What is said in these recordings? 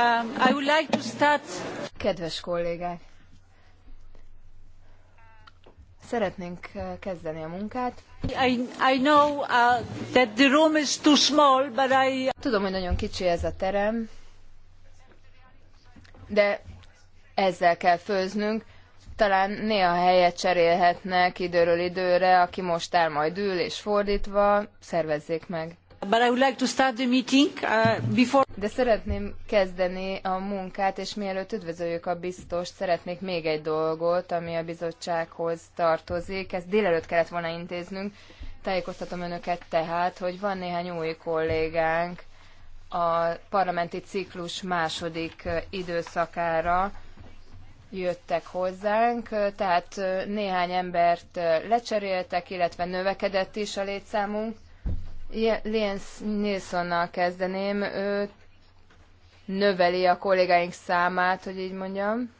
Um, I would like to start... Kedves kollégák! Szeretnénk uh, kezdeni a munkát. I, I know uh, that the room is too small, but I... Uh, Tudom, hogy nagyon kicsi ez a terem, de ezzel kell főznünk. Talán néha helyet cserélhetnek időről időre, aki most áll majd ül, és fordítva, szervezzék meg. De szeretném kezdeni a munkát, és mielőtt üdvözöljük a biztos, szeretnék még egy dolgot, ami a bizottsághoz tartozik. Ezt délelőtt kellett volna intéznünk. Tájékoztatom önöket tehát, hogy van néhány új kollégánk a parlamenti ciklus második időszakára jöttek hozzánk, tehát néhány embert lecseréltek, illetve növekedett is a létszámunk Jens Nilssonnal kezdeném. Ő növeli a kollégáink számát, hogy így mondjam.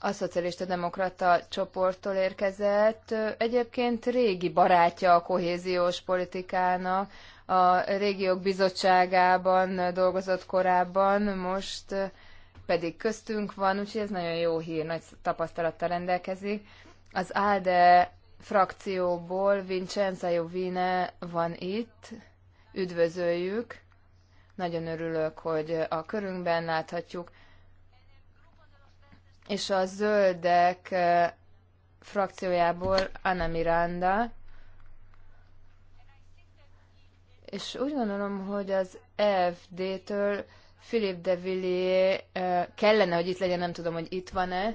A szocialista demokrata csoporttól érkezett. Egyébként régi barátja a kohéziós politikának. A régiók bizottságában dolgozott korábban, most pedig köztünk van, úgyhogy ez nagyon jó hír, nagy tapasztalattal rendelkezik. Az ALDE frakcióból Vincenza Jovine van itt. Üdvözöljük. Nagyon örülök, hogy a körünkben láthatjuk. És a zöldek eh, frakciójából Anna Miranda. És úgy gondolom, hogy az EFD-től Philip de Villiers eh, kellene, hogy itt legyen, nem tudom, hogy itt van-e.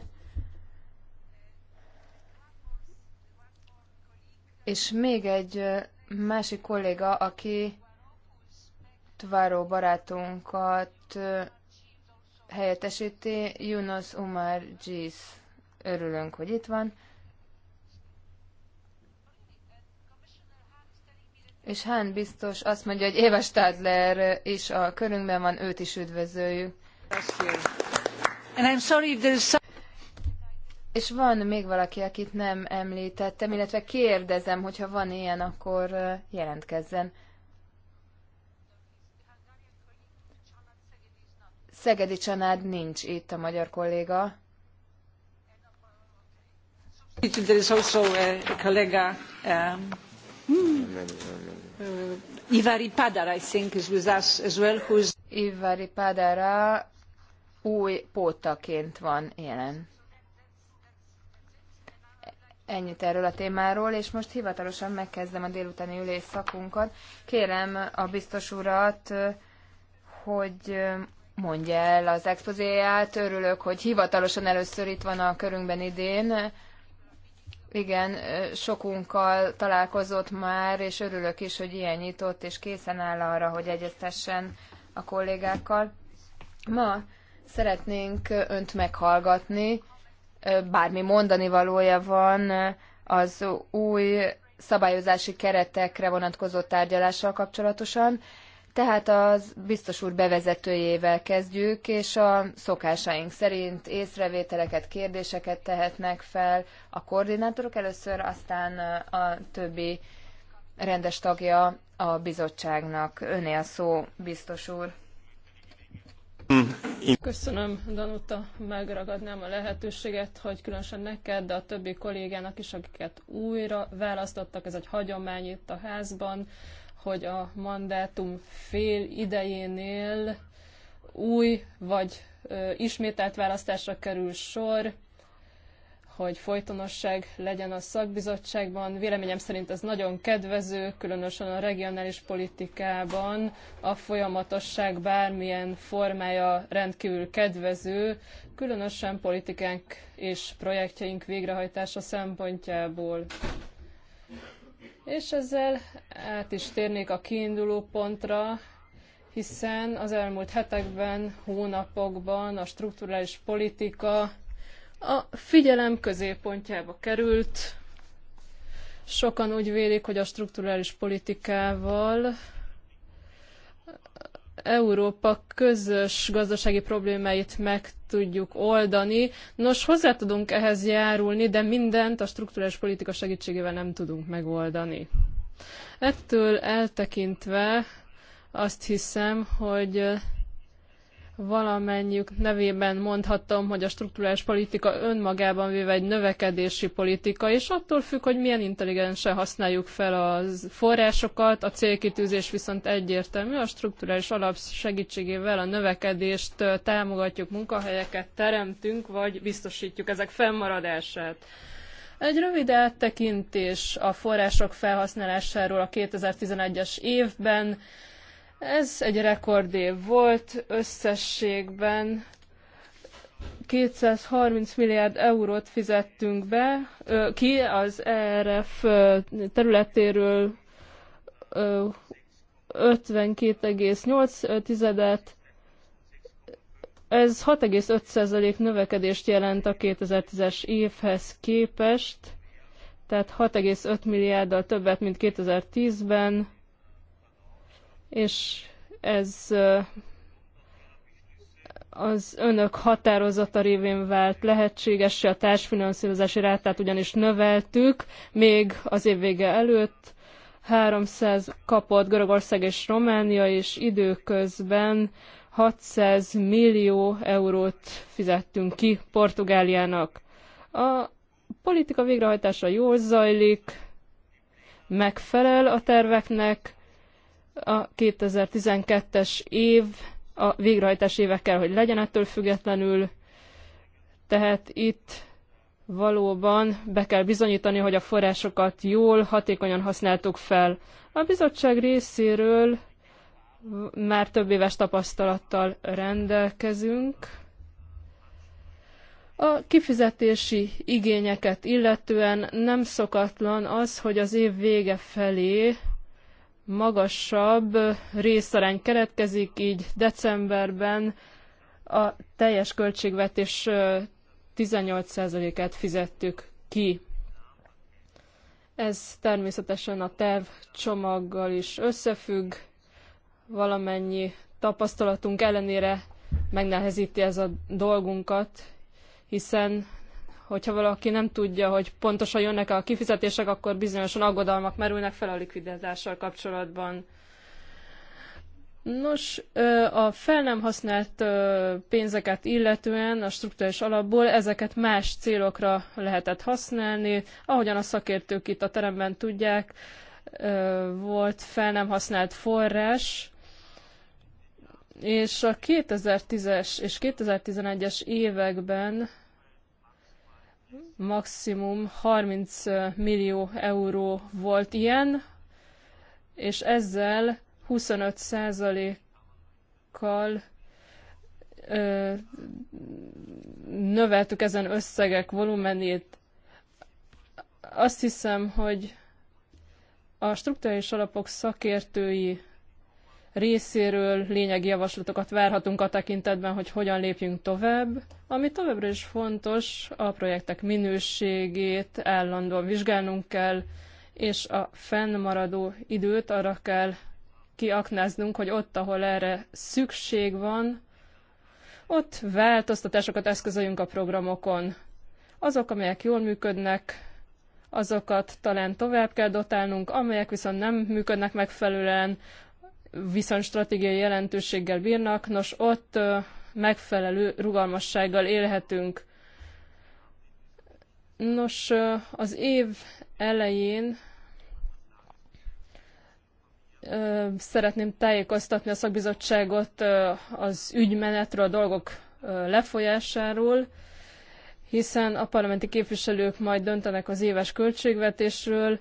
És még egy másik kolléga, aki Tváró barátunkat helyettesíti, Yunus Umar Giz. Örülünk, hogy itt van. És Hán biztos azt mondja, hogy Éva Stadler is a körünkben van, őt is üdvözöljük. És van még valaki, akit nem említettem, illetve kérdezem, hogyha van ilyen, akkor jelentkezzen. Szegedi Csanád nincs itt a magyar kolléga. There is also a colleague, um, uh, Ivari Padara, I think, is with us as well, who's... Ivari Padara új pótaként van jelen. Ennyit erről a témáról, és most hivatalosan megkezdem a délutáni ülés szakunkat. Kérem a biztos urat, hogy mondja el az expozéját. Örülök, hogy hivatalosan először itt van a körünkben idén. Igen, sokunkkal találkozott már, és örülök is, hogy ilyen nyitott és készen áll arra, hogy egyeztessen a kollégákkal. Ma szeretnénk önt meghallgatni, bármi mondani valója van az új szabályozási keretekre vonatkozó tárgyalással kapcsolatosan. Tehát az biztos úr bevezetőjével kezdjük, és a szokásaink szerint észrevételeket, kérdéseket tehetnek fel a koordinátorok először, aztán a többi rendes tagja a bizottságnak. Öné a szó, biztos úr. Köszönöm, Danuta, megragadnám a lehetőséget, hogy különösen neked, de a többi kollégának is, akiket újra választottak, ez egy hagyomány itt a házban, hogy a mandátum fél idejénél új vagy ö, ismételt választásra kerül sor, hogy folytonosság legyen a szakbizottságban. Véleményem szerint ez nagyon kedvező, különösen a regionális politikában a folyamatosság bármilyen formája rendkívül kedvező, különösen politikánk és projektjeink végrehajtása szempontjából. És ezzel át is térnék a kiinduló pontra, hiszen az elmúlt hetekben, hónapokban a strukturális politika a figyelem középpontjába került. Sokan úgy vélik, hogy a strukturális politikával Európa közös gazdasági problémáit meg tudjuk oldani. Nos, hozzá tudunk ehhez járulni, de mindent a strukturális politika segítségével nem tudunk megoldani. Ettől eltekintve azt hiszem, hogy valamennyiük nevében mondhatom, hogy a strukturális politika önmagában véve egy növekedési politika, és attól függ, hogy milyen intelligensen használjuk fel a forrásokat, a célkitűzés viszont egyértelmű, a strukturális alap segítségével a növekedést támogatjuk, munkahelyeket teremtünk, vagy biztosítjuk ezek fennmaradását. Egy rövid áttekintés a források felhasználásáról a 2011-es évben ez egy rekordév volt összességben. 230 milliárd eurót fizettünk be ki az ERF területéről 528 tizedet. Ez 6,5% növekedést jelent a 2010-es évhez képest, tehát 6,5 milliárddal többet, mint 2010-ben és ez az önök határozata révén vált lehetséges, a társfinanszírozási rátát ugyanis növeltük, még az év vége előtt 300 kapott Görögország és Románia, és időközben 600 millió eurót fizettünk ki Portugáliának. A politika végrehajtása jól zajlik, megfelel a terveknek, a 2012-es év a végrehajtás évekkel, hogy legyen ettől függetlenül. Tehát itt valóban be kell bizonyítani, hogy a forrásokat jól, hatékonyan használtuk fel. A bizottság részéről már több éves tapasztalattal rendelkezünk. A kifizetési igényeket illetően nem szokatlan az, hogy az év vége felé magasabb részarány keretkezik, így decemberben a teljes költségvetés 18%-át fizettük ki. Ez természetesen a terv csomaggal is összefügg, valamennyi tapasztalatunk ellenére megnehezíti ez a dolgunkat, hiszen hogyha valaki nem tudja, hogy pontosan jönnek a kifizetések, akkor bizonyosan aggodalmak merülnek fel a likviditással kapcsolatban. Nos, a fel nem használt pénzeket illetően a struktúrás alapból ezeket más célokra lehetett használni. Ahogyan a szakértők itt a teremben tudják, volt fel nem használt forrás, és a 2010-es és 2011-es években maximum 30 millió euró volt ilyen, és ezzel 25%-kal növeltük ezen összegek volumenét. Azt hiszem, hogy a struktúrális alapok szakértői részéről lényegi javaslatokat várhatunk a tekintetben, hogy hogyan lépjünk tovább. Ami továbbra is fontos, a projektek minőségét állandóan vizsgálnunk kell, és a fennmaradó időt arra kell kiaknáznunk, hogy ott, ahol erre szükség van, ott változtatásokat eszközöljünk a programokon. Azok, amelyek jól működnek, azokat talán tovább kell dotálnunk, amelyek viszont nem működnek megfelelően, viszont stratégiai jelentőséggel bírnak, nos ott megfelelő rugalmassággal élhetünk. Nos, az év elején szeretném tájékoztatni a szakbizottságot az ügymenetről, a dolgok lefolyásáról, hiszen a parlamenti képviselők majd döntenek az éves költségvetésről,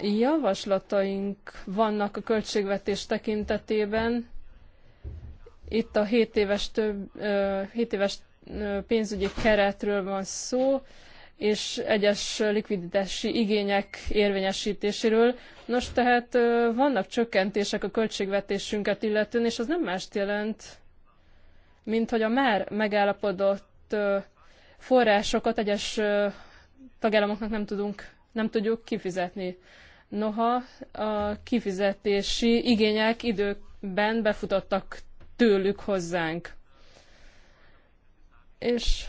javaslataink vannak a költségvetés tekintetében. Itt a 7 éves, több, 7 éves pénzügyi keretről van szó, és egyes likviditási igények érvényesítéséről. Nos, tehát vannak csökkentések a költségvetésünket illetően, és az nem mást jelent, mint hogy a már megállapodott forrásokat egyes tagállamoknak nem tudunk, nem tudjuk kifizetni. Noha a kifizetési igények időben befutottak tőlük hozzánk. És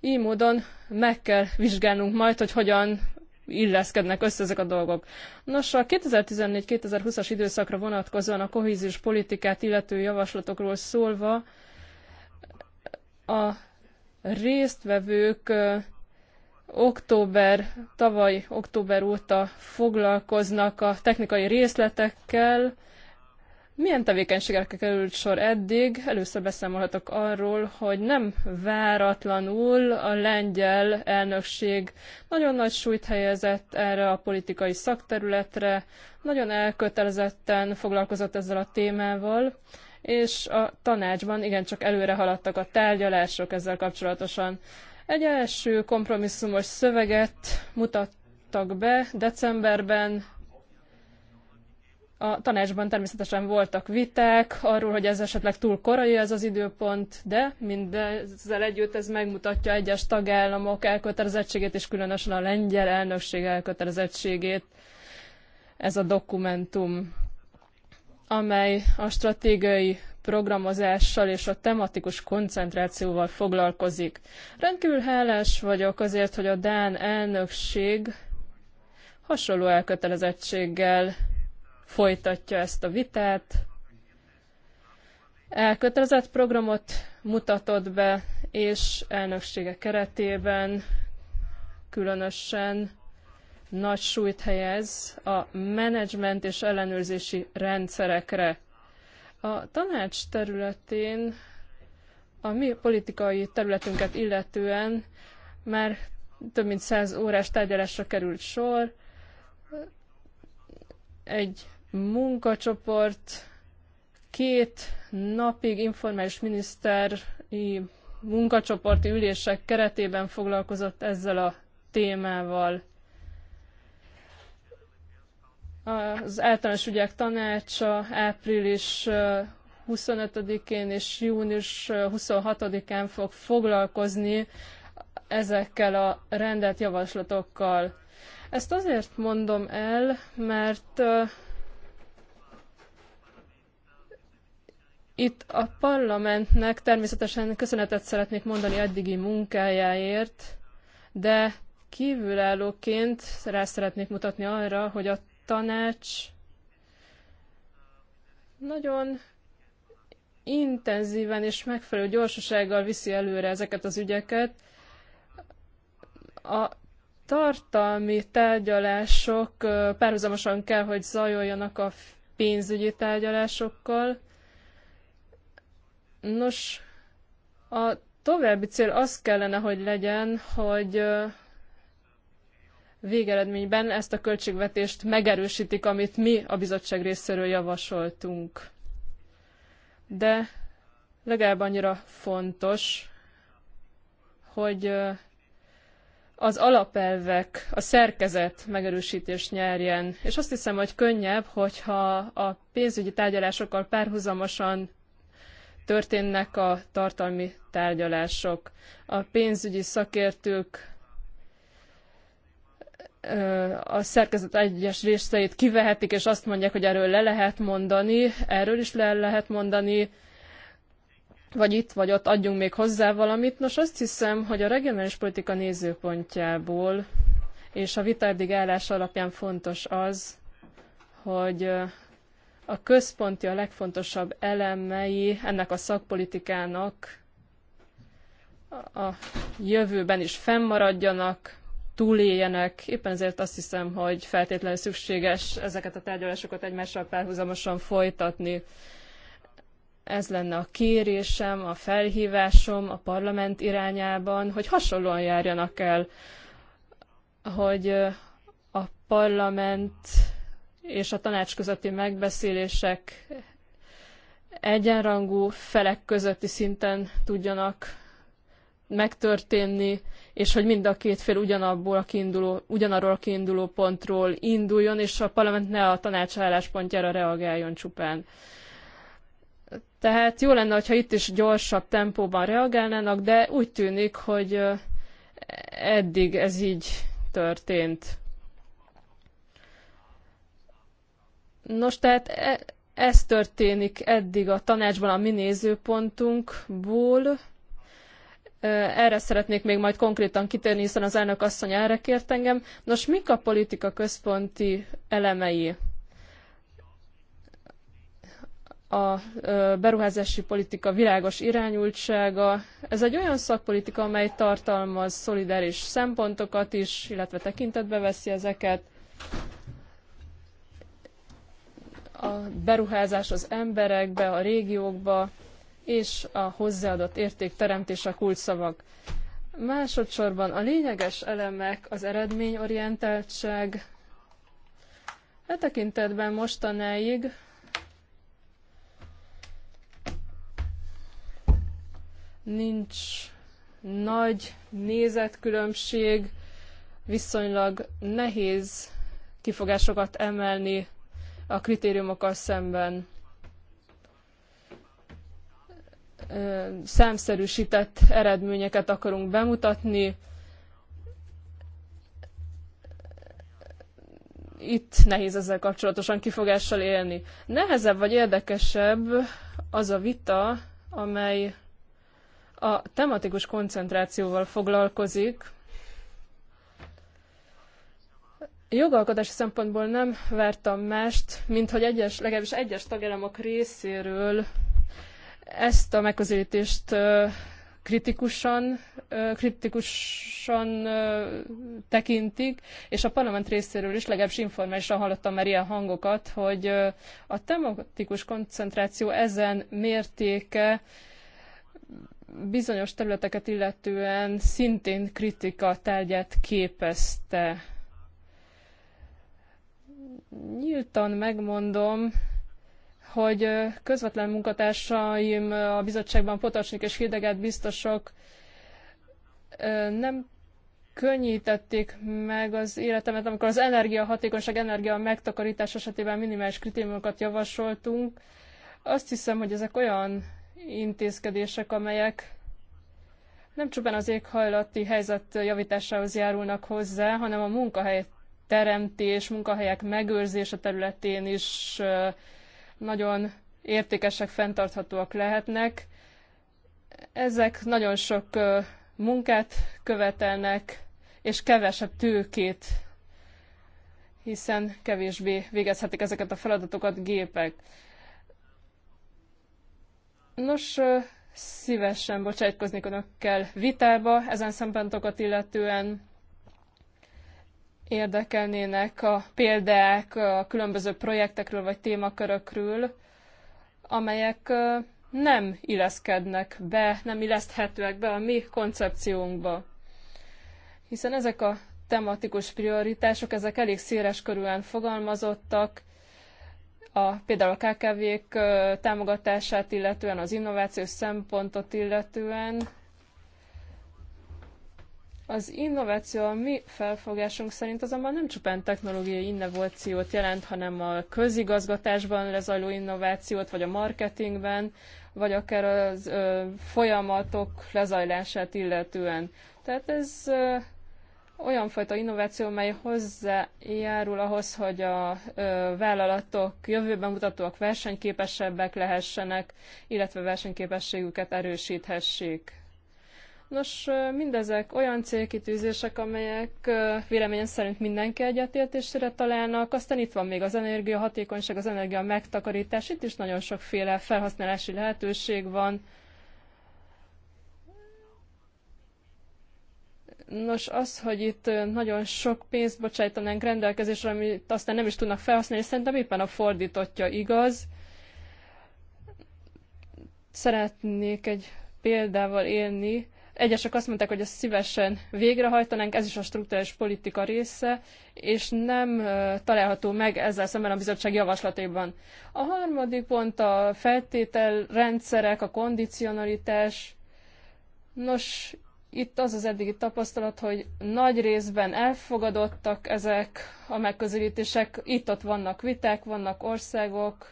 így módon meg kell vizsgálnunk majd, hogy hogyan illeszkednek össze ezek a dolgok. Nos, a 2014-2020-as időszakra vonatkozóan a kohéziós politikát illető javaslatokról szólva a résztvevők október, tavaly október óta foglalkoznak a technikai részletekkel. Milyen tevékenységekre került sor eddig? Először beszámolhatok arról, hogy nem váratlanul a lengyel elnökség nagyon nagy súlyt helyezett erre a politikai szakterületre, nagyon elkötelezetten foglalkozott ezzel a témával, és a tanácsban igencsak előre haladtak a tárgyalások ezzel kapcsolatosan. Egy első kompromisszumos szöveget mutattak be decemberben. A tanácsban természetesen voltak viták arról, hogy ez esetleg túl korai ez az időpont, de mindezzel együtt ez megmutatja egyes tagállamok elkötelezettségét, és különösen a lengyel elnökség elkötelezettségét ez a dokumentum amely a stratégiai programozással és a tematikus koncentrációval foglalkozik. Rendkívül hálás vagyok azért, hogy a Dán elnökség hasonló elkötelezettséggel folytatja ezt a vitát. Elkötelezett programot mutatott be, és elnöksége keretében különösen nagy súlyt helyez a menedzsment és ellenőrzési rendszerekre. A tanács területén, a mi politikai területünket illetően már több mint száz órás tárgyalásra került sor. Egy munkacsoport két napig informális miniszteri munkacsoporti ülések keretében foglalkozott ezzel a témával. Az általános ügyek tanácsa április 25-én és június 26-án fog foglalkozni ezekkel a rendelt javaslatokkal. Ezt azért mondom el, mert itt a parlamentnek természetesen köszönetet szeretnék mondani eddigi munkájáért, de kívülállóként rá szeretnék mutatni arra, hogy a tanács nagyon intenzíven és megfelelő gyorsasággal viszi előre ezeket az ügyeket. A tartalmi tárgyalások párhuzamosan kell, hogy zajoljanak a pénzügyi tárgyalásokkal. Nos, a további cél az kellene, hogy legyen, hogy végeredményben ezt a költségvetést megerősítik, amit mi a bizottság részéről javasoltunk. De legalább annyira fontos, hogy az alapelvek, a szerkezet megerősítést nyerjen. És azt hiszem, hogy könnyebb, hogyha a pénzügyi tárgyalásokkal párhuzamosan történnek a tartalmi tárgyalások. A pénzügyi szakértők a szerkezet egyes részeit kivehetik, és azt mondják, hogy erről le lehet mondani, erről is le lehet mondani, vagy itt, vagy ott adjunk még hozzá valamit. Nos, azt hiszem, hogy a regionális politika nézőpontjából és a vitárdig állás alapján fontos az, hogy a központi, a legfontosabb elemei ennek a szakpolitikának a jövőben is fennmaradjanak, túléljenek. Éppen ezért azt hiszem, hogy feltétlenül szükséges ezeket a tárgyalásokat egymással párhuzamosan folytatni. Ez lenne a kérésem, a felhívásom a parlament irányában, hogy hasonlóan járjanak el, hogy a parlament és a tanács közötti megbeszélések egyenrangú felek közötti szinten tudjanak megtörténni, és hogy mind a két fél ugyanabból a kiinduló, ugyanarról a kiinduló pontról induljon, és a parlament ne a tanács álláspontjára reagáljon csupán. Tehát jó lenne, hogyha itt is gyorsabb tempóban reagálnának, de úgy tűnik, hogy eddig ez így történt. Nos, tehát e, ez történik eddig a tanácsban a mi nézőpontunkból, erre szeretnék még majd konkrétan kitérni, hiszen az elnök asszony erre kért engem. Nos, mik a politika központi elemei? A beruházási politika világos irányultsága. Ez egy olyan szakpolitika, amely tartalmaz szolidáris szempontokat is, illetve tekintetbe veszi ezeket. A beruházás az emberekbe, a régiókba, és a hozzáadott értékteremtés a kulcsszavak. Másodszorban a lényeges elemek az eredményorientáltság. E tekintetben mostanáig nincs nagy nézetkülönbség, viszonylag nehéz kifogásokat emelni a kritériumokkal szemben. számszerűsített eredményeket akarunk bemutatni. Itt nehéz ezzel kapcsolatosan kifogással élni. Nehezebb vagy érdekesebb az a vita, amely a tematikus koncentrációval foglalkozik. Jogalkotási szempontból nem vártam mást, mint hogy egyes, legalábbis egyes tagállamok részéről ezt a megközelítést kritikusan, kritikusan tekintik, és a parlament részéről is legalábbis informálisan hallottam már ilyen hangokat, hogy a tematikus koncentráció ezen mértéke bizonyos területeket illetően szintén kritika tárgyát képezte. Nyíltan megmondom, hogy közvetlen munkatársaim a bizottságban Potocsnik és Hidegát biztosok nem könnyítették meg az életemet, amikor az energiahatékonyság, energia megtakarítás esetében minimális kritériumokat javasoltunk. Azt hiszem, hogy ezek olyan intézkedések, amelyek nem csupán az éghajlati helyzet javításához járulnak hozzá, hanem a munkahely teremtés, munkahelyek megőrzése területén is nagyon értékesek, fenntarthatóak lehetnek. Ezek nagyon sok munkát követelnek, és kevesebb tőkét, hiszen kevésbé végezhetik ezeket a feladatokat gépek. Nos, szívesen bocsájtkoznék önökkel vitába ezen szempontokat illetően érdekelnének a példák a különböző projektekről vagy témakörökről, amelyek nem illeszkednek be, nem illeszthetőek be a mi koncepciónkba. Hiszen ezek a tematikus prioritások, ezek elég széles körülön fogalmazottak, a, például a KKV-k támogatását illetően, az innovációs szempontot illetően, az innováció a mi felfogásunk szerint azonban nem csupán technológiai innovációt jelent, hanem a közigazgatásban lezajló innovációt, vagy a marketingben, vagy akár a folyamatok lezajlását illetően. Tehát ez ö, olyan fajta innováció, mely hozzájárul ahhoz, hogy a ö, vállalatok jövőben mutatóak versenyképesebbek lehessenek, illetve versenyképességüket erősíthessék. Nos, mindezek olyan célkitűzések, amelyek véleményem szerint mindenki egyetértésére találnak. Aztán itt van még az energiahatékonyság, az energia megtakarítás. Itt is nagyon sokféle felhasználási lehetőség van. Nos, az, hogy itt nagyon sok pénzt bocsájtanánk rendelkezésre, amit aztán nem is tudnak felhasználni, szerintem éppen a fordítottja igaz. Szeretnék egy példával élni. Egyesek azt mondták, hogy ezt szívesen végrehajtanánk, ez is a struktúrális politika része, és nem található meg ezzel szemben a bizottság javaslatében. A harmadik pont a feltételrendszerek, a kondicionalitás. Nos, itt az az eddigi tapasztalat, hogy nagy részben elfogadottak ezek a megközelítések, itt-ott vannak viták, vannak országok,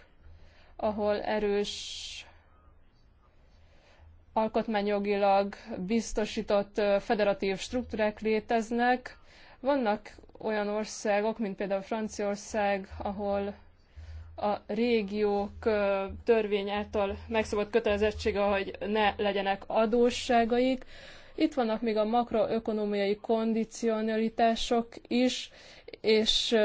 ahol erős alkotmányjogilag biztosított federatív struktúrák léteznek. Vannak olyan országok, mint például Franciaország, ahol a régiók törvény által megszabott kötelezettsége, hogy ne legyenek adósságaik. Itt vannak még a makroökonomiai kondicionalitások is, és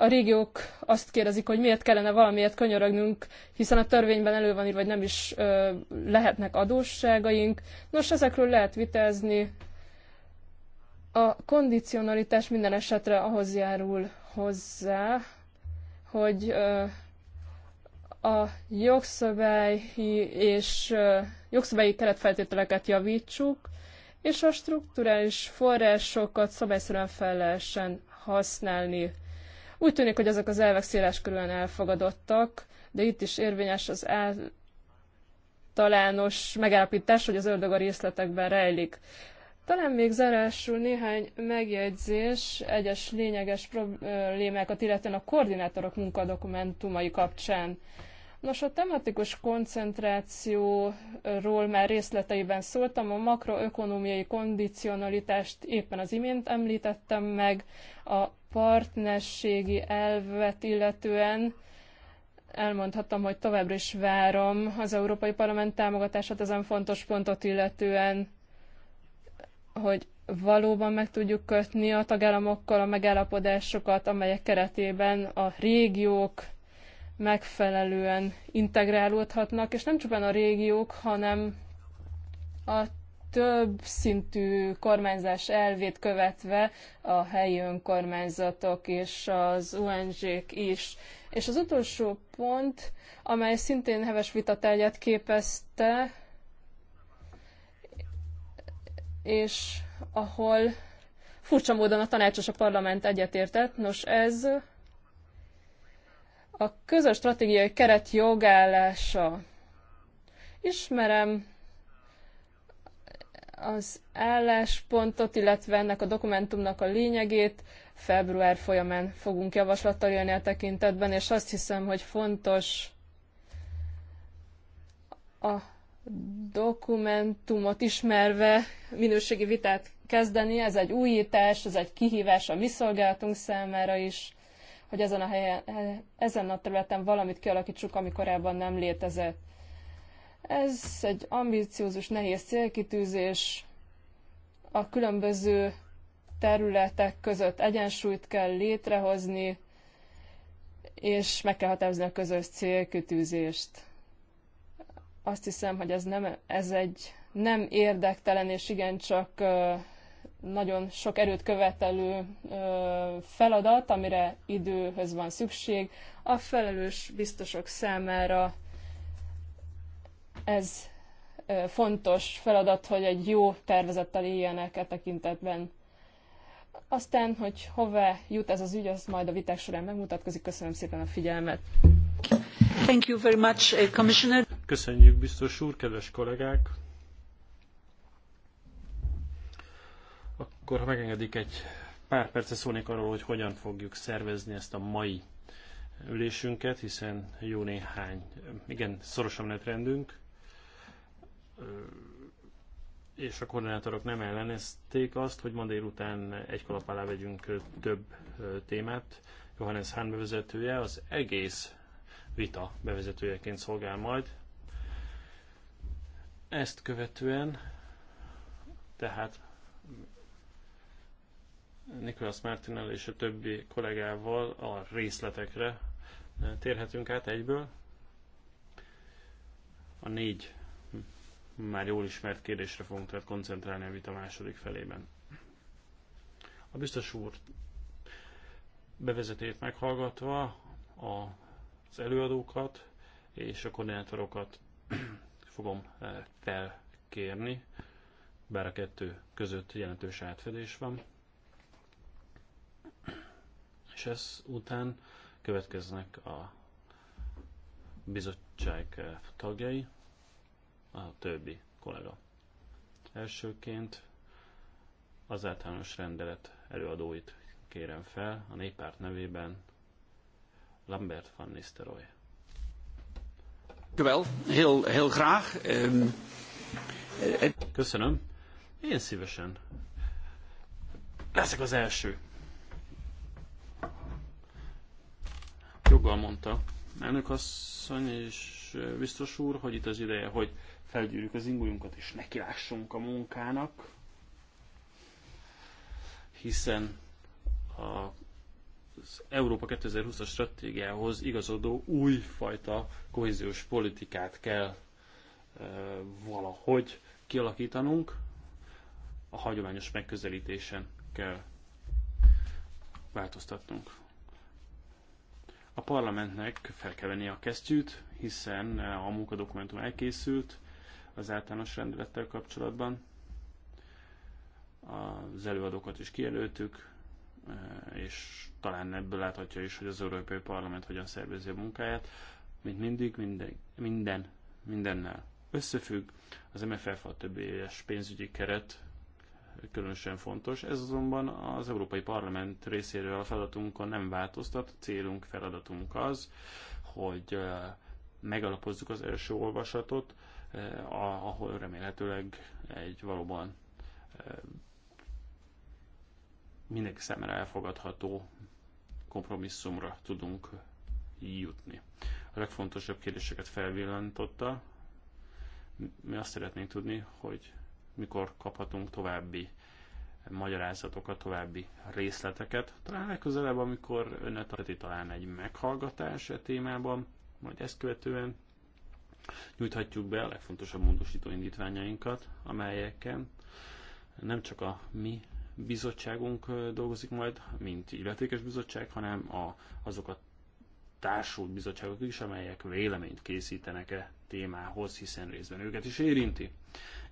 a régiók azt kérdezik, hogy miért kellene valamiért könyörögnünk, hiszen a törvényben elő van írva, hogy nem is ö, lehetnek adósságaink. Nos, ezekről lehet vitázni. A kondicionalitás minden esetre ahhoz járul hozzá, hogy ö, a jogszabályi és ö, jogszabályi keretfeltételeket javítsuk, és a strukturális forrásokat szabályszerűen fel lehessen használni úgy tűnik, hogy ezek az elvek széleskörűen elfogadottak, de itt is érvényes az általános megállapítás, hogy az ördög a részletekben rejlik. Talán még zárásul néhány megjegyzés egyes lényeges problémákat, illetően a koordinátorok munkadokumentumai kapcsán. Nos, a tematikus koncentrációról már részleteiben szóltam, a makroökonomiai kondicionalitást éppen az imént említettem meg, a partnerségi elvet illetően elmondhatom, hogy továbbra is várom az Európai Parlament támogatását ezen fontos pontot illetően, hogy valóban meg tudjuk kötni a tagállamokkal a megállapodásokat, amelyek keretében a régiók megfelelően integrálódhatnak, és nem csupán a régiók, hanem a több szintű kormányzás elvét követve a helyi önkormányzatok és az ONG-k is. És az utolsó pont, amely szintén heves vitatárgyát képezte, és ahol furcsa módon a tanács és a parlament egyetértett. Nos, ez a közös stratégiai keret jogállása. Ismerem az álláspontot, illetve ennek a dokumentumnak a lényegét február folyamán fogunk javaslattal jönni a tekintetben, és azt hiszem, hogy fontos a dokumentumot ismerve minőségi vitát kezdeni. Ez egy újítás, ez egy kihívás a mi szolgálatunk számára is, hogy ezen a, helyen, ezen a területen valamit kialakítsuk, ami korábban nem létezett. Ez egy ambíciózus, nehéz célkitűzés, a különböző területek között egyensúlyt kell létrehozni, és meg kell határozni a közös célkitűzést. Azt hiszem, hogy ez, nem, ez egy nem érdektelen és igencsak nagyon sok erőt követelő feladat, amire időhöz van szükség. A felelős biztosok számára ez fontos feladat, hogy egy jó tervezettel éljenek e tekintetben. Aztán, hogy hová jut ez az ügy, az majd a viták során megmutatkozik. Köszönöm szépen a figyelmet. Thank you very much, eh, Commissioner. Köszönjük, biztos úr, kedves kollégák! Akkor, ha megengedik, egy pár percre szólnék arról, hogy hogyan fogjuk szervezni ezt a mai ülésünket, hiszen jó néhány, igen, szorosan lett rendünk és a koordinátorok nem ellenezték azt, hogy ma délután egy kalap alá vegyünk több témát. Johannes Hahn bevezetője az egész vita bevezetőjeként szolgál majd. Ezt követően tehát Nikolas Martinel és a többi kollégával a részletekre térhetünk át egyből. A négy már jól ismert kérdésre fogunk tehát koncentrálni a vita második felében. A biztos úr bevezetét meghallgatva az előadókat és a koordinátorokat fogom eh, felkérni, bár a kettő között jelentős átfedés van. És ez után következnek a bizottság eh, tagjai, a többi kollega. Elsőként az általános rendelet előadóit kérem fel, a néppárt nevében Lambert van Nistelrooy. Ehm, eh, Köszönöm. Én szívesen. Leszek az első. Joggal mondta elnök asszony és eh, biztos úr, hogy itt az ideje, hogy felgyűrjük az ingójunkat és nekilássunk a munkának, hiszen a az Európa 2020-as stratégiához igazodó újfajta kohéziós politikát kell e, valahogy kialakítanunk, a hagyományos megközelítésen kell változtatnunk. A parlamentnek fel kell venni a kesztyűt, hiszen a munkadokumentum elkészült, az általános rendelettel kapcsolatban. Az előadókat is kijelöltük, e, és talán ebből láthatja is, hogy az Európai Parlament hogyan szervezi a munkáját. Mint mindig, minden, minden mindennel összefügg. Az MFF a többi éves pénzügyi keret különösen fontos. Ez azonban az Európai Parlament részéről a feladatunkon nem változtat. Célunk, feladatunk az, hogy e, megalapozzuk az első olvasatot, Eh, ahol remélhetőleg egy valóban eh, mindenki szemre elfogadható kompromisszumra tudunk jutni. A legfontosabb kérdéseket felvillantotta. Mi azt szeretnénk tudni, hogy mikor kaphatunk további magyarázatokat, további részleteket. Talán legközelebb, amikor önne tartani talán egy meghallgatás a e témában, majd ezt követően nyújthatjuk be a legfontosabb módosító indítványainkat, amelyeken nem csak a mi bizottságunk dolgozik majd, mint illetékes bizottság, hanem a, azok a társult bizottságok is, amelyek véleményt készítenek-e témához, hiszen részben őket is érinti.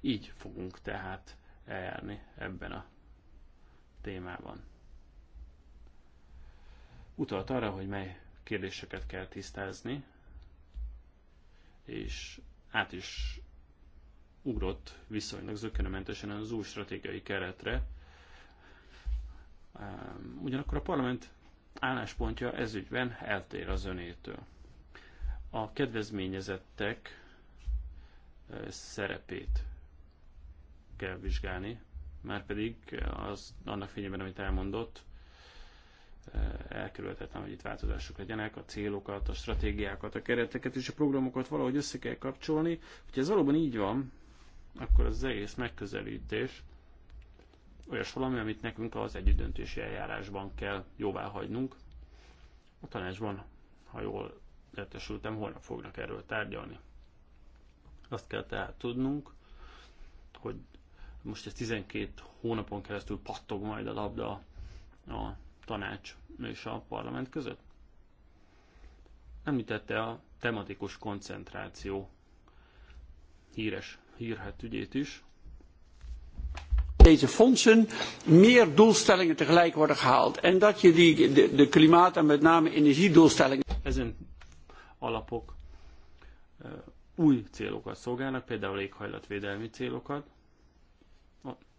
Így fogunk tehát eljárni ebben a témában. Utalt arra, hogy mely kérdéseket kell tisztázni, és át is ugrott viszonylag zökkenőmentesen az új stratégiai keretre. Ugyanakkor a parlament álláspontja ezügyben eltér az önétől. A kedvezményezettek e, szerepét kell vizsgálni, már pedig az, annak fényében, amit elmondott, elkerülhetetlen, hogy itt változások legyenek, a célokat, a stratégiákat, a kereteket és a programokat valahogy össze kell kapcsolni. Hogyha ez valóban így van, akkor az egész megközelítés olyas valami, amit nekünk az együttdöntési eljárásban kell jóvá hagynunk. A tanácsban, ha jól értesültem, holnap fognak erről tárgyalni. Azt kell tehát tudnunk, hogy most ez 12 hónapon keresztül pattog majd a labda a tanács és a parlament között? Említette a tematikus koncentráció híres hírhet ügyét is. Deze fondsen meer doelstellingen tegelijk worden gehaald. En dat je die, de, de klimaat- en met name energiedoelstellingen. Ezen alapok eh, új célokat szolgálnak, például éghajlatvédelmi célokat.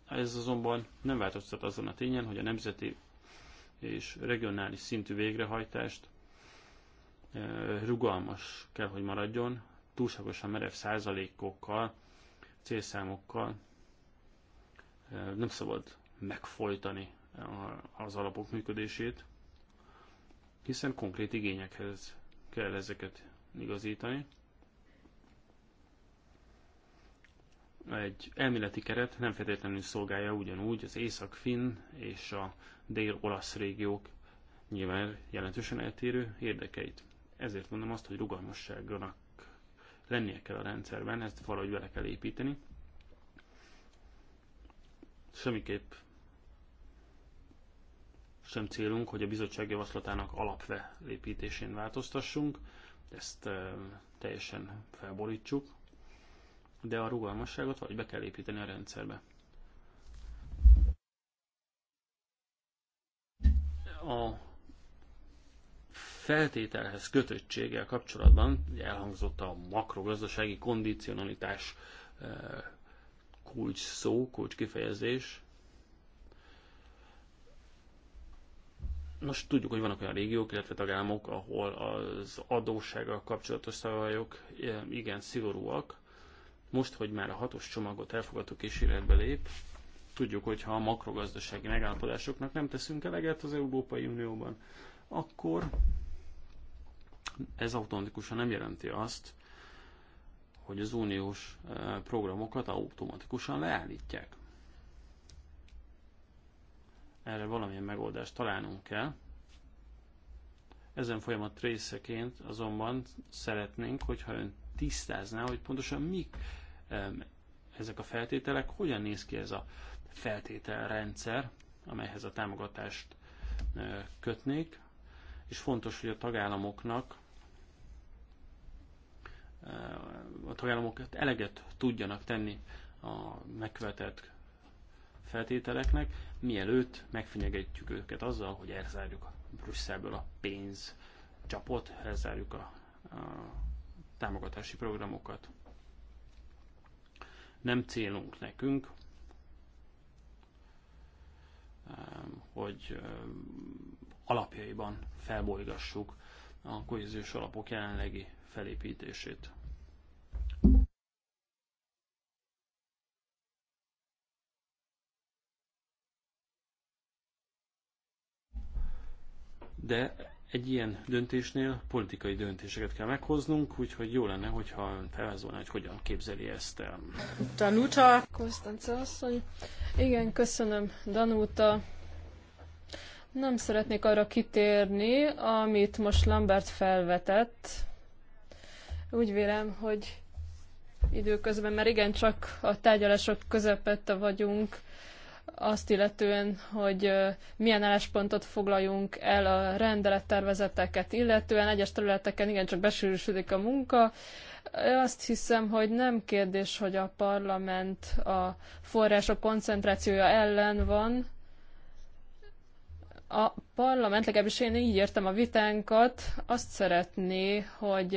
Ez azonban nem változtat azon a tényen, hogy a nemzeti és regionális szintű végrehajtást rugalmas kell, hogy maradjon, túlságosan merev százalékokkal, célszámokkal nem szabad megfolytani az alapok működését, hiszen konkrét igényekhez kell ezeket igazítani. Egy elméleti keret nem feltétlenül szolgálja ugyanúgy az észak-finn és a dél-olasz régiók nyilván jelentősen eltérő érdekeit. Ezért mondom azt, hogy rugalmasságnak lennie kell a rendszerben, ezt valahogy bele kell építeni. Semmiképp sem célunk, hogy a bizottság javaslatának alapve lépítésén változtassunk, ezt e, teljesen felborítsuk, de a rugalmasságot vagy be kell építeni a rendszerbe. a feltételhez kötöttséggel kapcsolatban ugye elhangzott a makrogazdasági kondicionalitás eh, kulcs szó, kulcs kifejezés. Most tudjuk, hogy vannak olyan régiók, illetve tagállamok, ahol az adóssággal kapcsolatos szabályok eh, igen szigorúak. Most, hogy már a hatos csomagot elfogadtuk és életbe lép, Tudjuk, hogy ha a makrogazdasági megállapodásoknak nem teszünk eleget az Európai Unióban, akkor ez automatikusan nem jelenti azt, hogy az uniós eh, programokat automatikusan leállítják. Erre valamilyen megoldást találnunk kell. Ezen folyamat részeként azonban szeretnénk, hogyha ön tisztázná, hogy pontosan mik ezek a feltételek, hogyan néz ki ez a feltételrendszer, amelyhez a támogatást kötnék, és fontos, hogy a tagállamoknak a tagállamok eleget tudjanak tenni a megvetett feltételeknek, mielőtt megfenyegetjük őket azzal, hogy elzárjuk Brüsszelből a pénz csapot, elzárjuk a, a támogatási programokat. Nem célunk nekünk, Um, hogy um, alapjaiban felbolygassuk a kohéziós alapok jelenlegi felépítését. De egy ilyen döntésnél politikai döntéseket kell meghoznunk, úgyhogy jó lenne, hogyha felvázolná, hogy hogyan képzeli ezt el. Danuta. Konstance asszony. Igen, köszönöm, Danuta. Nem szeretnék arra kitérni, amit most Lambert felvetett. Úgy vélem, hogy időközben, mert igen, csak a tárgyalások közepette vagyunk, azt illetően, hogy milyen álláspontot foglaljunk el a rendelettervezeteket illetően. Egyes területeken igencsak besűrűsödik a munka. Azt hiszem, hogy nem kérdés, hogy a parlament a források koncentrációja ellen van. A parlament, legalábbis én így értem a vitánkat, azt szeretné, hogy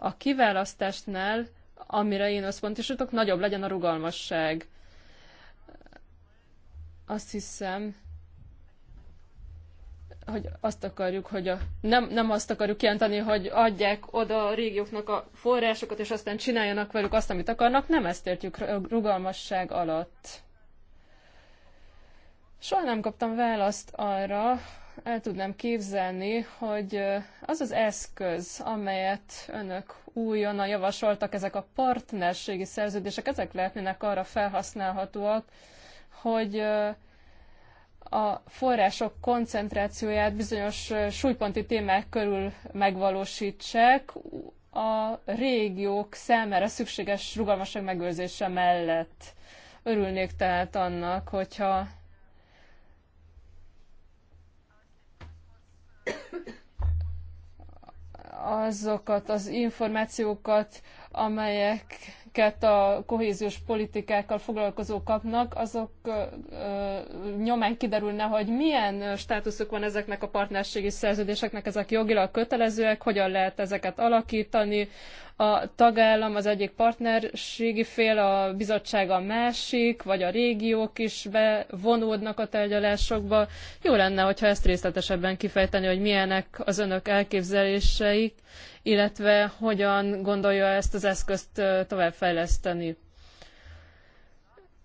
a kiválasztásnál, amire én összpontosítok, nagyobb legyen a rugalmasság azt hiszem, hogy azt akarjuk, hogy a, nem, nem azt akarjuk kijelenteni, hogy adják oda a régióknak a forrásokat, és aztán csináljanak velük azt, amit akarnak, nem ezt értjük rugalmasság alatt. Soha nem kaptam választ arra, el tudnám képzelni, hogy az az eszköz, amelyet önök újonnan javasoltak, ezek a partnerségi szerződések, ezek lehetnének arra felhasználhatóak, hogy a források koncentrációját bizonyos súlyponti témák körül megvalósítsák a régiók számára szükséges rugalmasság megőrzése mellett. Örülnék tehát annak, hogyha azokat az információkat, amelyek amiket a kohéziós politikákkal foglalkozók kapnak, azok nyomán kiderülne, hogy milyen státuszuk van ezeknek a partnerségi szerződéseknek, ezek jogilag kötelezőek, hogyan lehet ezeket alakítani, a tagállam az egyik partnerségi fél, a bizottság a másik, vagy a régiók is bevonódnak a tárgyalásokba. Jó lenne, hogyha ezt részletesebben kifejteni, hogy milyenek az önök elképzeléseik, illetve hogyan gondolja ezt az eszközt továbbfejleszteni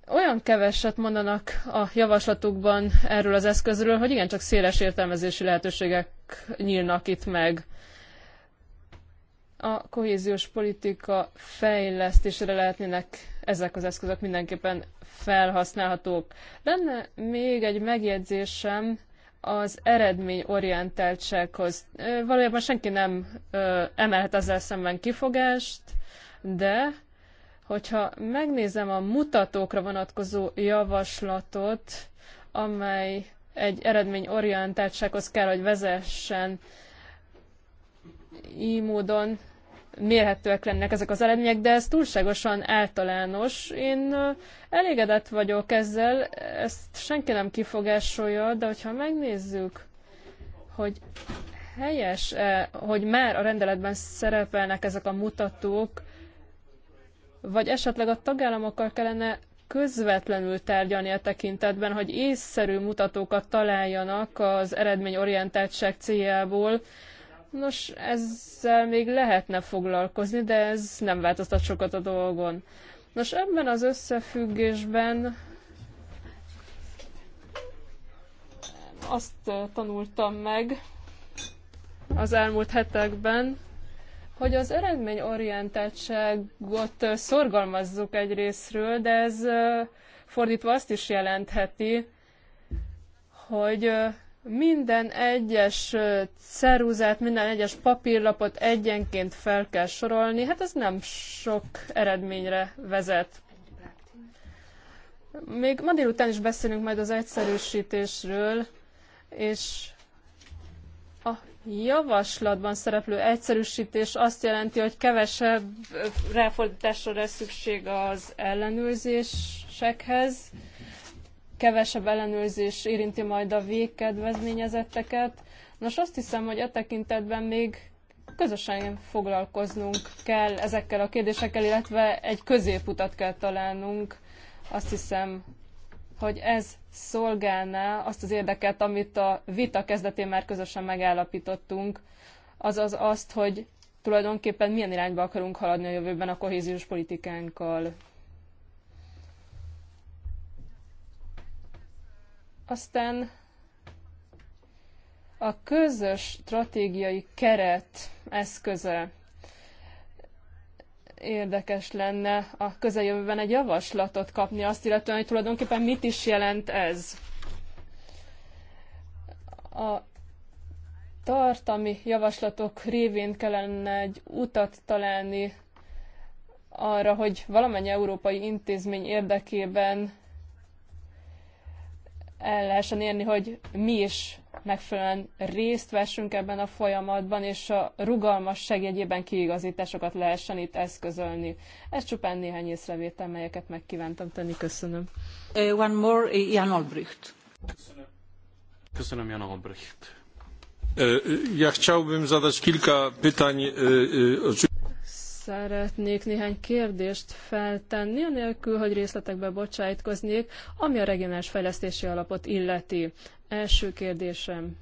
olyan keveset mondanak a javaslatukban erről az eszközről, hogy igencsak széles értelmezési lehetőségek nyílnak itt meg a kohéziós politika fejlesztésére lehetnének ezek az eszközök mindenképpen felhasználhatók. Lenne még egy megjegyzésem az eredményorientáltsághoz. Valójában senki nem emelhet ezzel szemben kifogást, de hogyha megnézem a mutatókra vonatkozó javaslatot, amely egy eredményorientáltsághoz kell, hogy vezessen, így módon mérhetőek lennek ezek az eredmények, de ez túlságosan általános. Én elégedett vagyok ezzel, ezt senki nem kifogásolja, de hogyha megnézzük, hogy helyes, -e, hogy már a rendeletben szerepelnek ezek a mutatók, vagy esetleg a tagállamokkal kellene közvetlenül tárgyalni a tekintetben, hogy észszerű mutatókat találjanak az eredményorientáltság céljából, Nos, ezzel még lehetne foglalkozni, de ez nem változtat sokat a dolgon. Nos, ebben az összefüggésben azt tanultam meg az elmúlt hetekben, hogy az eredményorientáltságot szorgalmazzuk egy részről, de ez fordítva azt is jelentheti, hogy minden egyes ceruzát, minden egyes papírlapot egyenként fel kell sorolni, hát ez nem sok eredményre vezet. Még ma délután is beszélünk majd az egyszerűsítésről, és a javaslatban szereplő egyszerűsítés azt jelenti, hogy kevesebb ráfordításra lesz szükség az ellenőrzésekhez, kevesebb ellenőrzés érinti majd a végkedvezményezetteket. Nos, azt hiszem, hogy a e tekintetben még közösen foglalkoznunk kell ezekkel a kérdésekkel, illetve egy középutat kell találnunk. Azt hiszem, hogy ez szolgálná azt az érdeket, amit a vita kezdetén már közösen megállapítottunk, azaz azt, hogy tulajdonképpen milyen irányba akarunk haladni a jövőben a kohéziós politikánkkal. Aztán a közös stratégiai keret eszköze érdekes lenne a közeljövőben egy javaslatot kapni, azt illetően, hogy tulajdonképpen mit is jelent ez. A tartami javaslatok révén kellene egy utat találni arra, hogy valamennyi európai intézmény érdekében el lehessen érni, hogy mi is megfelelően részt vessünk ebben a folyamatban, és a rugalmasság segjegyében kiigazításokat lehessen itt eszközölni. Ez csupán néhány észrevétel, melyeket megkívántam tenni. Köszönöm. Uh, one more, Jan Albrecht. Köszönöm. Köszönöm, Jan Albrecht. Ja chciałbym zadać kilka pytań szeretnék néhány kérdést feltenni, anélkül, hogy részletekbe bocsájtkoznék, ami a regionális fejlesztési alapot illeti. Első kérdésem.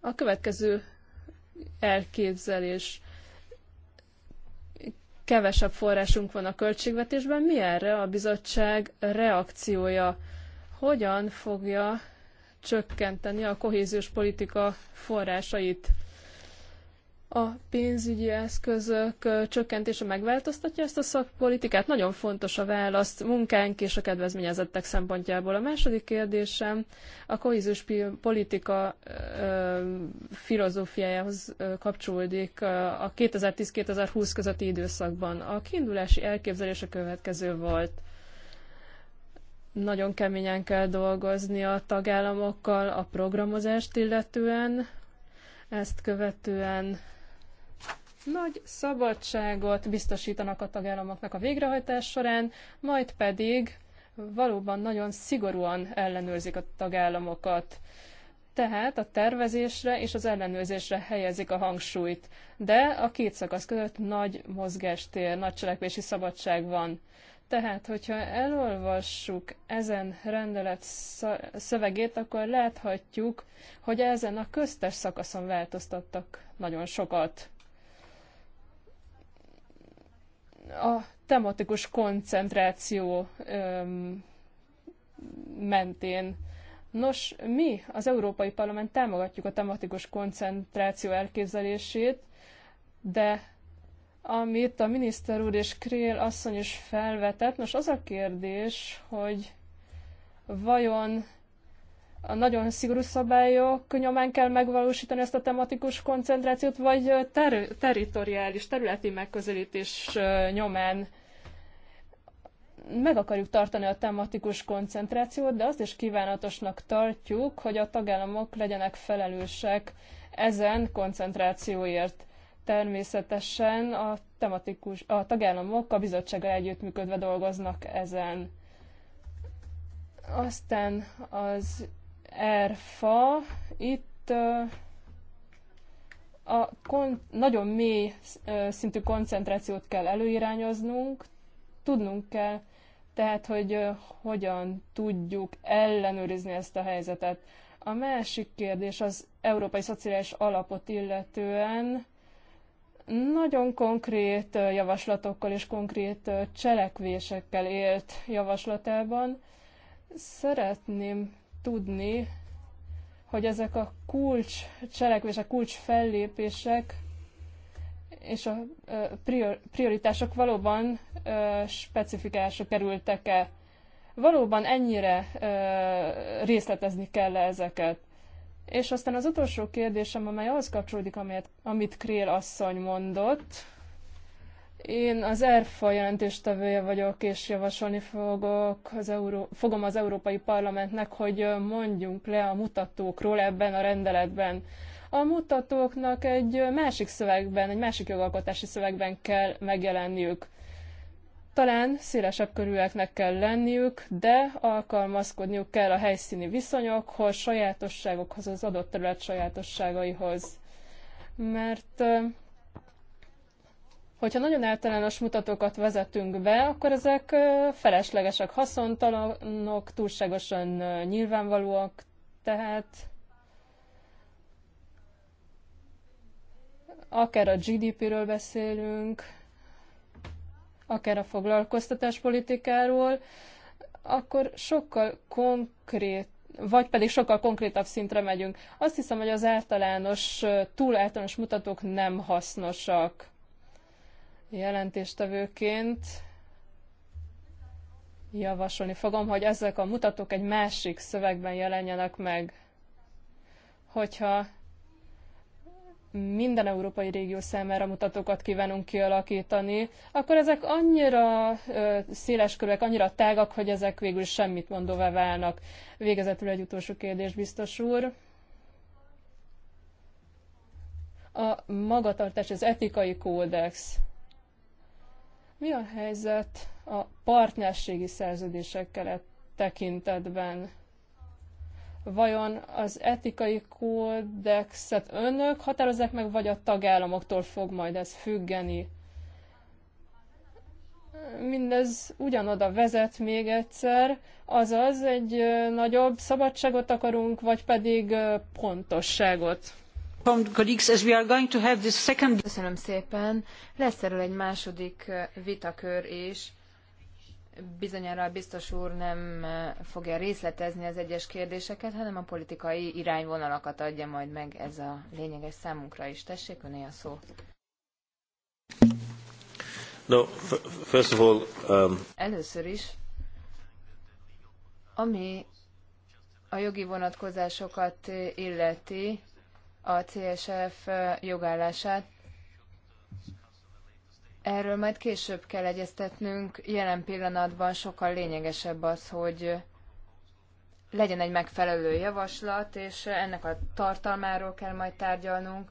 A következő elképzelés. Kevesebb forrásunk van a költségvetésben. Mi erre a bizottság reakciója? Hogyan fogja csökkenteni a kohéziós politika forrásait. A pénzügyi eszközök csökkentése megváltoztatja ezt a szakpolitikát? Nagyon fontos a válasz munkánk és a kedvezményezettek szempontjából. A második kérdésem a kohéziós politika filozófiájához kapcsolódik a 2010-2020 közötti időszakban. A kiindulási elképzelés a következő volt – nagyon keményen kell dolgozni a tagállamokkal a programozást illetően, ezt követően nagy szabadságot biztosítanak a tagállamoknak a végrehajtás során, majd pedig valóban nagyon szigorúan ellenőrzik a tagállamokat. Tehát a tervezésre és az ellenőrzésre helyezik a hangsúlyt. De a két szakasz között nagy mozgástér, nagy cselekvési szabadság van. Tehát, hogyha elolvassuk ezen rendelet szövegét, akkor láthatjuk, hogy ezen a köztes szakaszon változtattak nagyon sokat. A tematikus koncentráció öm, mentén. Nos, mi az Európai Parlament támogatjuk a tematikus koncentráció elképzelését, de amit a miniszter úr és Krél asszony is felvetett. Nos, az a kérdés, hogy vajon a nagyon szigorú szabályok nyomán kell megvalósítani ezt a tematikus koncentrációt, vagy ter- teritoriális, területi megközelítés nyomán meg akarjuk tartani a tematikus koncentrációt, de azt is kívánatosnak tartjuk, hogy a tagállamok legyenek felelősek ezen koncentrációért. Természetesen a, tematikus, a tagállamok a bizottsággal együttműködve dolgoznak ezen. Aztán az ERFA, itt a kon- nagyon mély szintű koncentrációt kell előirányoznunk, tudnunk kell, tehát, hogy hogyan tudjuk ellenőrizni ezt a helyzetet. A másik kérdés az Európai Szociális Alapot illetően nagyon konkrét javaslatokkal és konkrét cselekvésekkel élt javaslatában. Szeretném tudni, hogy ezek a kulcs cselekvések, kulcs fellépések és a prioritások valóban specifikásra kerültek-e? Valóban ennyire részletezni kell -e ezeket? És aztán az utolsó kérdésem, amely ahhoz kapcsolódik, amelyet, amit Krél asszony mondott. Én az ERFA jelentéstevője vagyok, és javasolni fogok az Euró- fogom az Európai Parlamentnek, hogy mondjunk le a mutatókról ebben a rendeletben. A mutatóknak egy másik szövegben, egy másik jogalkotási szövegben kell megjelenniük. Talán szélesebb körűeknek kell lenniük, de alkalmazkodniuk kell a helyszíni viszonyokhoz, sajátosságokhoz, az adott terület sajátosságaihoz. Mert hogyha nagyon általános mutatókat vezetünk be, akkor ezek feleslegesek, haszontalanok, túlságosan nyilvánvalóak, tehát akár a GDP-ről beszélünk, akár a foglalkoztatáspolitikáról, akkor sokkal konkrét vagy pedig sokkal konkrétabb szintre megyünk. Azt hiszem, hogy az általános, túl általános mutatók nem hasznosak jelentéstevőként. Javasolni fogom, hogy ezek a mutatók egy másik szövegben jelenjenek meg. Hogyha minden európai régió számára mutatókat kívánunk kialakítani, akkor ezek annyira széles széleskörűek, annyira tágak, hogy ezek végül semmit mondóvá válnak. Végezetül egy utolsó kérdés, biztos úr. A magatartás, az etikai kódex. Mi a helyzet a partnerségi szerződésekkel tekintetben? Vajon az etikai kódexet önök határozzák meg, vagy a tagállamoktól fog majd ez függeni? mindez ugyanoda vezet még egyszer, azaz egy nagyobb szabadságot akarunk, vagy pedig pontosságot. Köszönöm szépen. Lesz erről egy második vitakör is, Bizonyára biztos úr nem eh, fogja részletezni az egyes kérdéseket, hanem a politikai irányvonalakat adja majd meg ez a lényeges számunkra is. Tessék, öné a szó. No, first of all, um... Először is, ami a jogi vonatkozásokat illeti, a CSF eh, jogállását, Erről majd később kell egyeztetnünk. Jelen pillanatban sokkal lényegesebb az, hogy legyen egy megfelelő javaslat, és ennek a tartalmáról kell majd tárgyalnunk,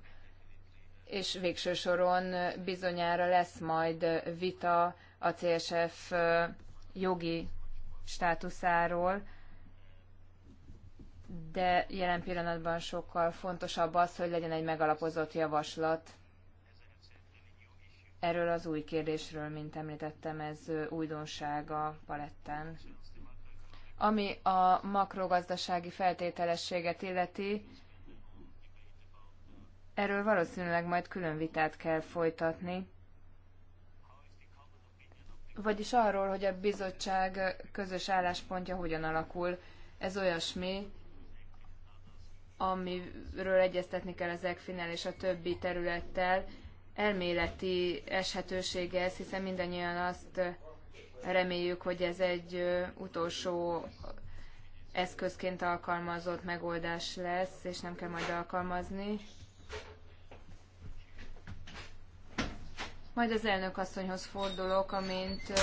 és végső soron bizonyára lesz majd vita a CSF jogi státuszáról, de jelen pillanatban sokkal fontosabb az, hogy legyen egy megalapozott javaslat erről az új kérdésről, mint említettem, ez újdonság a paletten. Ami a makrogazdasági feltételességet illeti, erről valószínűleg majd külön vitát kell folytatni. Vagyis arról, hogy a bizottság közös álláspontja hogyan alakul. Ez olyasmi, amiről egyeztetni kell az ECFIN-el és a többi területtel, elméleti eshetősége ez, hiszen mindannyian azt reméljük, hogy ez egy utolsó eszközként alkalmazott megoldás lesz, és nem kell majd alkalmazni. Majd az elnök asszonyhoz fordulok, amint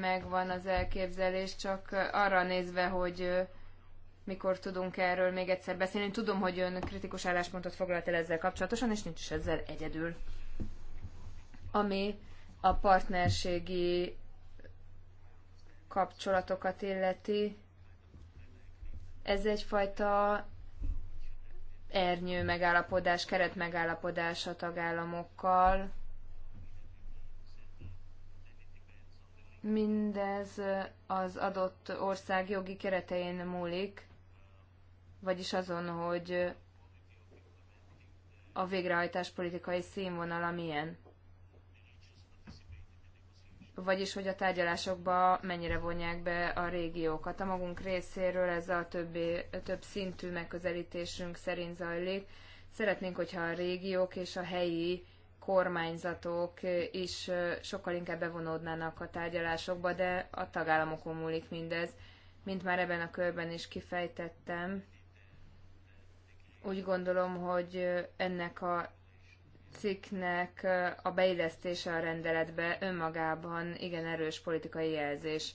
megvan az elképzelés, csak arra nézve, hogy mikor tudunk erről még egyszer beszélni. Tudom, hogy ön kritikus álláspontot foglalt el ezzel kapcsolatosan, és nincs is ezzel egyedül. Ami a partnerségi kapcsolatokat illeti, ez egyfajta ernyő megállapodás, keret megállapodás a tagállamokkal. Mindez az adott ország jogi keretein múlik, vagyis azon, hogy a végrehajtás politikai színvonala milyen. Vagyis, hogy a tárgyalásokba mennyire vonják be a régiókat. A magunk részéről ez a többi, több szintű megközelítésünk szerint zajlik. Szeretnénk, hogyha a régiók és a helyi kormányzatok is sokkal inkább bevonódnának a tárgyalásokba, de a tagállamokon múlik mindez. Mint már ebben a körben is kifejtettem, úgy gondolom, hogy ennek a cikknek a beillesztése a rendeletbe önmagában igen erős politikai jelzés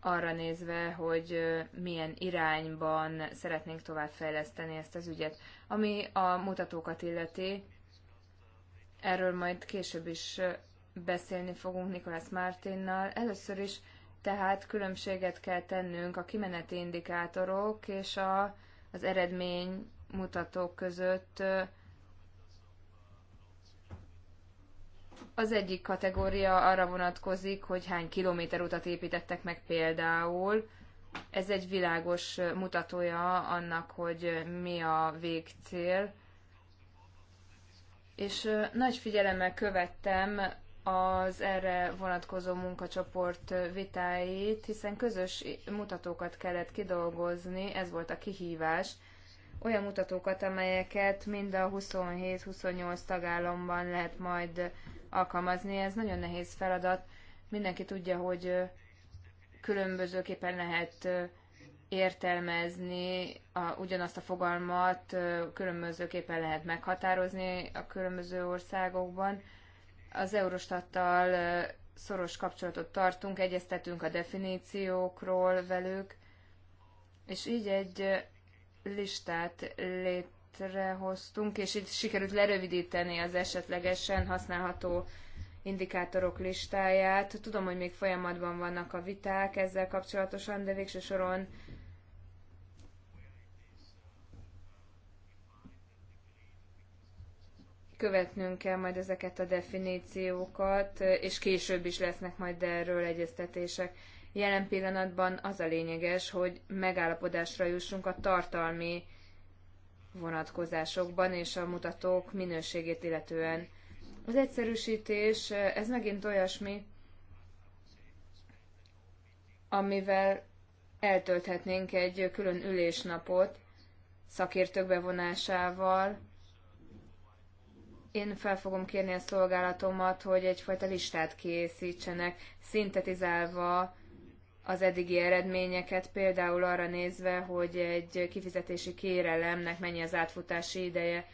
arra nézve, hogy milyen irányban szeretnénk továbbfejleszteni ezt az ügyet. Ami a mutatókat illeti, erről majd később is beszélni fogunk Nikolász Mártinnal. Először is tehát különbséget kell tennünk a kimeneti indikátorok és a, az eredmény mutatók között az egyik kategória arra vonatkozik, hogy hány kilométer utat építettek meg például. Ez egy világos mutatója annak, hogy mi a végcél. És nagy figyelemmel követtem az erre vonatkozó munkacsoport vitáit, hiszen közös mutatókat kellett kidolgozni, ez volt a kihívás – olyan mutatókat, amelyeket mind a 27-28 tagállamban lehet majd alkalmazni. Ez nagyon nehéz feladat. Mindenki tudja, hogy különbözőképpen lehet értelmezni a, ugyanazt a fogalmat, különbözőképpen lehet meghatározni a különböző országokban. Az Eurostattal szoros kapcsolatot tartunk, egyeztetünk a definíciókról velük, és így egy listát létrehoztunk, és itt sikerült lerövidíteni az esetlegesen használható indikátorok listáját. Tudom, hogy még folyamatban vannak a viták ezzel kapcsolatosan, de végső soron követnünk kell majd ezeket a definíciókat, és később is lesznek majd erről egyeztetések. Jelen pillanatban az a lényeges, hogy megállapodásra jussunk a tartalmi vonatkozásokban és a mutatók minőségét illetően. Az egyszerűsítés, ez megint olyasmi, amivel eltölthetnénk egy külön ülésnapot szakértők bevonásával. Én fel fogom kérni a szolgálatomat, hogy egyfajta listát készítsenek, szintetizálva az eddigi eredményeket, például arra nézve, hogy egy kifizetési kérelemnek mennyi az átfutási ideje,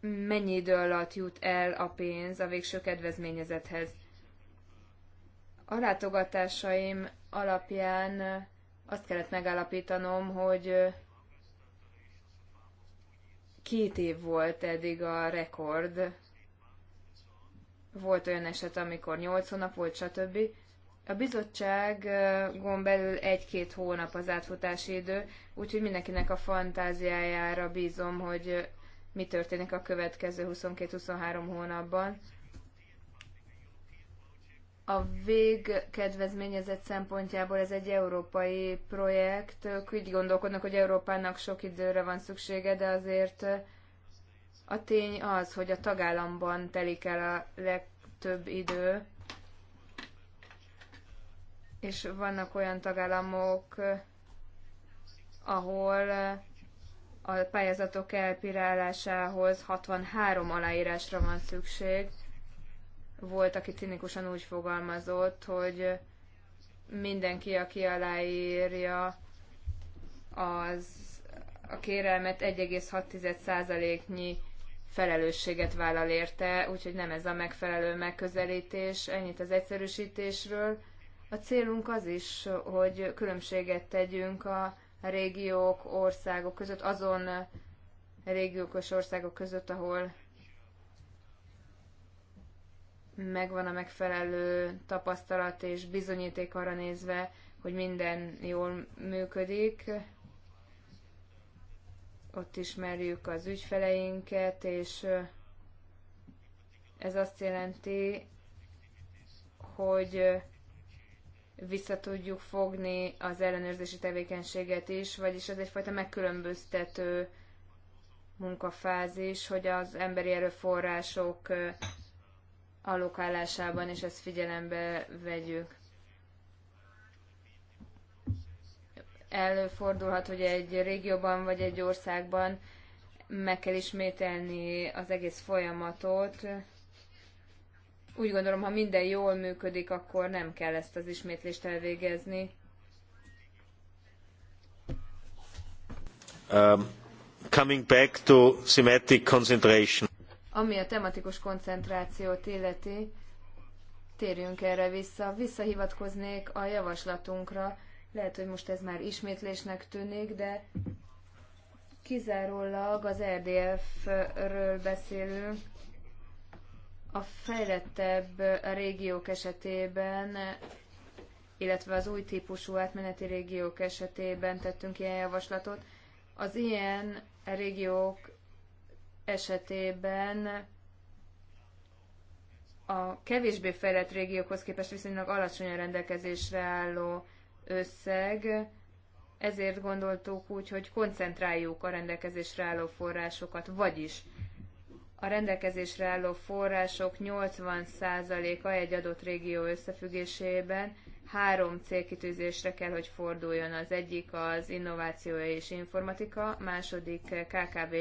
mennyi idő alatt jut el a pénz a végső kedvezményezethez. A látogatásaim alapján azt kellett megállapítanom, hogy két év volt eddig a rekord volt olyan eset, amikor 8 hónap volt, stb. A bizottságon belül egy-két hónap az átfutási idő, úgyhogy mindenkinek a fantáziájára bízom, hogy mi történik a következő 22-23 hónapban. A végkedvezményezett szempontjából ez egy európai projekt. Ők úgy gondolkodnak, hogy Európának sok időre van szüksége, de azért a tény az, hogy a tagállamban telik el a legtöbb idő, és vannak olyan tagállamok, ahol a pályázatok elpirálásához 63 aláírásra van szükség. Volt, aki cinikusan úgy fogalmazott, hogy mindenki, aki aláírja az a kérelmet 1,6%-nyi felelősséget vállal érte, úgyhogy nem ez a megfelelő megközelítés. Ennyit az egyszerűsítésről. A célunk az is, hogy különbséget tegyünk a régiók, országok között, azon régiók és országok között, ahol megvan a megfelelő tapasztalat és bizonyíték arra nézve, hogy minden jól működik, ott ismerjük az ügyfeleinket, és ez azt jelenti, hogy vissza tudjuk fogni az ellenőrzési tevékenységet is, vagyis ez egyfajta megkülönböztető munkafázis, hogy az emberi erőforrások allokálásában, is ezt figyelembe vegyük. előfordulhat, hogy egy régióban vagy egy országban meg kell ismételni az egész folyamatot. Úgy gondolom, ha minden jól működik, akkor nem kell ezt az ismétlést elvégezni. Um, coming back to thematic concentration. Ami a tematikus koncentrációt illeti, térjünk erre vissza. Visszahivatkoznék a javaslatunkra, lehet, hogy most ez már ismétlésnek tűnik, de kizárólag az RDF-ről beszélünk. A fejlettebb régiók esetében, illetve az új típusú átmeneti régiók esetében tettünk ilyen javaslatot. Az ilyen régiók esetében a kevésbé fejlett régiókhoz képest viszonylag alacsony a rendelkezésre álló összeg, ezért gondoltuk úgy, hogy koncentráljuk a rendelkezésre álló forrásokat, vagyis a rendelkezésre álló források 80%-a egy adott régió összefüggésében három célkitűzésre kell, hogy forduljon. Az egyik az innováció és informatika, második KKV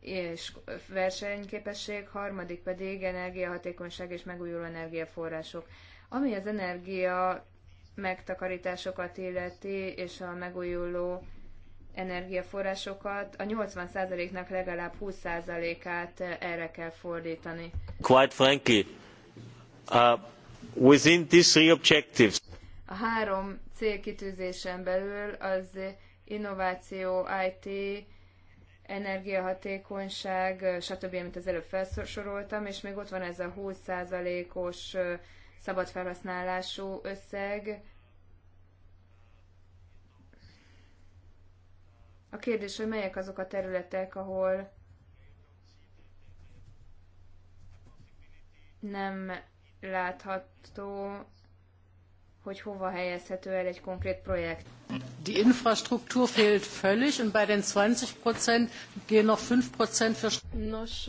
és versenyképesség, harmadik pedig energiahatékonyság és megújuló energiaforrások. Ami az energia megtakarításokat illeti, és a megújuló energiaforrásokat, a 80%-nak legalább 20%-át erre kell fordítani. Quite frankly, uh, within these three objectives. A három célkitűzésen belül az innováció, IT, energiahatékonyság, stb., amit az előbb felsoroltam, és még ott van ez a 20%-os szabad felhasználású összeg. A kérdés, hogy melyek azok a területek, ahol nem látható, hogy hova helyezhető el egy konkrét projekt. Die Infrastruktur fehlt völlig, und bei den 20 Prozent gehen noch 5 Prozent für... Nos,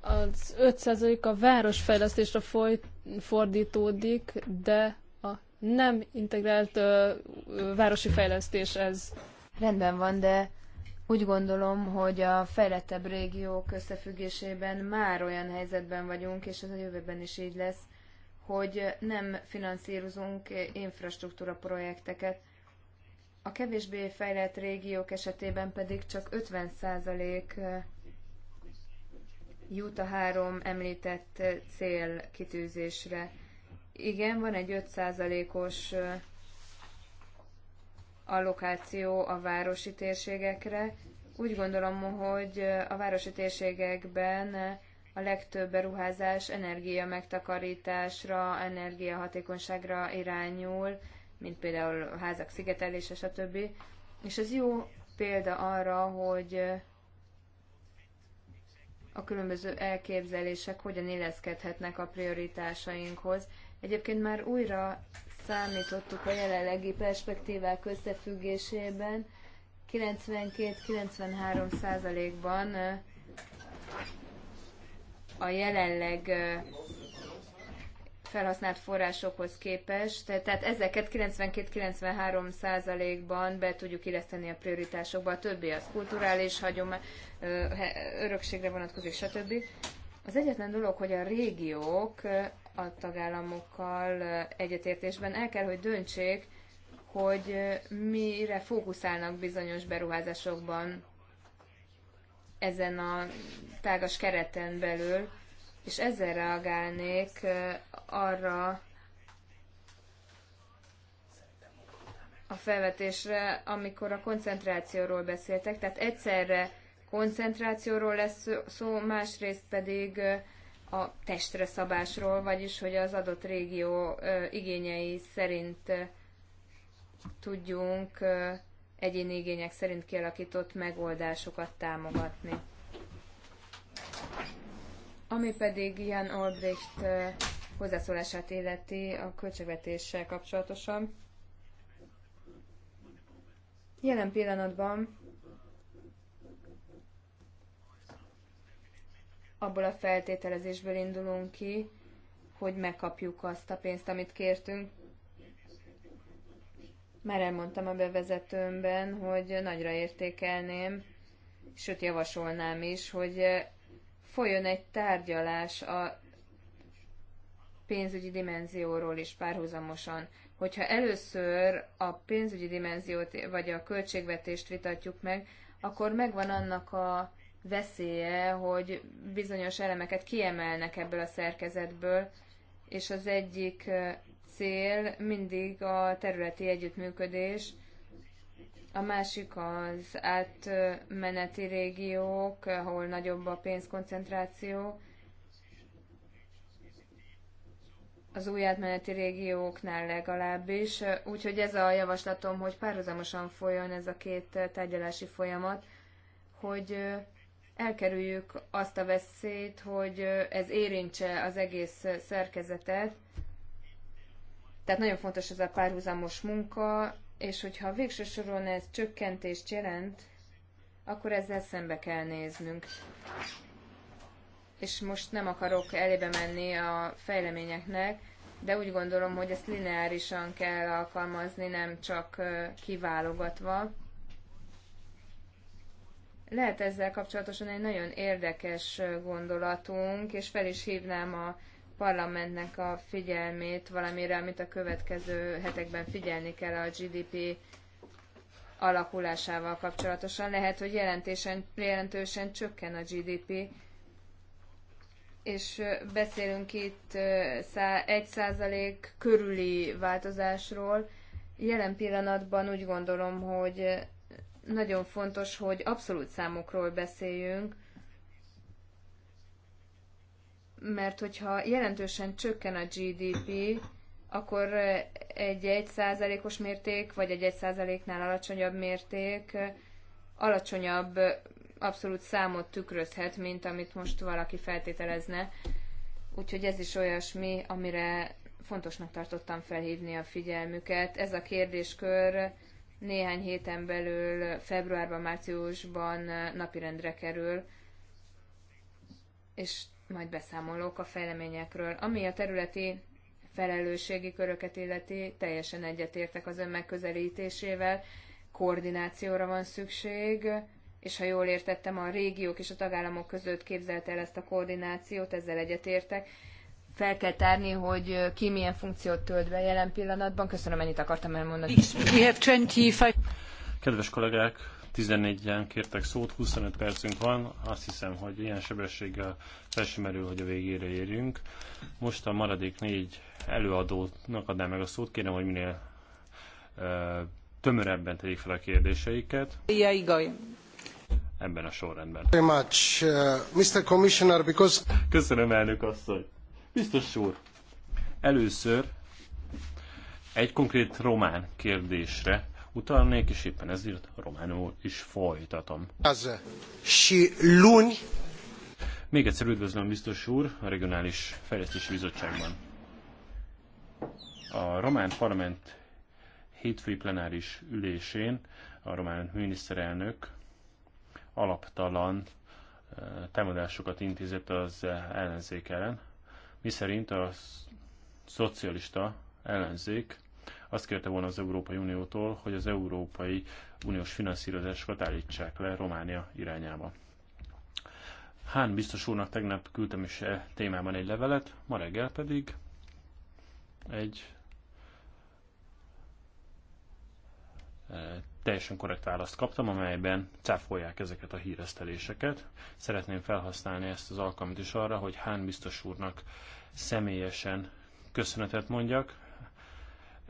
az 5% a városfejlesztésre folyt, fordítódik, de a nem integrált ö, ö, városi fejlesztés ez. Rendben van, de úgy gondolom, hogy a fejlettebb régiók összefüggésében már olyan helyzetben vagyunk, és ez a jövőben is így lesz, hogy nem finanszírozunk infrastruktúra projekteket. A kevésbé fejlett régiók esetében pedig csak 50 jut a három említett cél kitűzésre. Igen, van egy 5%-os allokáció a városi térségekre. Úgy gondolom, hogy a városi térségekben a legtöbb beruházás energia megtakarításra, energiahatékonyságra irányul, mint például a házak szigetelése, stb. És ez jó példa arra, hogy a különböző elképzelések hogyan illeszkedhetnek a prioritásainkhoz. Egyébként már újra számítottuk a jelenlegi perspektívák összefüggésében, 92-93 százalékban a jelenleg felhasznált forrásokhoz képest, tehát ezeket 92-93 százalékban be tudjuk illeszteni a prioritásokba, a többi az kulturális, hagyomány, örökségre vonatkozik, stb. Az egyetlen dolog, hogy a régiók a tagállamokkal egyetértésben el kell, hogy döntsék, hogy mire fókuszálnak bizonyos beruházásokban ezen a tágas kereten belül, és ezzel reagálnék arra a felvetésre, amikor a koncentrációról beszéltek. Tehát egyszerre koncentrációról lesz szó, másrészt pedig a testre szabásról, vagyis hogy az adott régió igényei szerint tudjunk egyéni igények szerint kialakított megoldásokat támogatni. Ami pedig Jan Albrecht hozzászólását életi a költségvetéssel kapcsolatosan. Jelen pillanatban abból a feltételezésből indulunk ki, hogy megkapjuk azt a pénzt, amit kértünk. Már elmondtam a bevezetőmben, hogy nagyra értékelném, sőt javasolnám is, hogy folyjon egy tárgyalás a pénzügyi dimenzióról is párhuzamosan. Hogyha először a pénzügyi dimenziót vagy a költségvetést vitatjuk meg, akkor megvan annak a veszélye, hogy bizonyos elemeket kiemelnek ebből a szerkezetből, és az egyik eh, cél mindig a területi együttműködés, a másik az átmeneti régiók, ahol nagyobb a pénzkoncentráció. Az új átmeneti régióknál legalábbis. Úgyhogy ez a javaslatom, hogy párhuzamosan folyjon ez a két tárgyalási folyamat, hogy elkerüljük azt a veszélyt, hogy ez érintse az egész szerkezetet. Tehát nagyon fontos ez a párhuzamos munka, és hogyha végső soron ez csökkentést jelent, akkor ezzel szembe kell néznünk. És most nem akarok elébe menni a fejleményeknek, de úgy gondolom, hogy ezt lineárisan kell alkalmazni, nem csak kiválogatva. Lehet ezzel kapcsolatosan egy nagyon érdekes gondolatunk, és fel is hívnám a parlamentnek a figyelmét valamire, amit a következő hetekben figyelni kell a GDP alakulásával kapcsolatosan. Lehet, hogy jelentősen, jelentősen csökken a GDP, és beszélünk itt 1% körüli változásról. Jelen pillanatban úgy gondolom, hogy nagyon fontos, hogy abszolút számokról beszéljünk, mert hogyha jelentősen csökken a GDP, akkor egy 1%-os mérték, vagy egy 1%-nál alacsonyabb mérték alacsonyabb abszolút számot tükrözhet, mint amit most valaki feltételezne. Úgyhogy ez is olyasmi, amire fontosnak tartottam felhívni a figyelmüket. Ez a kérdéskör néhány héten belül, februárban, márciusban napirendre kerül, és majd beszámolok a fejleményekről. Ami a területi felelősségi köröket illeti, teljesen egyetértek az ön megközelítésével, koordinációra van szükség, és ha jól értettem, a régiók és a tagállamok között képzelt el ezt a koordinációt, ezzel egyetértek. Fel kell tárni, hogy ki milyen funkciót tölt be jelen pillanatban. Köszönöm, ennyit akartam elmondani. Kedves kollégák, 14-en kértek szót, 25 percünk van, azt hiszem, hogy ilyen sebességgel fel sem erő, hogy a végére érjünk. Most a maradék négy előadónak adnám meg a szót, kérem, hogy minél ö, tömörebben tegyék fel a kérdéseiket. Yeah, igaz. Ebben a sorrendben. Very much, uh, Mr. Commissioner, because... Köszönöm, elnök asszony. Biztos úr. Először egy konkrét román kérdésre utalnék, és éppen ezért románul is folytatom. Az si luni. Még egyszer üdvözlöm biztos úr a Regionális Fejlesztési Bizottságban. A román parlament hétfői plenáris ülésén a román miniszterelnök alaptalan eh, támadásokat intézett az ellenzék ellen, miszerint a szocialista ellenzék azt kérte volna az Európai Uniótól, hogy az Európai Uniós finanszírozásokat állítsák le Románia irányába. Hán biztos úrnak tegnap küldtem is e témában egy levelet, ma reggel pedig egy e, teljesen korrekt választ kaptam, amelyben cáfolják ezeket a híreszteléseket. Szeretném felhasználni ezt az alkalmat is arra, hogy Hán biztos úrnak személyesen köszönetet mondjak,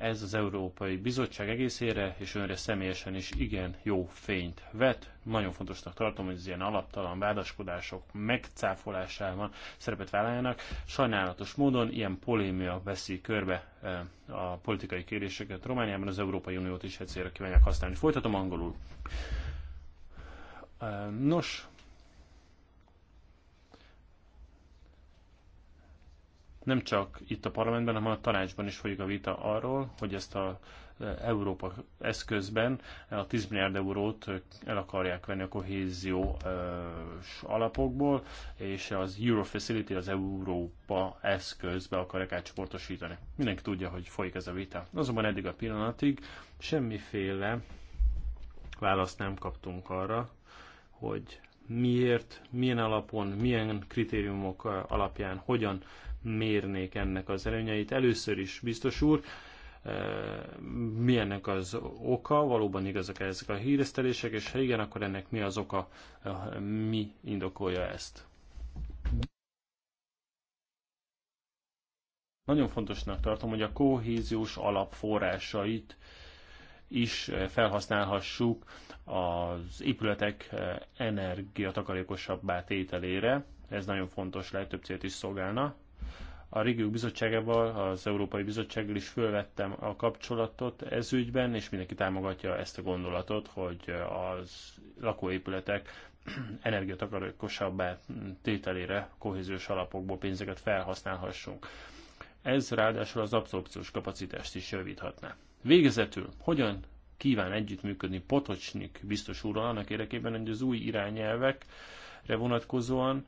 ez az Európai Bizottság egészére és önre személyesen is igen jó fényt vet. Nagyon fontosnak tartom, hogy az ilyen alaptalan vádaskodások megcáfolásában szerepet vállaljanak. Sajnálatos módon ilyen polémia veszi körbe eh, a politikai kérdéseket Romániában, az Európai Uniót is egyszerre kívánják használni. Folytatom angolul. Eh, nos, nem csak itt a parlamentben, hanem a tanácsban is folyik a vita arról, hogy ezt a e, Európa eszközben e, a 10 milliárd eurót e, el akarják venni a kohéziós alapokból, és az Euro Facility, az Európa eszközbe akarják átcsoportosítani. Mindenki tudja, hogy folyik ez a vita. Azonban eddig a pillanatig semmiféle választ nem kaptunk arra, hogy miért, milyen alapon, milyen kritériumok alapján, hogyan mérnék ennek az előnyeit. Először is, biztos úr, eh, mi ennek az oka, valóban igazak -e ezek a híresztelések, és ha igen, akkor ennek mi az oka, mi indokolja ezt? Nagyon fontosnak tartom, hogy a kohéziós alapforrásait is felhasználhassuk az épületek energiatakarékosabbá tételére. Ez nagyon fontos lehet, több célt is szolgálna a Régiók Bizottságával, az Európai Bizottsággal is fölvettem a kapcsolatot ez ügyben, és mindenki támogatja ezt a gondolatot, hogy az lakóépületek energiatakarékosabbá tételére kohéziós alapokból pénzeket felhasználhassunk. Ez ráadásul az abszorpciós kapacitást is javíthatná. Végezetül, hogyan kíván együttműködni Potocsnik biztos úrral annak érdekében, hogy az új irányelvekre vonatkozóan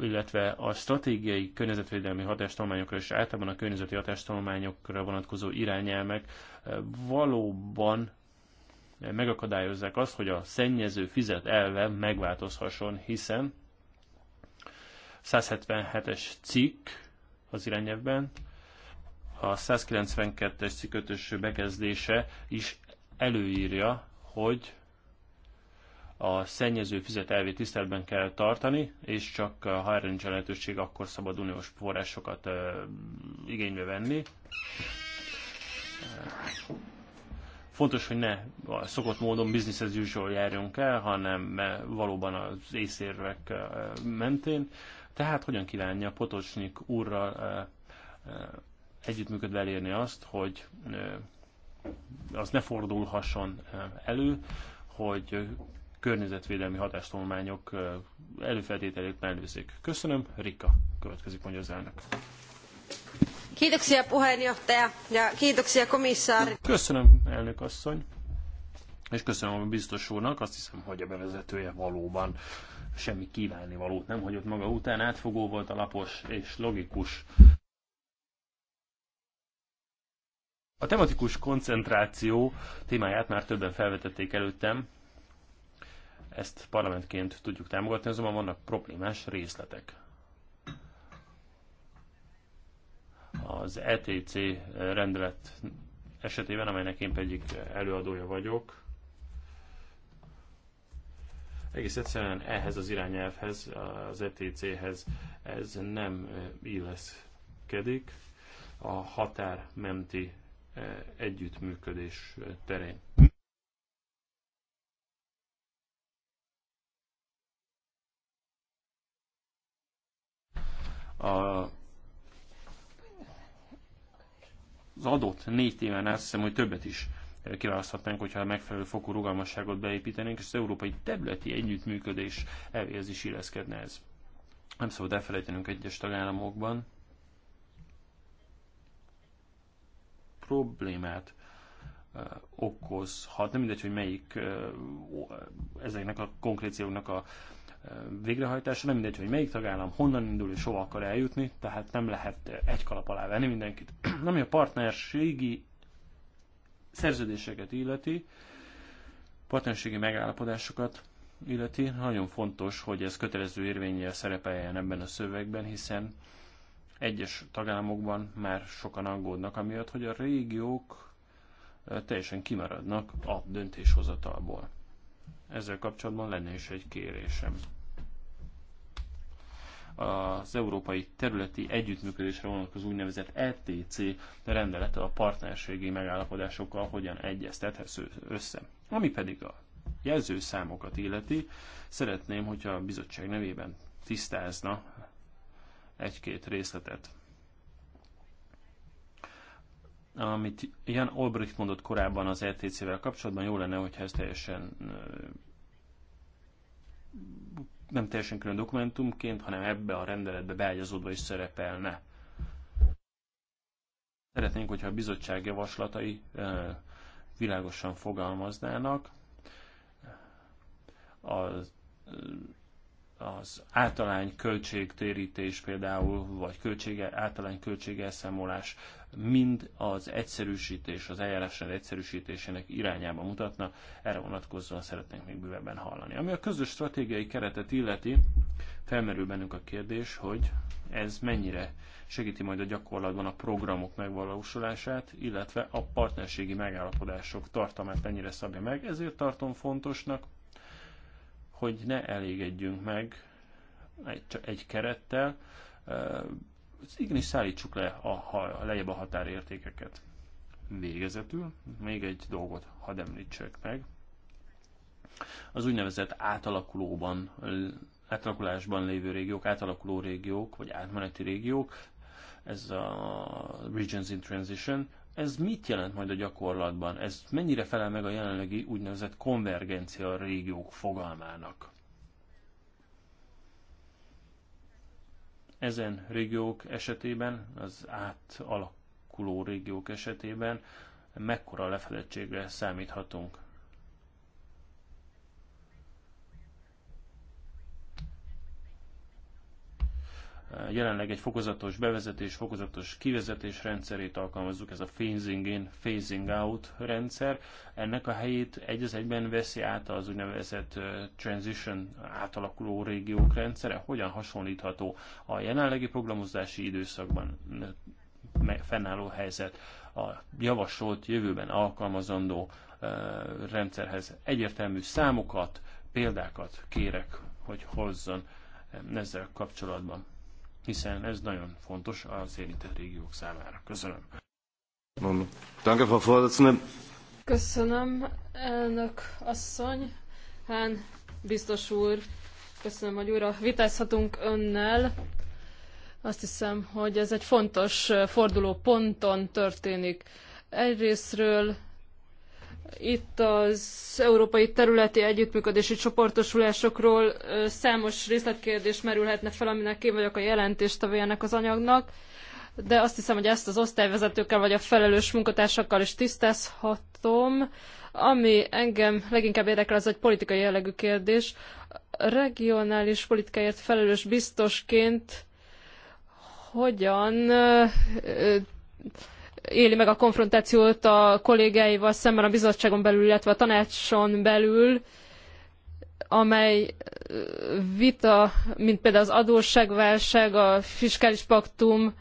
illetve a stratégiai környezetvédelmi hatástanulmányokra és általában a környezeti hatástanulmányokra vonatkozó irányelmek valóban megakadályozzák azt, hogy a szennyező fizet elve megváltozhasson, hiszen 177-es cikk az irányelvben, a 192-es cikk 5 bekezdése is előírja, hogy a szennyező fizet elvét tiszteletben kell tartani, és csak ha erre nincs lehetőség, akkor szabad uniós forrásokat igénybe venni. Fontos, hogy ne a szokott módon business as usual járjunk el, hanem valóban az észérvek mentén. Tehát hogyan kívánja Potocsnik úrral együttműködve elérni azt, hogy az ne fordulhasson elő, hogy környezetvédelmi hatástolmányok előfeltételét mellőzik. Köszönöm, Rika. Következik mondja az elnök. ja Köszönöm, elnök asszony. És köszönöm a biztos úrnak, azt hiszem, hogy a bevezetője valóban semmi kívánni valót nem hagyott maga után, átfogó volt, a lapos és logikus. A tematikus koncentráció témáját már többen felvetették előttem, ezt parlamentként tudjuk támogatni, azonban vannak problémás részletek. Az ETC rendelet esetében, amelynek én pedig előadója vagyok, egész egyszerűen ehhez az irányelvhez, az ETC-hez ez nem illeszkedik a határmenti eh, együttműködés terén. a az adott négy témán azt hiszem, hogy többet is kiválaszthatnánk, hogyha megfelelő fokú rugalmasságot beépítenénk, és az európai területi együttműködés elvéhez is illeszkedne ez. Nem szabad elfelejtenünk egyes tagállamokban. Problémát okozhat, nem mindegy, hogy melyik ezeknek a konkrécióknak a végrehajtása, nem mindegy, hogy melyik tagállam honnan indul és hova akar eljutni, tehát nem lehet egy kalap alá venni mindenkit. Ami a partnerségi szerződéseket illeti, partnerségi megállapodásokat illeti, nagyon fontos, hogy ez kötelező érvényel szerepeljen ebben a szövegben, hiszen egyes tagállamokban már sokan aggódnak, amiatt, hogy a régiók teljesen kimaradnak a döntéshozatalból ezzel kapcsolatban lenne is egy kérésem. Az Európai Területi Együttműködésre vonatkozó úgynevezett ETC rendelete a partnerségi megállapodásokkal hogyan egyeztethető össze. Ami pedig a jelzőszámokat illeti, szeretném, hogyha a bizottság nevében tisztázna egy-két részletet. Amit Jan Olbricht mondott korábban az RTC-vel e kapcsolatban, jó lenne, hogyha ez teljesen nem teljesen külön dokumentumként, hanem ebbe a rendeletbe beágyazódva is szerepelne. Szeretnénk, hogyha a bizottság javaslatai világosan fogalmaznának. A, az általány költségtérítés például, vagy költsége, általány költségelszámolás mind az egyszerűsítés, az eljárásnál egyszerűsítésének irányába mutatna. Erre vonatkozóan szeretnénk még bővebben hallani. Ami a közös stratégiai keretet illeti, felmerül bennünk a kérdés, hogy ez mennyire segíti majd a gyakorlatban a programok megvalósulását, illetve a partnerségi megállapodások tartalmát mennyire szabja meg. Ezért tartom fontosnak hogy ne elégedjünk meg egy, csak egy kerettel, igenis szállítsuk le a, a lejjebb a határértékeket. Végezetül még egy dolgot hadd említsek meg. Az úgynevezett átalakulóban, átalakulásban lévő régiók, átalakuló régiók, vagy átmeneti régiók, ez a Regions in Transition, ez mit jelent majd a gyakorlatban? Ez mennyire felel meg a jelenlegi úgynevezett konvergencia régiók fogalmának? Ezen régiók esetében, az átalakuló régiók esetében mekkora lefedettségre számíthatunk? Jelenleg egy fokozatos bevezetés, fokozatos kivezetés rendszerét alkalmazzuk, ez a phasing in, phasing out rendszer. Ennek a helyét egy az egyben veszi át az úgynevezett transition átalakuló régiók rendszere. Hogyan hasonlítható a jelenlegi programozási időszakban fennálló helyzet a javasolt jövőben alkalmazandó rendszerhez egyértelmű számokat, példákat kérek, hogy hozzon ezzel kapcsolatban hiszen ez nagyon fontos az érintett régiók számára. Köszönöm. Danke, Frau Vorsitzende. Köszönöm, elnök asszony. Hán, biztos úr, köszönöm, hogy újra vitázhatunk önnel. Azt hiszem, hogy ez egy fontos forduló ponton történik. Egyrésztről itt az Európai Területi Együttműködési Csoportosulásokról számos részletkérdés merülhetne fel, aminek én vagyok a jelentéstevőjének az anyagnak, de azt hiszem, hogy ezt az osztályvezetőkkel vagy a felelős munkatársakkal is tisztázhatom. Ami engem leginkább érdekel, az egy politikai jellegű kérdés. A regionális politikáért felelős biztosként hogyan éli meg a konfrontációt a kollégáival szemben a bizottságon belül, illetve a tanácson belül, amely vita, mint például az adósságválság, a fiskális paktum,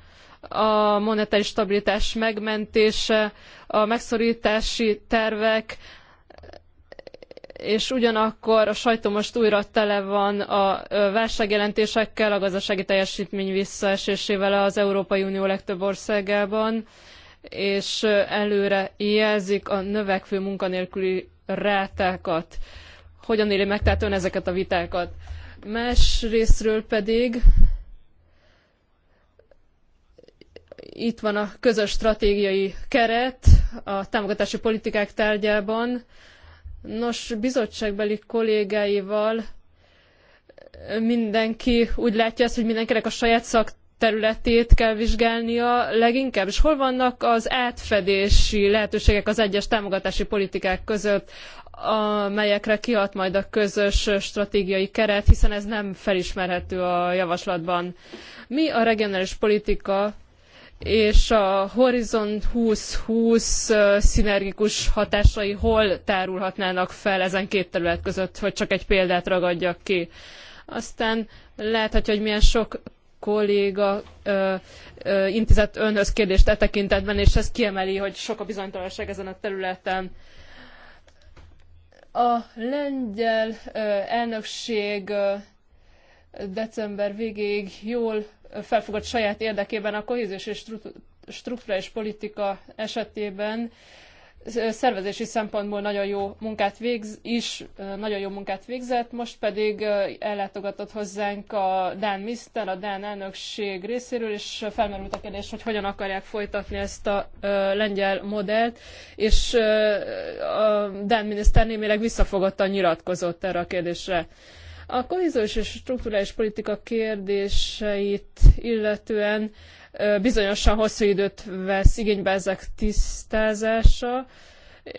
a monetáris stabilitás megmentése, a megszorítási tervek, és ugyanakkor a sajtó most újra tele van a válságjelentésekkel, a gazdasági teljesítmény visszaesésével az Európai Unió legtöbb országában, és előre jelzik a növekvő munkanélküli rátákat. Hogyan éli meg tehát ön ezeket a vitákat? Más részről pedig itt van a közös stratégiai keret a támogatási politikák tárgyában. Nos, bizottságbeli kollégáival mindenki úgy látja ezt, hogy mindenkinek a saját szak területét kell vizsgálnia leginkább, és hol vannak az átfedési lehetőségek az egyes támogatási politikák között, amelyekre kihat majd a közös stratégiai keret, hiszen ez nem felismerhető a javaslatban. Mi a regionális politika és a Horizon 2020 szinergikus hatásai hol tárulhatnának fel ezen két terület között, hogy csak egy példát ragadjak ki. Aztán láthatja, hogy milyen sok kolléga ö, ö, intézett önhöz kérdést e tekintetben, és ez kiemeli, hogy sok a bizonytalanság ezen a területen. A lengyel ö, elnökség ö, december végéig jól felfogott saját érdekében a kohéziós és strukturális politika esetében szervezési szempontból nagyon jó munkát végz, is nagyon jó munkát végzett, most pedig ellátogatott hozzánk a Dán Mister, a Dán elnökség részéről, és felmerült a kérdés, hogy hogyan akarják folytatni ezt a lengyel modellt, és a Dán miniszter némileg visszafogottan nyilatkozott erre a kérdésre. A kohéziós és strukturális politika kérdéseit illetően bizonyosan hosszú időt vesz igénybe ezek tisztázása.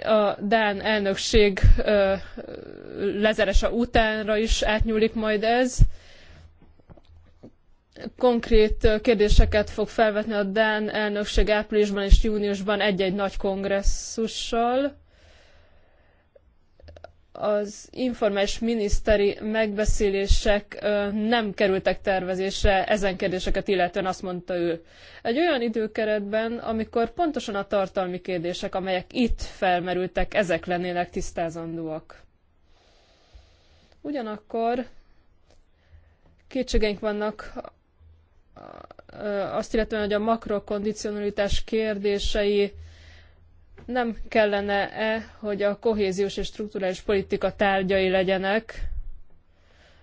A Dán elnökség lezárása utánra is átnyúlik majd ez. Konkrét kérdéseket fog felvetni a Dán elnökség áprilisban és júniusban egy-egy nagy kongresszussal az informális miniszteri megbeszélések nem kerültek tervezésre ezen kérdéseket illetően, azt mondta ő. Egy olyan időkeretben, amikor pontosan a tartalmi kérdések, amelyek itt felmerültek, ezek lennének tisztázandóak. Ugyanakkor kétségeink vannak azt illetően, hogy a makrokondicionalitás kérdései nem kellene-e, hogy a kohéziós és strukturális politika tárgyai legyenek?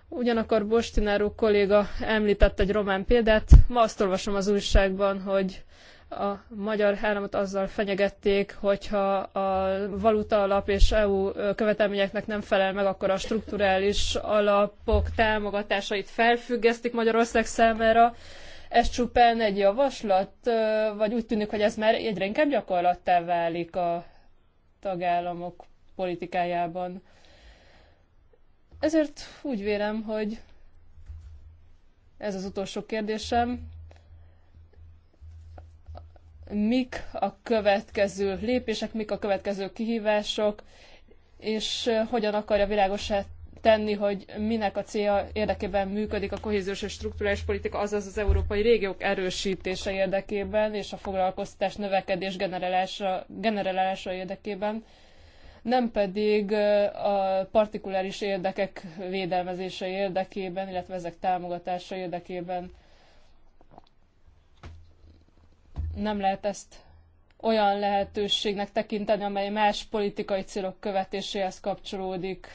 Ugyanakkor Bostináró kolléga említett egy román példát. Ma azt olvasom az újságban, hogy a magyar államot azzal fenyegették, hogyha a valuta alap és EU követelményeknek nem felel meg, akkor a strukturális alapok támogatásait felfüggesztik Magyarország számára. Ez csupán egy javaslat, vagy úgy tűnik, hogy ez már egyre inkább gyakorlattá válik a tagállamok politikájában. Ezért úgy vélem, hogy ez az utolsó kérdésem. Mik a következő lépések, mik a következő kihívások, és hogyan akarja világosát tenni, hogy minek a célja érdekében működik a kohéziós és strukturális politika, azaz az európai régiók erősítése érdekében és a foglalkoztatás növekedés generálása, generálása érdekében, nem pedig a partikuláris érdekek védelmezése érdekében, illetve ezek támogatása érdekében. Nem lehet ezt olyan lehetőségnek tekinteni, amely más politikai célok követéséhez kapcsolódik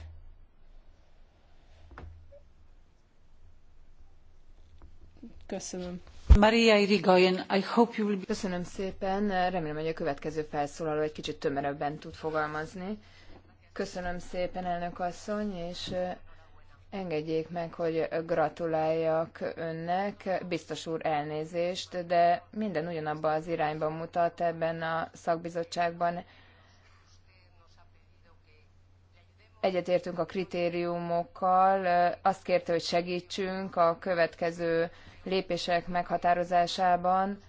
Köszönöm. Maria Irigoyen, I hope you will Köszönöm szépen, remélem, hogy a következő felszólaló egy kicsit tömörebben tud fogalmazni. Köszönöm szépen, elnök asszony, és engedjék meg, hogy gratuláljak önnek. Biztos úr elnézést, de minden ugyanabba az irányba mutat ebben a szakbizottságban. Egyetértünk a kritériumokkal, azt kérte, hogy segítsünk a következő lépések meghatározásában,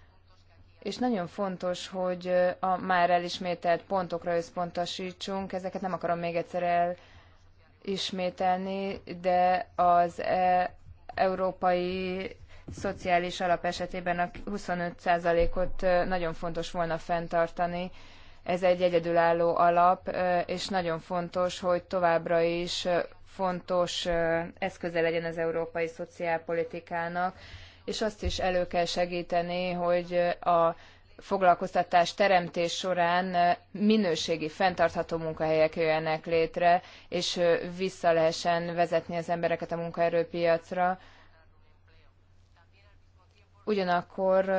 és nagyon fontos, hogy a már elismételt pontokra összpontosítsunk. Ezeket nem akarom még egyszer elismételni, de az e európai szociális alap esetében a 25%-ot e, nagyon fontos volna fenntartani. Ez egy egyedülálló alap, e, és nagyon fontos, hogy továbbra is e, fontos eszköze legyen az európai szociálpolitikának és azt is elő kell segíteni, hogy a foglalkoztatás teremtés során minőségi, fenntartható munkahelyek jöjjenek létre, és vissza lehessen vezetni az embereket a munkaerőpiacra. Ugyanakkor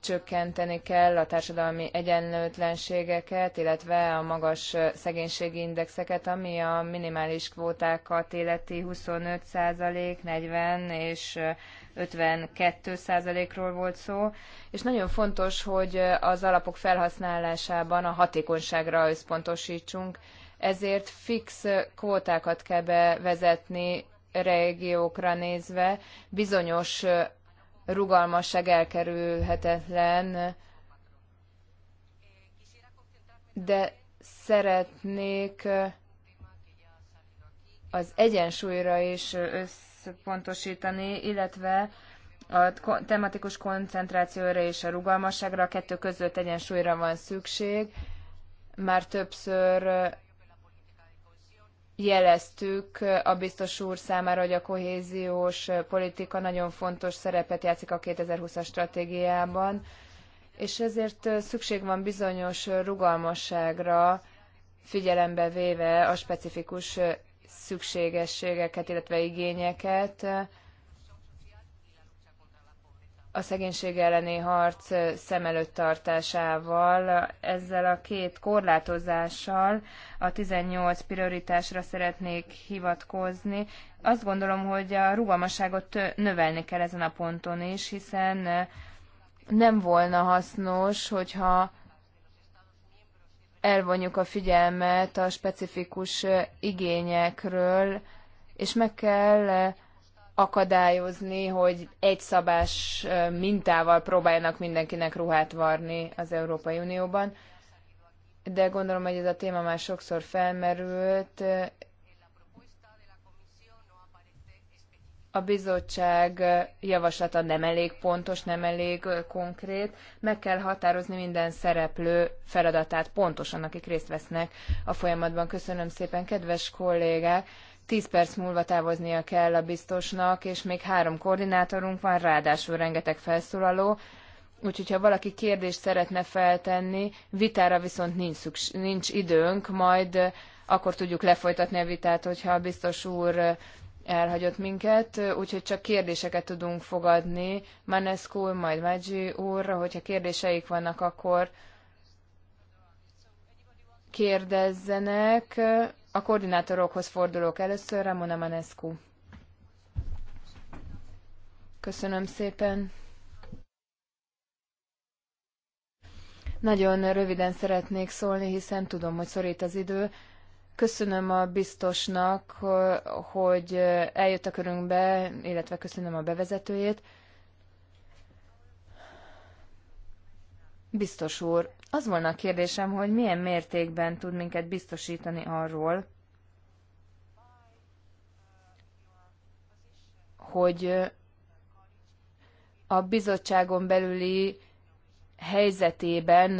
csökkenteni kell a társadalmi egyenlőtlenségeket, illetve a magas szegénységi indexeket, ami a minimális kvótákat életi 25 40 és 52%-ról volt szó, és nagyon fontos, hogy az alapok felhasználásában a hatékonyságra összpontosítsunk, ezért fix kvótákat kell bevezetni régiókra nézve, bizonyos rugalmasság elkerülhetetlen, de szeretnék az egyensúlyra is össze összpontosítani, illetve a tematikus koncentrációra és a rugalmasságra, a kettő között egyensúlyra van szükség. Már többször jeleztük a biztos úr számára, hogy a kohéziós politika nagyon fontos szerepet játszik a 2020-as stratégiában, és ezért szükség van bizonyos rugalmasságra, figyelembe véve a specifikus szükségességeket, illetve igényeket. A szegénység elleni harc szem előtt tartásával, ezzel a két korlátozással a 18 prioritásra szeretnék hivatkozni. Azt gondolom, hogy a rugalmasságot növelni kell ezen a ponton is, hiszen nem volna hasznos, hogyha elvonjuk a figyelmet a specifikus igényekről, és meg kell akadályozni, hogy egy szabás mintával próbáljanak mindenkinek ruhát varni az Európai Unióban. De gondolom, hogy ez a téma már sokszor felmerült, a bizottság javaslata nem elég pontos, nem elég konkrét. Meg kell határozni minden szereplő feladatát pontosan, akik részt vesznek a folyamatban. Köszönöm szépen, kedves kollégák! Tíz perc múlva távoznia kell a biztosnak, és még három koordinátorunk van, ráadásul rengeteg felszólaló. Úgyhogy, ha valaki kérdést szeretne feltenni, vitára viszont nincs, nincs időnk, majd akkor tudjuk lefolytatni a vitát, hogyha a biztos úr elhagyott minket, úgyhogy csak kérdéseket tudunk fogadni. Manescu, majd Maggi úr, hogyha kérdéseik vannak, akkor kérdezzenek. A koordinátorokhoz fordulok először, Ramona Manescu. Köszönöm szépen. Nagyon röviden szeretnék szólni, hiszen tudom, hogy szorít az idő. Köszönöm a biztosnak, hogy eljött a körünkbe, illetve köszönöm a bevezetőjét. Biztos úr, az volna a kérdésem, hogy milyen mértékben tud minket biztosítani arról, hogy a bizottságon belüli helyzetében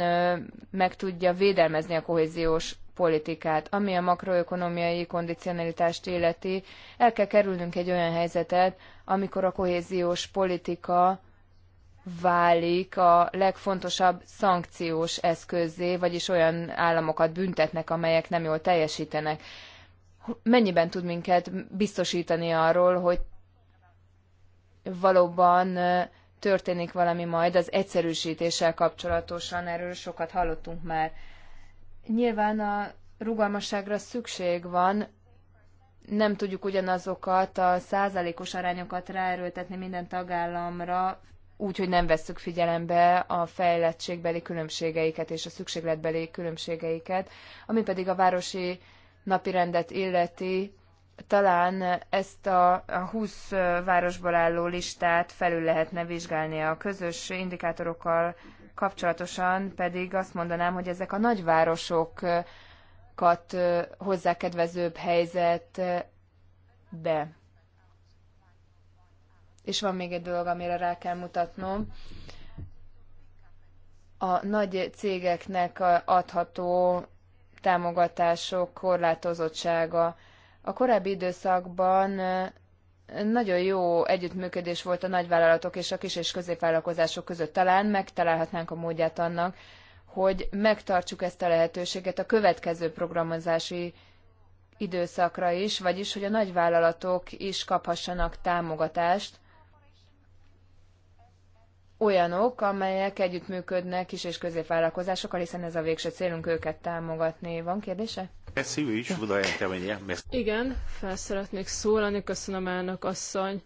meg tudja védelmezni a kohéziós politikát. Ami a makroökonomiai kondicionalitást illeti, el kell kerülnünk egy olyan helyzetet, amikor a kohéziós politika válik a legfontosabb szankciós eszközé, vagyis olyan államokat büntetnek, amelyek nem jól teljesítenek. Mennyiben tud minket biztosítani arról, hogy valóban történik valami majd az egyszerűsítéssel kapcsolatosan, erről sokat hallottunk már. Nyilván a rugalmasságra szükség van, nem tudjuk ugyanazokat a százalékos arányokat ráerőltetni minden tagállamra, úgy, hogy nem veszük figyelembe a fejlettségbeli különbségeiket és a szükségletbeli különbségeiket, ami pedig a városi napirendet illeti, talán ezt a 20 városból álló listát felül lehetne vizsgálni a közös indikátorokkal kapcsolatosan pedig azt mondanám, hogy ezek a nagyvárosokat hozzá kedvezőbb helyzetbe. És van még egy dolog, amire rá kell mutatnom. A nagy cégeknek adható támogatások korlátozottsága. A korábbi időszakban nagyon jó együttműködés volt a nagyvállalatok és a kis- és középvállalkozások között. Talán megtalálhatnánk a módját annak, hogy megtartsuk ezt a lehetőséget a következő programozási időszakra is, vagyis hogy a nagyvállalatok is kaphassanak támogatást, olyanok, amelyek együttműködnek kis- és középvállalkozásokkal, hiszen ez a végső célunk őket támogatni. Van kérdése? Igen, fel szeretnék szólalni, köszönöm elnök asszony.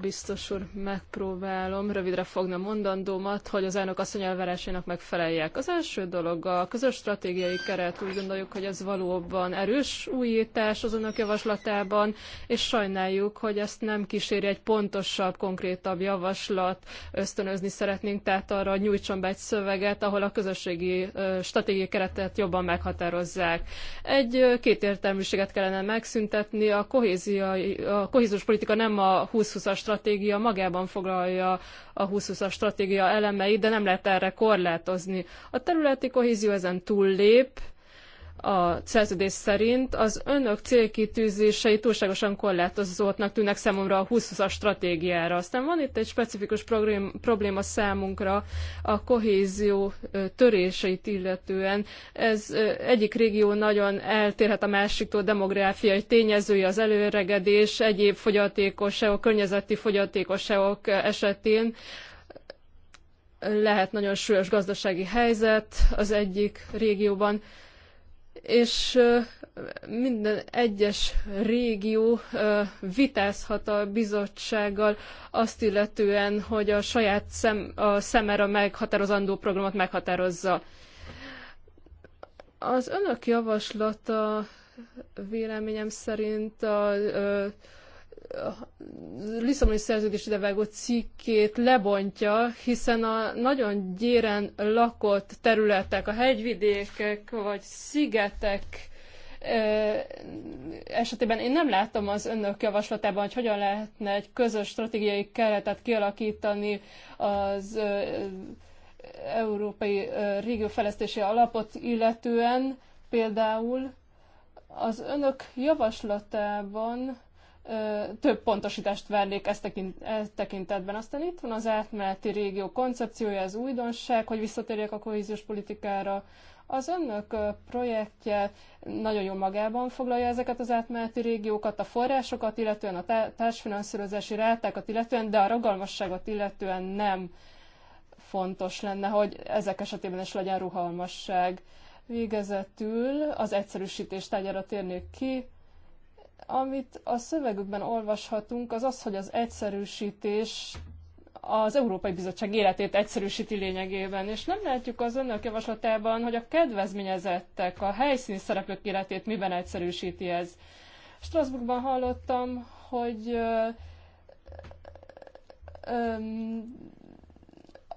Biztos úr, megpróbálom rövidre fogni a mondandómat, hogy az elnök asszony elvárásainak megfeleljek. Az első dolog a közös stratégiai keret, úgy gondoljuk, hogy ez valóban erős újítás az önök javaslatában, és sajnáljuk, hogy ezt nem kíséri egy pontosabb, konkrétabb javaslat, ösztönözni szeretnénk, tehát arra, hogy nyújtson be egy szöveget, ahol a közösségi stratégiai keretet jobban meghatározzák. Egy kétértelműséget kellene megszüntetni, a, a kohéziós politika nem a 20 2020-as stratégia magában foglalja a 2020-as stratégia elemeit, de nem lehet erre korlátozni. A területi kohézió ezen túllép, a szerződés szerint az önök célkitűzései túlságosan korlátozottnak tűnnek számomra a 20-as stratégiára. Aztán van itt egy specifikus probléma számunkra a kohézió töréseit illetően. Ez egyik régió nagyon eltérhet a másiktól, demográfiai tényezői, az előregedés, egyéb fogyatékosságok, környezeti fogyatékosságok esetén lehet nagyon súlyos gazdasági helyzet az egyik régióban és minden egyes régió vitázhat a bizottsággal azt illetően, hogy a saját szem, a szemára meghatározandó programot meghatározza. Az önök javaslata véleményem szerint a, a Lisszaboni szerződés idevágó cikkét lebontja, hiszen a nagyon gyéren lakott területek, a hegyvidékek vagy szigetek esetében én nem látom az önök javaslatában, hogy hogyan lehetne egy közös stratégiai keretet kialakítani az Európai Régiófejlesztési Alapot illetően például az önök javaslatában több pontosítást vernék ezt e tekintetben. Aztán itt van az átmeneti régió koncepciója, az újdonság, hogy visszatérjek a kohéziós politikára. Az önök projektje nagyon jól magában foglalja ezeket az átmeneti régiókat, a forrásokat, illetően a társfinanszírozási rátákat, illetően, de a rugalmasságot illetően nem fontos lenne, hogy ezek esetében is legyen ruhalmasság Végezetül az egyszerűsítés tárgyára térnék ki amit a szövegükben olvashatunk, az az, hogy az egyszerűsítés az Európai Bizottság életét egyszerűsíti lényegében, és nem látjuk az önök javaslatában, hogy a kedvezményezettek, a helyszíni szereplők életét miben egyszerűsíti ez. Strasbourgban hallottam, hogy ö, ö,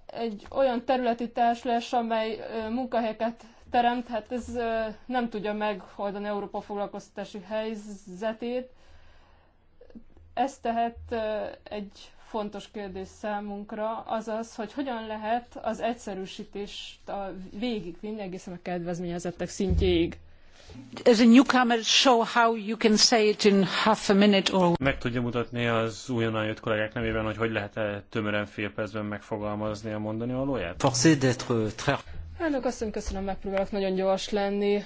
egy olyan területi társulás, amely munkahelyeket teremt, hát ez nem tudja megoldani Európa foglalkoztatási helyzetét. Ez tehát egy fontos kérdés számunkra, Azaz, hogy hogyan lehet az egyszerűsítést a végigvinni egészen a kedvezményezettek szintjéig. As a newcomer, show how you can say it in half a minute or... Meg tudja mutatni az újonnan jött kollégák nevében, hogy hogy lehet -e tömören fél percben megfogalmazni a mondani valóját? Forcé d'être très... Elnök asszony, köszönöm, megpróbálok nagyon gyors lenni,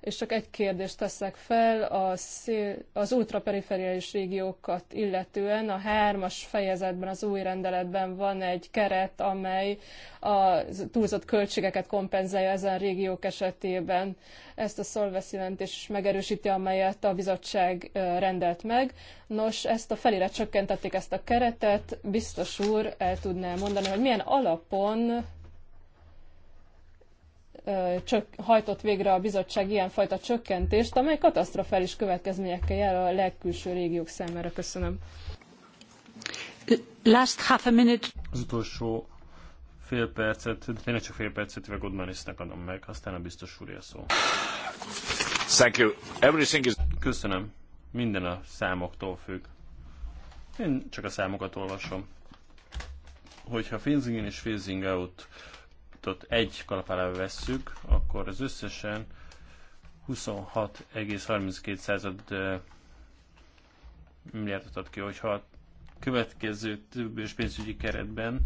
és csak egy kérdést teszek fel a szél, az ultraperiferiális régiókat illetően. A hármas fejezetben, az új rendeletben van egy keret, amely a túlzott költségeket kompenzálja ezen régiók esetében. Ezt a Solvesz jelentés megerősíti, amelyet a bizottság rendelt meg. Nos, ezt a felére csökkentették ezt a keretet. Biztos úr el tudná mondani, hogy milyen alapon csök, hajtott végre a bizottság ilyenfajta csökkentést, amely katasztrofális következményekkel jár a legkülső régiók számára. Köszönöm. Last half a minute. Az utolsó fél percet, de tényleg csak fél percet Godmanisnek adom meg, aztán a biztos úr szó. Thank you. Everything is... Köszönöm. Minden a számoktól függ. Én csak a számokat olvasom. Hogyha phasing in és phasing out profitot egy kalap alá vesszük, akkor az összesen 26,32 milliárdot ad ki, hogyha a következő többős pénzügyi keretben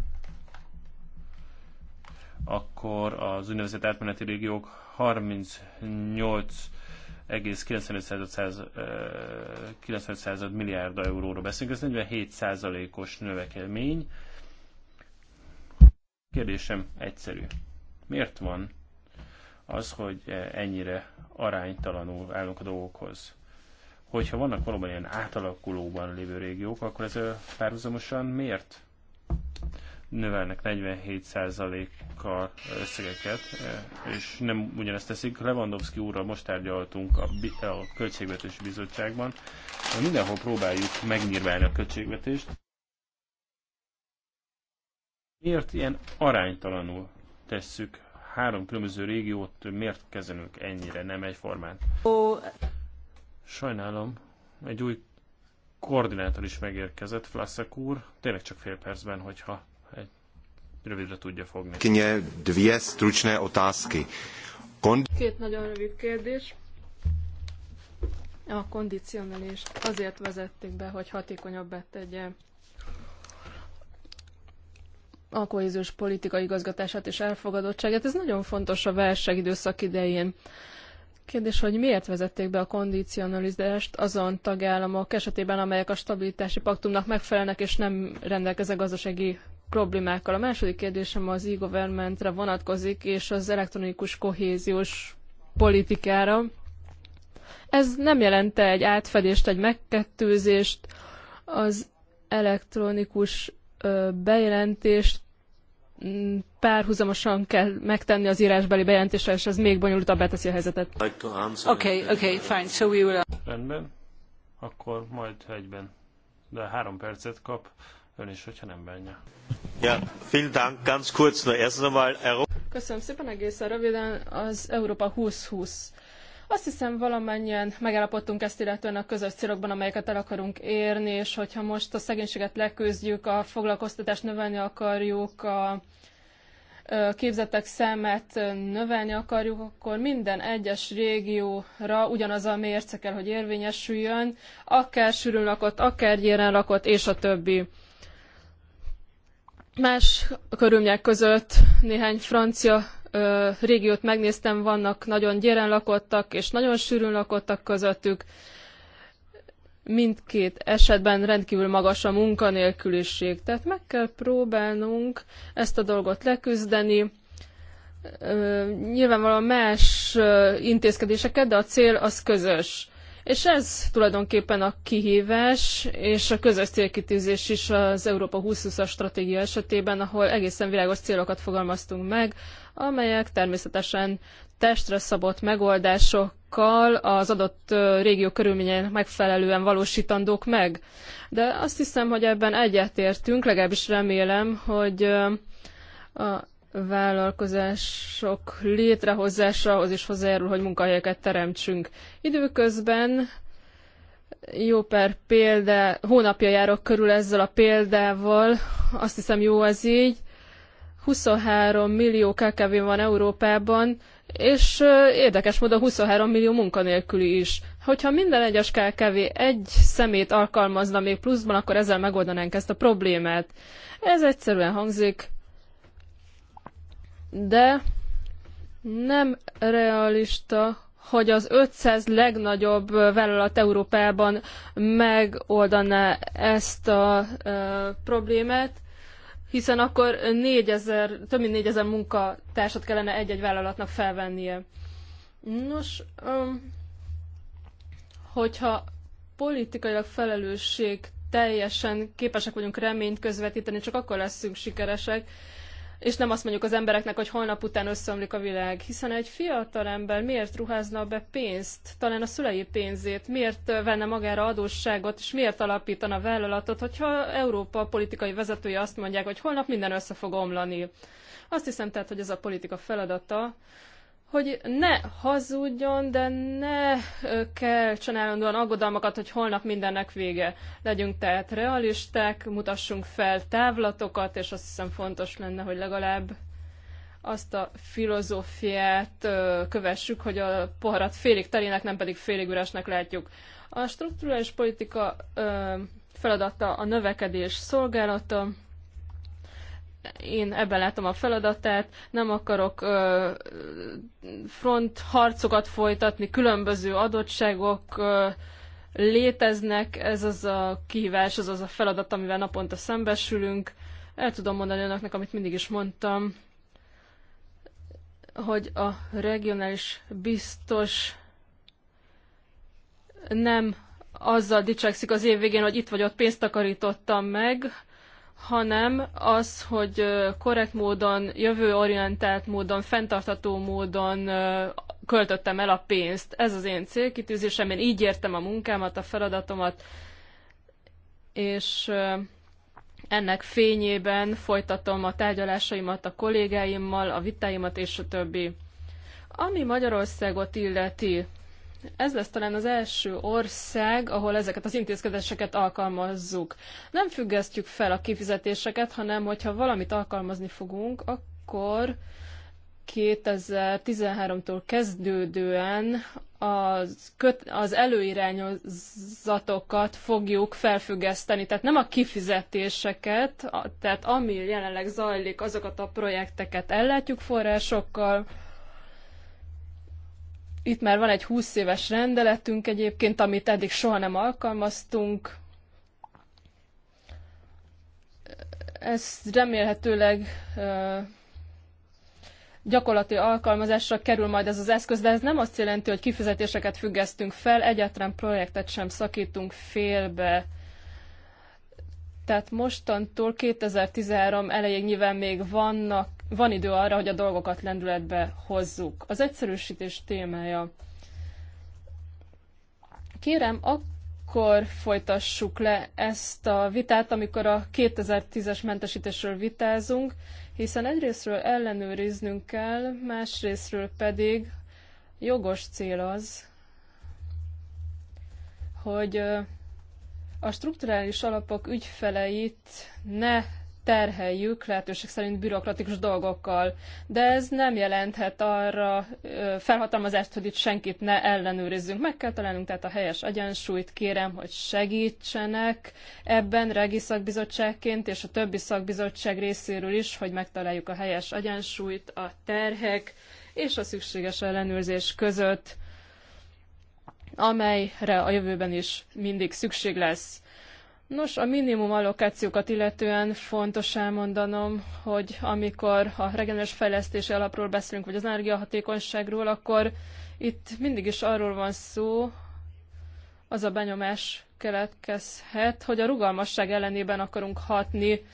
akkor az úgynevezett átmeneti régiók 38,95 milliárd euróra beszélünk, ez 47 százalékos növekedmény, Kérdésem egyszerű. Miért van az, hogy ennyire aránytalanul állunk a dolgokhoz? Hogyha vannak valóban ilyen átalakulóban lévő régiók, akkor ez párhuzamosan miért növelnek 47%-kal összegeket, és nem ugyanezt teszik. Lewandowski úrral most tárgyaltunk a, a Költségvetési Bizottságban, mindenhol próbáljuk megnyírválni a költségvetést. Miért ilyen aránytalanul tesszük három különböző régiót, miért kezelünk ennyire, nem egyformán? Sajnálom, egy új koordinátor is megérkezett, Flaszek úr, tényleg csak fél percben, hogyha egy rövidre tudja fogni. Kinye dvě stručné otázky. Két nagyon rövid kérdés. A kondicionalist azért vezették be, hogy hatékonyabbá tegye a kohéziós politika igazgatását és elfogadottságát. Ez nagyon fontos a időszak idején. Kérdés, hogy miért vezették be a kondicionalizást azon tagállamok esetében, amelyek a stabilitási paktumnak megfelelnek és nem rendelkeznek gazdasági problémákkal. A második kérdésem az e-governmentre vonatkozik, és az elektronikus kohéziós politikára. Ez nem jelente egy átfedést, egy megkettőzést az elektronikus bejelentést mm, párhuzamosan kell megtenni az írásbeli bejelentéssel, és ez még bonyolultabbá teszi a helyzetet. Okay, okay, fine. So we will... Rendben, akkor majd egyben. De három percet kap, ön is, hogyha nem bánja. Ja, vielen Dank, ganz kurz, nur erst einmal... Köszönöm szépen, egészen röviden az Európa 2020 azt hiszem valamennyien megállapodtunk ezt illetően a közös célokban, amelyeket el akarunk érni, és hogyha most a szegénységet leküzdjük, a foglalkoztatást növelni akarjuk, a képzettek számát növelni akarjuk, akkor minden egyes régióra ugyanaz a mérce kell, hogy érvényesüljön, akár sűrűn lakott, akár gyéren lakott, és a többi. Más körülmények között néhány francia ö, régiót megnéztem, vannak nagyon gyéren lakottak és nagyon sűrűn lakottak közöttük. Mindkét esetben rendkívül magas a munkanélküliség, tehát meg kell próbálnunk ezt a dolgot leküzdeni. Ö, nyilvánvalóan más ö, intézkedéseket, de a cél az közös. És ez tulajdonképpen a kihívás, és a közös célkitűzés is az Európa 2020-as stratégia esetében, ahol egészen világos célokat fogalmaztunk meg, amelyek természetesen testre szabott megoldásokkal az adott régió körülményeinek megfelelően valósítandók meg. De azt hiszem, hogy ebben egyetértünk, legalábbis remélem, hogy a vállalkozások létrehozásához is hozzájárul, hogy munkahelyeket teremtsünk. Időközben jó per példa, hónapja járok körül ezzel a példával, azt hiszem jó ez így, 23 millió kkv van Európában, és érdekes módon 23 millió munkanélküli is. Hogyha minden egyes KKV egy szemét alkalmazna még pluszban, akkor ezzel megoldanánk ezt a problémát. Ez egyszerűen hangzik, de nem realista, hogy az 500 legnagyobb vállalat Európában megoldaná ezt a e, problémát, hiszen akkor 4000, több mint 4000 munkatársat kellene egy-egy vállalatnak felvennie. Nos, um, hogyha politikailag felelősség teljesen képesek vagyunk reményt közvetíteni, csak akkor leszünk sikeresek, és nem azt mondjuk az embereknek, hogy holnap után összeomlik a világ, hiszen egy fiatal ember miért ruházna be pénzt, talán a szülei pénzét, miért venne magára adósságot, és miért alapítana vállalatot, hogyha Európa politikai vezetői azt mondják, hogy holnap minden össze fog omlani. Azt hiszem tehát, hogy ez a politika feladata, hogy ne hazudjon, de ne kell állandóan aggodalmakat, hogy holnap mindennek vége. Legyünk tehát realisták, mutassunk fel távlatokat, és azt hiszem fontos lenne, hogy legalább azt a filozófiát kövessük, hogy a poharat félig telének, nem pedig félig üresnek látjuk. A strukturális politika feladata a növekedés szolgálata, én ebben látom a feladatát, nem akarok ö, front harcokat folytatni, különböző adottságok ö, léteznek, ez az a kihívás, az az a feladat, amivel naponta szembesülünk. El tudom mondani önöknek, amit mindig is mondtam, hogy a regionális biztos nem azzal dicsekszik az év végén, hogy itt vagy ott pénzt takarítottam meg, hanem az, hogy korrekt módon, jövőorientált módon, fenntartató módon költöttem el a pénzt. Ez az én célkitűzésem, én így értem a munkámat, a feladatomat, és ennek fényében folytatom a tárgyalásaimat a kollégáimmal, a vitáimat és a többi. Ami Magyarországot illeti, ez lesz talán az első ország, ahol ezeket az intézkedéseket alkalmazzuk. Nem függesztjük fel a kifizetéseket, hanem hogyha valamit alkalmazni fogunk, akkor 2013-tól kezdődően az, köt, az előirányozatokat fogjuk felfüggeszteni, tehát nem a kifizetéseket, a, tehát ami jelenleg zajlik, azokat a projekteket ellátjuk forrásokkal, itt már van egy 20 éves rendeletünk egyébként, amit eddig soha nem alkalmaztunk. Ez remélhetőleg gyakorlati alkalmazásra kerül majd ez az eszköz, de ez nem azt jelenti, hogy kifizetéseket függesztünk fel, egyetlen projektet sem szakítunk félbe. Tehát mostantól 2013 elejéig nyilván még vannak van idő arra, hogy a dolgokat lendületbe hozzuk. Az egyszerűsítés témája. Kérem, akkor folytassuk le ezt a vitát, amikor a 2010-es mentesítésről vitázunk, hiszen egyrésztről ellenőriznünk kell, másrésztről pedig jogos cél az, hogy a strukturális alapok ügyfeleit ne terheljük lehetőség szerint bürokratikus dolgokkal. De ez nem jelenthet arra felhatalmazást, hogy itt senkit ne ellenőrizzünk. Meg kell találnunk tehát a helyes egyensúlyt. Kérem, hogy segítsenek ebben regi szakbizottságként és a többi szakbizottság részéről is, hogy megtaláljuk a helyes egyensúlyt a terhek és a szükséges ellenőrzés között amelyre a jövőben is mindig szükség lesz. Nos, a minimum allokációkat illetően fontos elmondanom, hogy amikor a regenerális fejlesztési alapról beszélünk, vagy az energiahatékonyságról, akkor itt mindig is arról van szó, az a benyomás keletkezhet, hogy a rugalmasság ellenében akarunk hatni,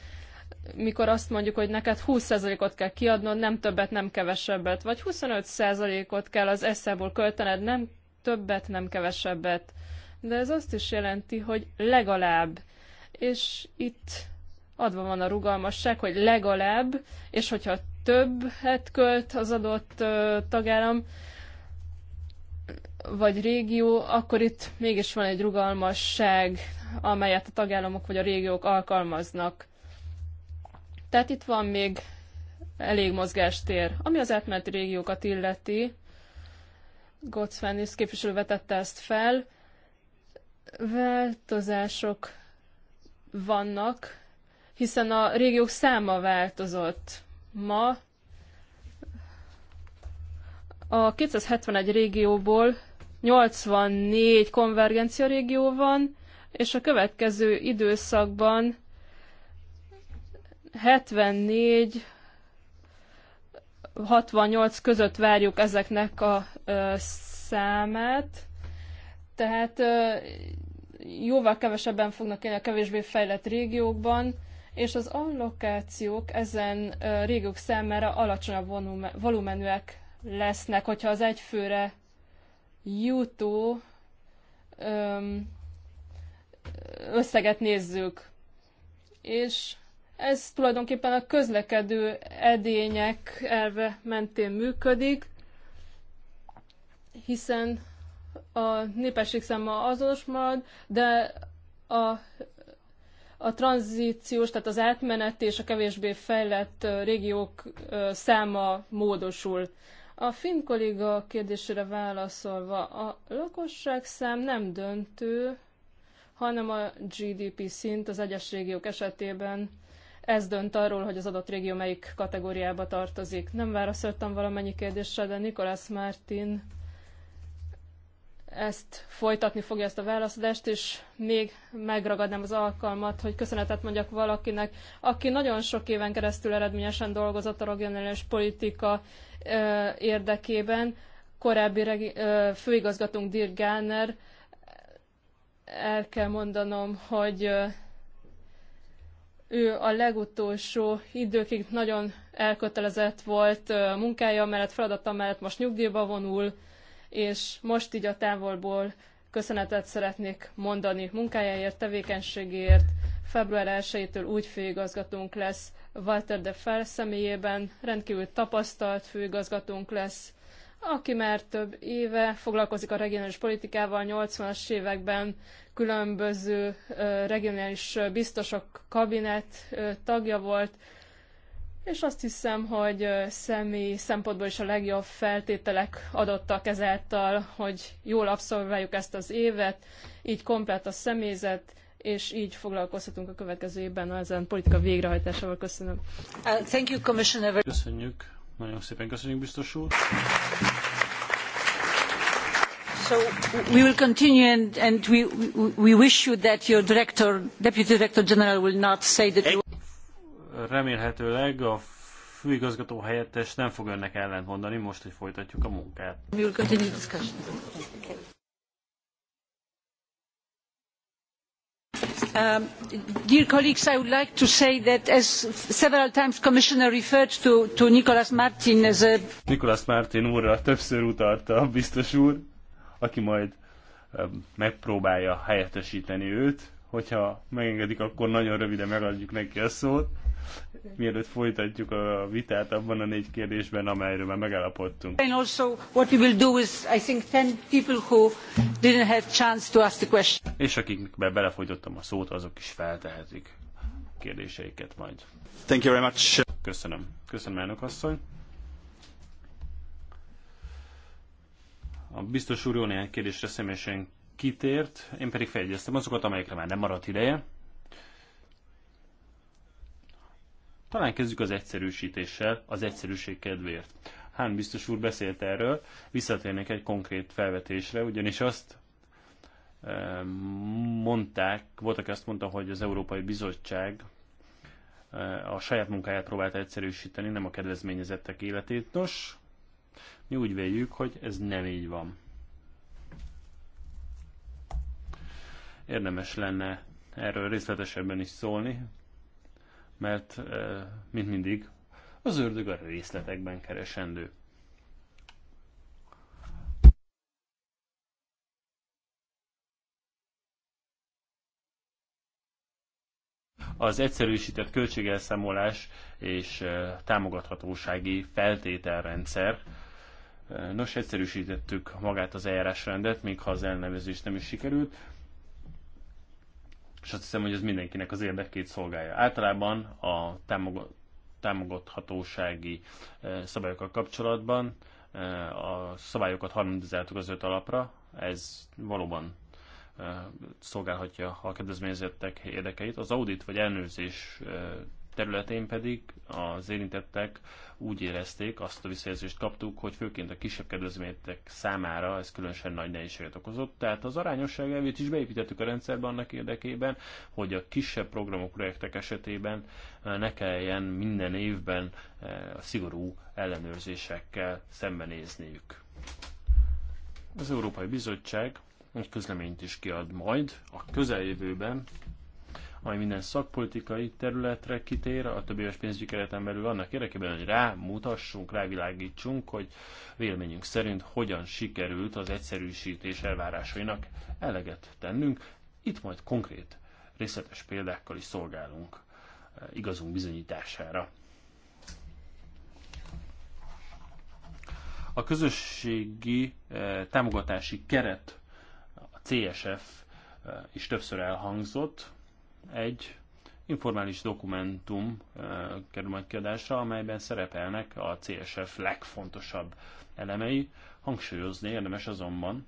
mikor azt mondjuk, hogy neked 20%-ot kell kiadnod, nem többet, nem kevesebbet, vagy 25%-ot kell az eszeból költened, nem többet, nem kevesebbet de ez azt is jelenti, hogy legalább, és itt adva van a rugalmasság, hogy legalább, és hogyha többet költ az adott tagállam, vagy régió, akkor itt mégis van egy rugalmasság, amelyet a tagállamok vagy a régiók alkalmaznak. Tehát itt van még elég mozgástér. Ami az átmeneti régiókat illeti, Gocvenis képviselő vetette ezt fel, változások vannak, hiszen a régiók száma változott. Ma a 271 régióból 84 konvergencia régió van, és a következő időszakban 74 68 között várjuk ezeknek a ö, számát. Tehát jóval kevesebben fognak élni a kevésbé fejlett régiókban, és az allokációk ezen régiók számára alacsonyabb volumenűek lesznek, hogyha az egyfőre jutó összeget nézzük. És ez tulajdonképpen a közlekedő edények elve mentén működik, hiszen a népesség száma azonos marad, de a, a tranzíciós, tehát az átmenet és a kevésbé fejlett régiók száma módosul. A finn kolléga kérdésére válaszolva, a lakosság szám nem döntő, hanem a GDP szint az egyes régiók esetében ez dönt arról, hogy az adott régió melyik kategóriába tartozik. Nem válaszoltam valamennyi kérdésre, de Nikolász Mártin ezt folytatni fogja ezt a válaszadást, és még megragadnám az alkalmat, hogy köszönetet mondjak valakinek, aki nagyon sok éven keresztül eredményesen dolgozott a regionális politika ö, érdekében. Korábbi regi, ö, főigazgatónk Dirk Gáner, el kell mondanom, hogy ö, ő a legutolsó időkig nagyon elkötelezett volt munkája mellett, feladata mellett most nyugdíjba vonul, és most így a távolból köszönetet szeretnék mondani munkájáért, tevékenységéért. Február 1-től úgy főigazgatónk lesz Walter de Fel személyében, rendkívül tapasztalt főigazgatónk lesz, aki már több éve foglalkozik a regionális politikával, 80-as években különböző regionális biztosok kabinet tagja volt, és azt hiszem, hogy személy szempontból is a legjobb feltételek adottak ezáltal, hogy jól abszolváljuk ezt az évet, így komplet a személyzet, és így foglalkozhatunk a következő évben ezen politika végrehajtásával. Köszönöm. Uh, thank you, Commissioner. Köszönjük. Nagyon szépen köszönjük, biztos úr. So we will continue and, and we, we wish you that your director, deputy director general will not say that you remélhetőleg a főigazgató helyettes nem fog önnek ellent mondani, most, hogy folytatjuk a munkát. Um, dear colleagues, I would like to say that as several times Commissioner referred to, to Nicolas Martin as a... Nicolas Martin úrra többször utalta a biztos úr, aki majd um, megpróbálja helyettesíteni őt. Hogyha megengedik, akkor nagyon röviden megadjuk neki a szót mielőtt folytatjuk a vitát abban a négy kérdésben, amelyről már megállapodtunk. And also what we will do is, I think, ten people who didn't have chance to ask the question. És akikbe belefogyottam a szót, azok is feltehetik kérdéseiket majd. Thank you very much. Köszönöm. Köszönöm, elnök asszony. A biztos úr jó néhány kérdésre személyesen kitért, én pedig feljegyeztem azokat, amelyekre már nem maradt ideje. Talán kezdjük az egyszerűsítéssel, az egyszerűség kedvéért. Hán biztos úr beszélt erről, visszatérnek egy konkrét felvetésre, ugyanis azt eh, mondták, voltak azt mondta, hogy az Európai Bizottság eh, a saját munkáját próbálta egyszerűsíteni, nem a kedvezményezettek életét. Nos, mi úgy véljük, hogy ez nem így van. Érdemes lenne erről részletesebben is szólni, mert, eh, mint mindig, az ördög a részletekben keresendő. az egyszerűsített költségelszámolás és eh, támogathatósági feltételrendszer. Eh, nos, egyszerűsítettük magát az eljárásrendet, még ha az elnevezés nem is sikerült és azt hiszem, hogy ez mindenkinek az érdekét szolgálja. Általában a támogathatósági eh, szabályokkal kapcsolatban eh, a szabályokat harmonizáltuk az öt alapra, ez valóban eh, szolgálhatja a kedvezményezettek érdekeit. Az audit vagy elnőrzés területén pedig az érintettek úgy érezték, azt a visszajelzést kaptuk, hogy főként a kisebb kedvezmények számára ez különösen nagy nehézséget okozott. Tehát az arányosság elvét is beépítettük a rendszerbe annak érdekében, hogy a kisebb programok, projektek esetében eh, ne kelljen minden évben eh, a szigorú ellenőrzésekkel szembenézniük. Az Európai Bizottság egy közleményt is kiad majd a közeljövőben ami minden szakpolitikai területre kitér, a többi éves pénzügyi kereten belül annak érdekében, hogy rámutassunk, rávilágítsunk, hogy véleményünk szerint hogyan sikerült az egyszerűsítés elvárásainak eleget tennünk. Itt majd konkrét részletes példákkal is szolgálunk e, igazunk bizonyítására. A közösségi e, támogatási keret, a CSF e, is többször elhangzott, egy informális dokumentum eh, kerül majd kiadásra, amelyben szerepelnek a CSF legfontosabb elemei. Hangsúlyozni érdemes azonban,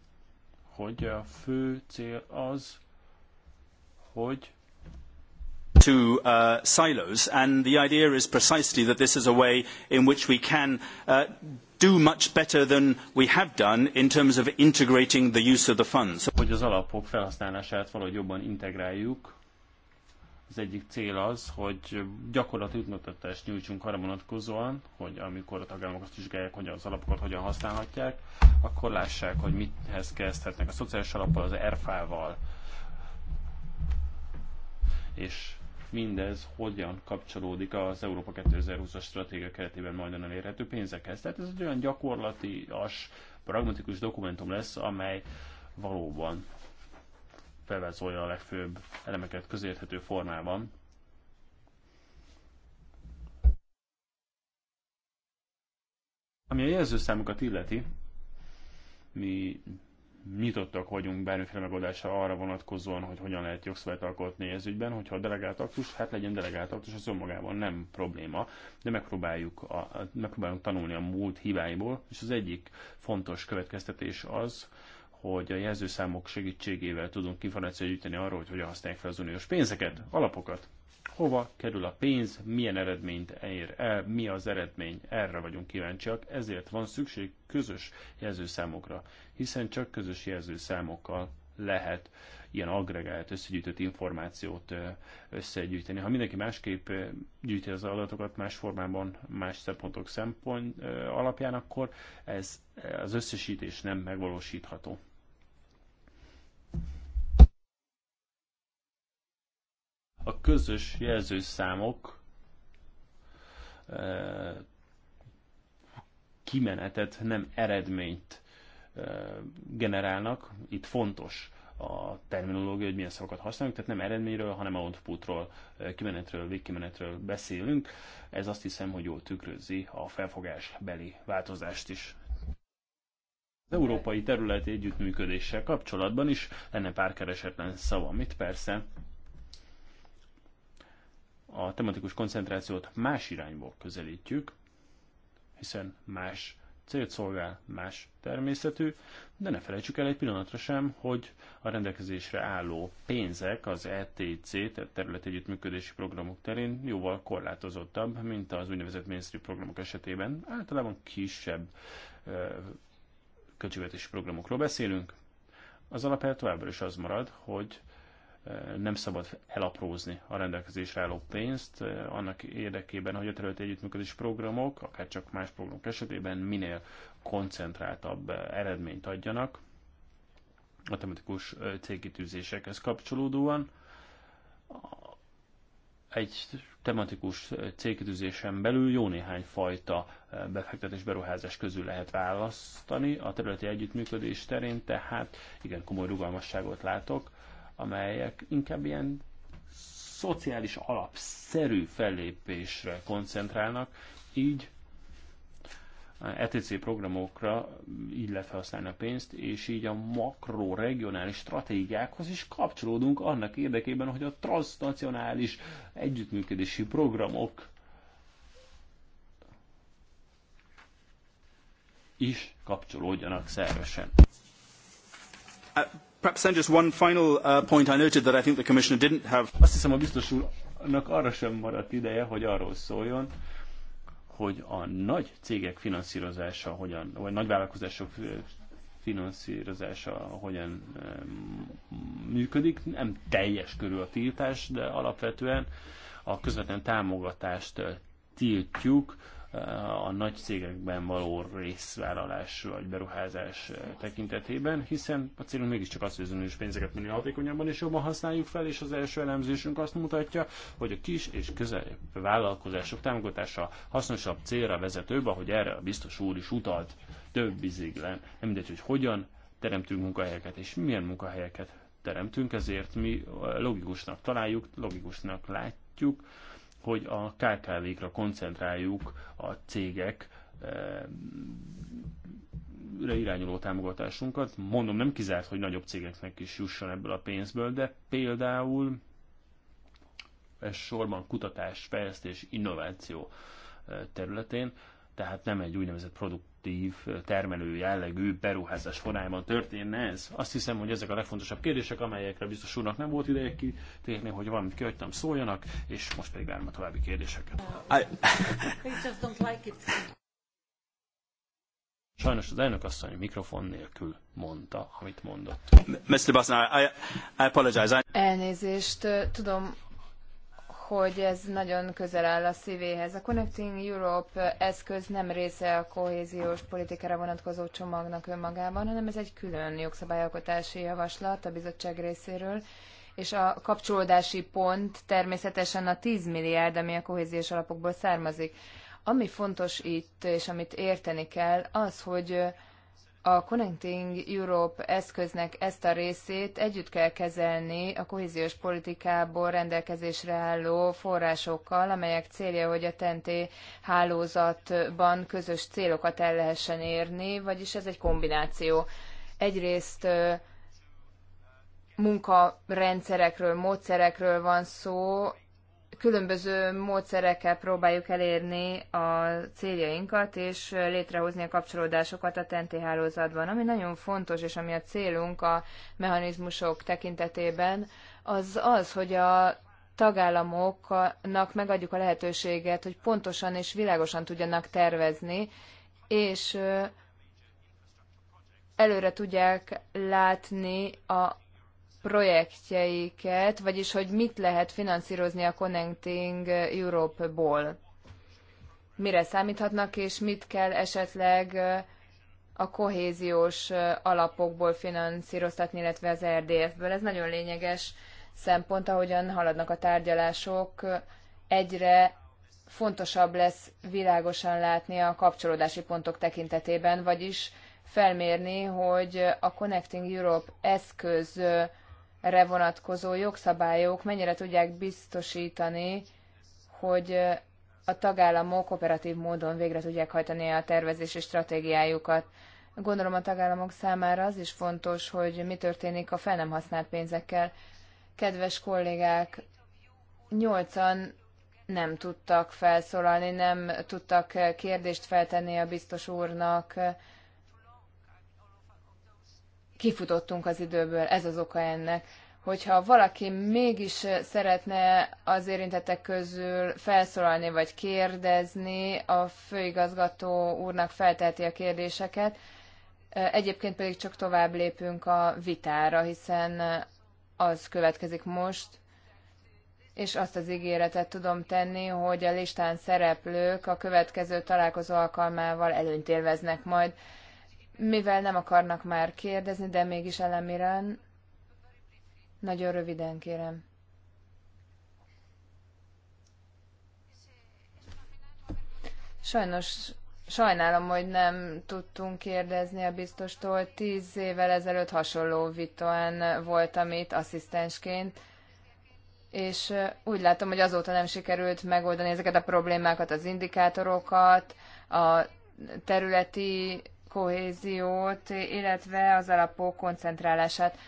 hogy a fő cél az, hogy to uh, silos, and the idea is precisely that this is a way in which we can uh, do much better than we have done in terms of integrating the use of the funds. Hogy az alapok felhasználását valahogy jobban integráljuk az egyik cél az, hogy gyakorlati ütnötetest nyújtsunk arra vonatkozóan, hogy amikor a tagállamok azt vizsgálják, hogy az alapokat hogyan használhatják, akkor lássák, hogy mithez kezdhetnek a szociális alappal, az R-file-val és mindez hogyan kapcsolódik az Európa 2020-as stratégia keretében majdnem elérhető pénzekhez. Tehát ez egy olyan gyakorlatias, pragmatikus dokumentum lesz, amely valóban felvázolja a legfőbb elemeket közérthető formában. Ami a jelzőszámokat illeti, mi nyitottak vagyunk bármiféle megoldásra arra vonatkozóan, hogy hogyan lehet jogszabályt alkotni ez ügyben, hogyha a delegált aktus, hát legyen delegált aktus, az önmagában nem probléma, de megpróbáljuk, a, megpróbáljuk tanulni a múlt hibáiból, és az egyik fontos következtetés az, hogy a jelzőszámok segítségével tudunk információt gyűjteni arról, hogy hogyan használják fel az uniós pénzeket, alapokat. Hova kerül a pénz, milyen eredményt ér el, mi az eredmény, erre vagyunk kíváncsiak, ezért van szükség közös jelzőszámokra, hiszen csak közös jelzőszámokkal lehet ilyen agregált, összegyűjtött információt összegyűjteni. Ha mindenki másképp gyűjti az adatokat más formában, más szempontok szempont alapján, akkor ez az összesítés nem megvalósítható. A közös jelzőszámok eh, kimenetet, nem eredményt eh, generálnak. Itt fontos a terminológia, hogy milyen szavakat használunk, tehát nem eredményről, hanem outputról, eh, kimenetről, végkimenetről beszélünk. Ez azt hiszem, hogy jól tükrözi a felfogás beli változást is. Az európai területi együttműködéssel kapcsolatban is lenne pár keresetlen szava, amit persze a tematikus koncentrációt más irányból közelítjük, hiszen más célt szolgál, más természetű, de ne felejtsük el egy pillanatra sem, hogy a rendelkezésre álló pénzek az ETC, tehát terület együttműködési programok terén jóval korlátozottabb, mint az úgynevezett mainstream programok esetében. Általában kisebb költségvetési programokról beszélünk. Az alapját továbbra is az marad, hogy nem szabad elaprózni a rendelkezésre álló pénzt, eh, annak érdekében, hogy a területi együttműködés programok, akár csak más programok esetében minél koncentráltabb eh, eredményt adjanak a tematikus eh, cégkitűzésekhez kapcsolódóan. Egy tematikus cégkitűzésen belül jó néhány fajta befektetés beruházás közül lehet választani. A területi együttműködés terén tehát igen komoly rugalmasságot látok amelyek inkább ilyen szociális alapszerű fellépésre koncentrálnak, így ETC programokra így lehet felhasználni a pénzt, és így a makro-regionális stratégiákhoz is kapcsolódunk annak érdekében, hogy a transnacionális együttműködési programok is kapcsolódjanak szervesen. Uh, Perhaps then just one final uh, point I noted that I think the Commissioner didn't have. Azt hiszem a biztos úrnak arra sem maradt ideje, hogy arról szóljon, hogy a nagy cégek finanszírozása hogyan, vagy nagy vállalkozások finanszírozása hogyan működik. Nem teljes körű a tiltás, de alapvetően a közvetlen támogatást tiltjuk a nagy cégekben való részvállalás vagy beruházás tekintetében, hiszen a célunk mégiscsak az, hogy az uniós pénzeket minél hatékonyabban és jobban használjuk fel, és az első elemzésünk azt mutatja, hogy a kis és vállalkozások támogatása hasznosabb célra vezetőbb, ahogy erre a biztos úr is utalt több biziglen, Nem mindegy, hogy hogyan teremtünk munkahelyeket, és milyen munkahelyeket teremtünk, ezért mi logikusnak találjuk, logikusnak látjuk, hogy a KKV-kra koncentráljuk a cégek e, irányuló támogatásunkat. Mondom, nem kizárt, hogy nagyobb cégeknek is jusson ebből a pénzből, de például ez sorban kutatás, fejlesztés, innováció eh, területén, tehát nem egy úgynevezett produkt produktív, termelő jellegű beruházás formájában történne ez? Azt hiszem, hogy ezek a legfontosabb kérdések, amelyekre biztos úrnak nem volt ideje kitérni, hogy valamit kihagytam szóljanak, és most pedig várom a további kérdéseket. Sajnos az elnök asszony mikrofon nélkül mondta, amit mondott. Mr. Basson, I, I apologize. Elnézést, tudom, hogy ez nagyon közel áll a szívéhez. A Connecting Europe eszköz nem része a kohéziós politikára vonatkozó csomagnak önmagában, hanem ez egy külön jogszabályalkotási javaslat a bizottság részéről, és a kapcsolódási pont természetesen a 10 milliárd, ami a kohéziós alapokból származik. Ami fontos itt, és amit érteni kell, az, hogy a Connecting Europe eszköznek ezt a részét együtt kell kezelni a kohéziós politikából rendelkezésre álló forrásokkal, amelyek célja, hogy a TNT hálózatban közös célokat el lehessen érni, vagyis ez egy kombináció. Egyrészt munkarendszerekről, módszerekről van szó, különböző módszerekkel próbáljuk elérni a céljainkat, és létrehozni a kapcsolódásokat a tenti hálózatban. Ami nagyon fontos, és ami a célunk a mechanizmusok tekintetében, az az, hogy a tagállamoknak megadjuk a lehetőséget, hogy pontosan és világosan tudjanak tervezni, és előre tudják látni a projektjeiket, vagyis hogy mit lehet finanszírozni a Connecting Europe-ból. Mire számíthatnak, és mit kell esetleg a kohéziós alapokból finanszíroztatni, illetve az RDF-ből. Ez nagyon lényeges szempont, ahogyan haladnak a tárgyalások, egyre fontosabb lesz világosan látni a kapcsolódási pontok tekintetében, vagyis felmérni, hogy a Connecting Europe eszköz re vonatkozó jogszabályok mennyire tudják biztosítani, hogy a tagállamok operatív módon végre tudják hajtani a tervezési stratégiájukat. Gondolom a tagállamok számára az is fontos, hogy mi történik a fel nem használt pénzekkel. Kedves kollégák, nyolcan nem tudtak felszólalni, nem tudtak kérdést feltenni a biztos úrnak, kifutottunk az időből, ez az oka ennek. Hogyha valaki mégis szeretne az érintettek közül felszólalni vagy kérdezni, a főigazgató úrnak felteheti a kérdéseket, egyébként pedig csak tovább lépünk a vitára, hiszen az következik most, és azt az ígéretet tudom tenni, hogy a listán szereplők a következő találkozó alkalmával előnyt élveznek majd mivel nem akarnak már kérdezni, de mégis Elemirán, nagyon röviden kérem. Sajnos sajnálom, hogy nem tudtunk kérdezni a biztostól. Tíz évvel ezelőtt hasonló vitán voltam itt asszisztensként, és úgy látom, hogy azóta nem sikerült megoldani ezeket a problémákat, az indikátorokat, a területi kohéziót, illetve az alapok koncentrálását.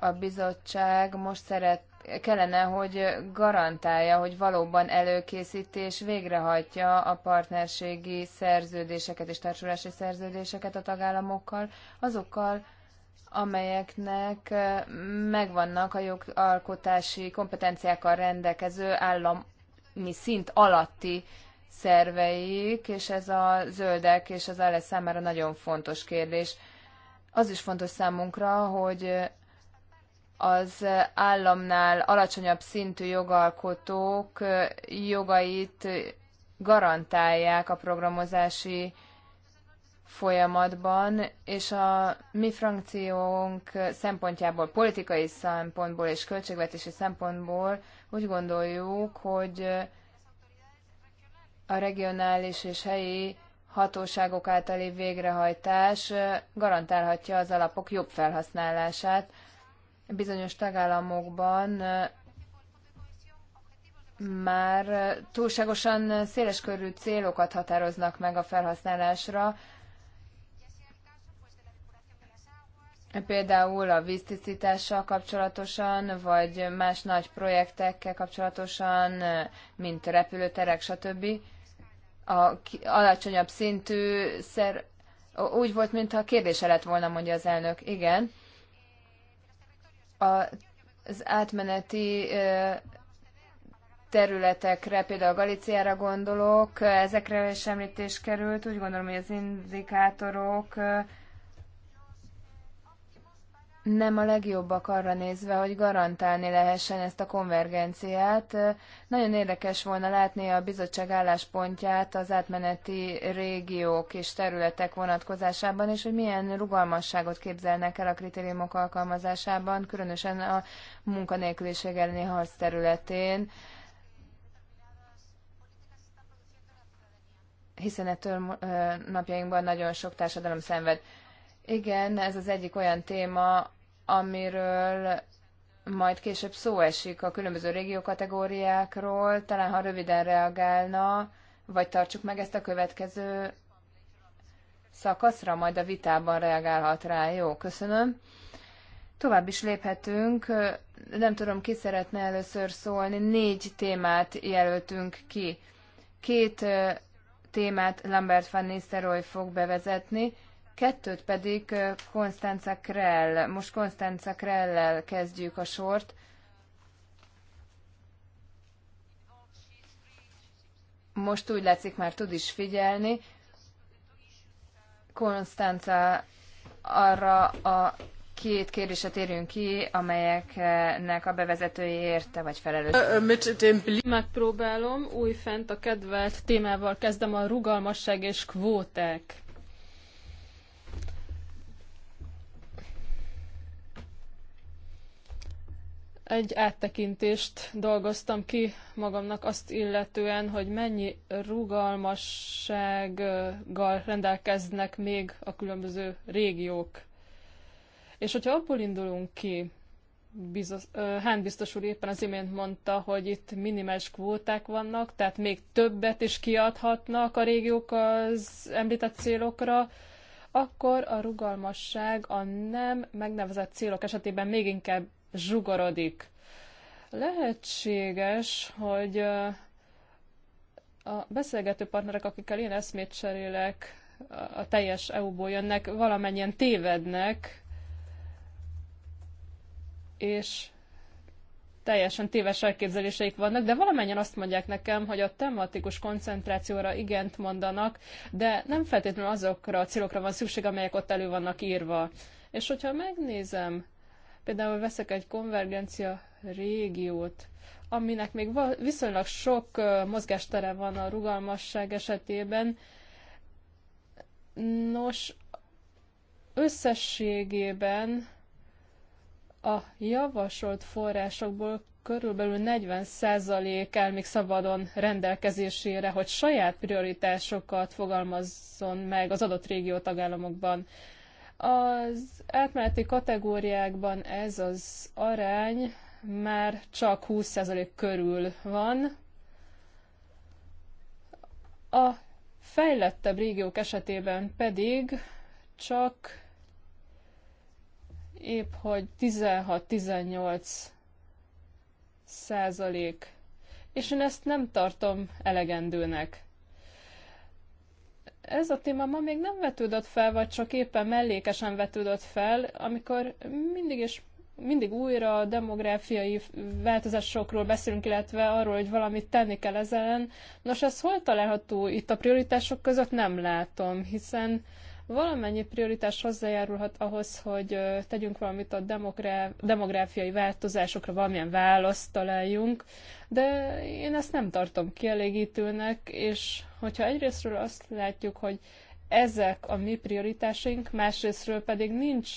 A bizottság most szeret, kellene, hogy garantálja, hogy valóban előkészítés végrehajtja a partnerségi szerződéseket és társulási szerződéseket a tagállamokkal, azokkal, amelyeknek megvannak a jogalkotási kompetenciákkal rendelkező állami szint alatti szerveik, és ez a zöldek és az ALS számára nagyon fontos kérdés. Az is fontos számunkra, hogy az államnál alacsonyabb szintű jogalkotók jogait garantálják a programozási folyamatban, és a mi frakciónk szempontjából, politikai szempontból és költségvetési szempontból úgy gondoljuk, hogy a regionális és helyi hatóságok általi végrehajtás garantálhatja az alapok jobb felhasználását. Bizonyos tagállamokban már túlságosan széleskörű célokat határoznak meg a felhasználásra, például a víztisztítással kapcsolatosan, vagy más nagy projektekkel kapcsolatosan, mint repülőterek, stb a alacsonyabb szintű szer... Úgy volt, mintha kérdése lett volna, mondja az elnök. Igen. A, az átmeneti területekre, például Galiciára gondolok, ezekre is említés került. Úgy gondolom, hogy az indikátorok nem a legjobbak arra nézve, hogy garantálni lehessen ezt a konvergenciát. Nagyon érdekes volna látni a bizottság álláspontját az átmeneti régiók és területek vonatkozásában, és hogy milyen rugalmasságot képzelnek el a kritériumok alkalmazásában, különösen a munkanélküliség elleni harc területén. hiszen ettől napjainkban nagyon sok társadalom szenved. Igen, ez az egyik olyan téma, amiről majd később szó esik a különböző régió kategóriákról, talán ha röviden reagálna, vagy tartsuk meg ezt a következő szakaszra, majd a vitában reagálhat rá. Jó, köszönöm. Tovább is léphetünk. Nem tudom, ki szeretne először szólni. Négy témát jelöltünk ki. Két eh, témát Lambert van Nisteroy fog bevezetni, kettőt pedig Konstanza Krell. Most Konstanza Krell-lel kezdjük a sort. Most úgy látszik, már tud is figyelni. Konstanza arra a két kérdésre térjünk ki, amelyeknek a bevezetője érte vagy felelős. Megpróbálom, újfent a kedvelt témával kezdem a rugalmasság és kvóták. egy áttekintést dolgoztam ki magamnak azt illetően, hogy mennyi rugalmassággal rendelkeznek még a különböző régiók. És hogyha abból indulunk ki, bizos, Hán biztos úr éppen az imént mondta, hogy itt minimális kvóták vannak, tehát még többet is kiadhatnak a régiók az említett célokra, akkor a rugalmasság a nem megnevezett célok esetében még inkább zsugorodik. Lehetséges, hogy a beszélgető partnerek, akikkel én eszmét cserélek, a teljes EU-ból jönnek, valamennyien tévednek, és teljesen téves elképzeléseik vannak, de valamennyien azt mondják nekem, hogy a tematikus koncentrációra igent mondanak, de nem feltétlenül azokra a célokra van szükség, amelyek ott elő vannak írva. És hogyha megnézem Például veszek egy konvergencia régiót, aminek még viszonylag sok mozgástere van a rugalmasság esetében. Nos, összességében a javasolt forrásokból körülbelül 40% el még szabadon rendelkezésére, hogy saját prioritásokat fogalmazzon meg az adott régió tagállamokban. Az átmeneti kategóriákban ez az arány már csak 20% körül van. A fejlettebb régiók esetében pedig csak épp, hogy 16-18 százalék. És én ezt nem tartom elegendőnek. Ez a téma ma még nem vetődött fel, vagy csak éppen mellékesen vetődött fel, amikor mindig is mindig újra a demográfiai változásokról beszélünk, illetve arról, hogy valamit tenni kell ezen. Nos, ez hol található itt a prioritások között? Nem látom, hiszen Valamennyi prioritás hozzájárulhat ahhoz, hogy tegyünk valamit a demográfiai változásokra, valamilyen választ találjunk, de én ezt nem tartom kielégítőnek, és hogyha egyrésztről azt látjuk, hogy ezek a mi prioritásaink, másrésztről pedig nincs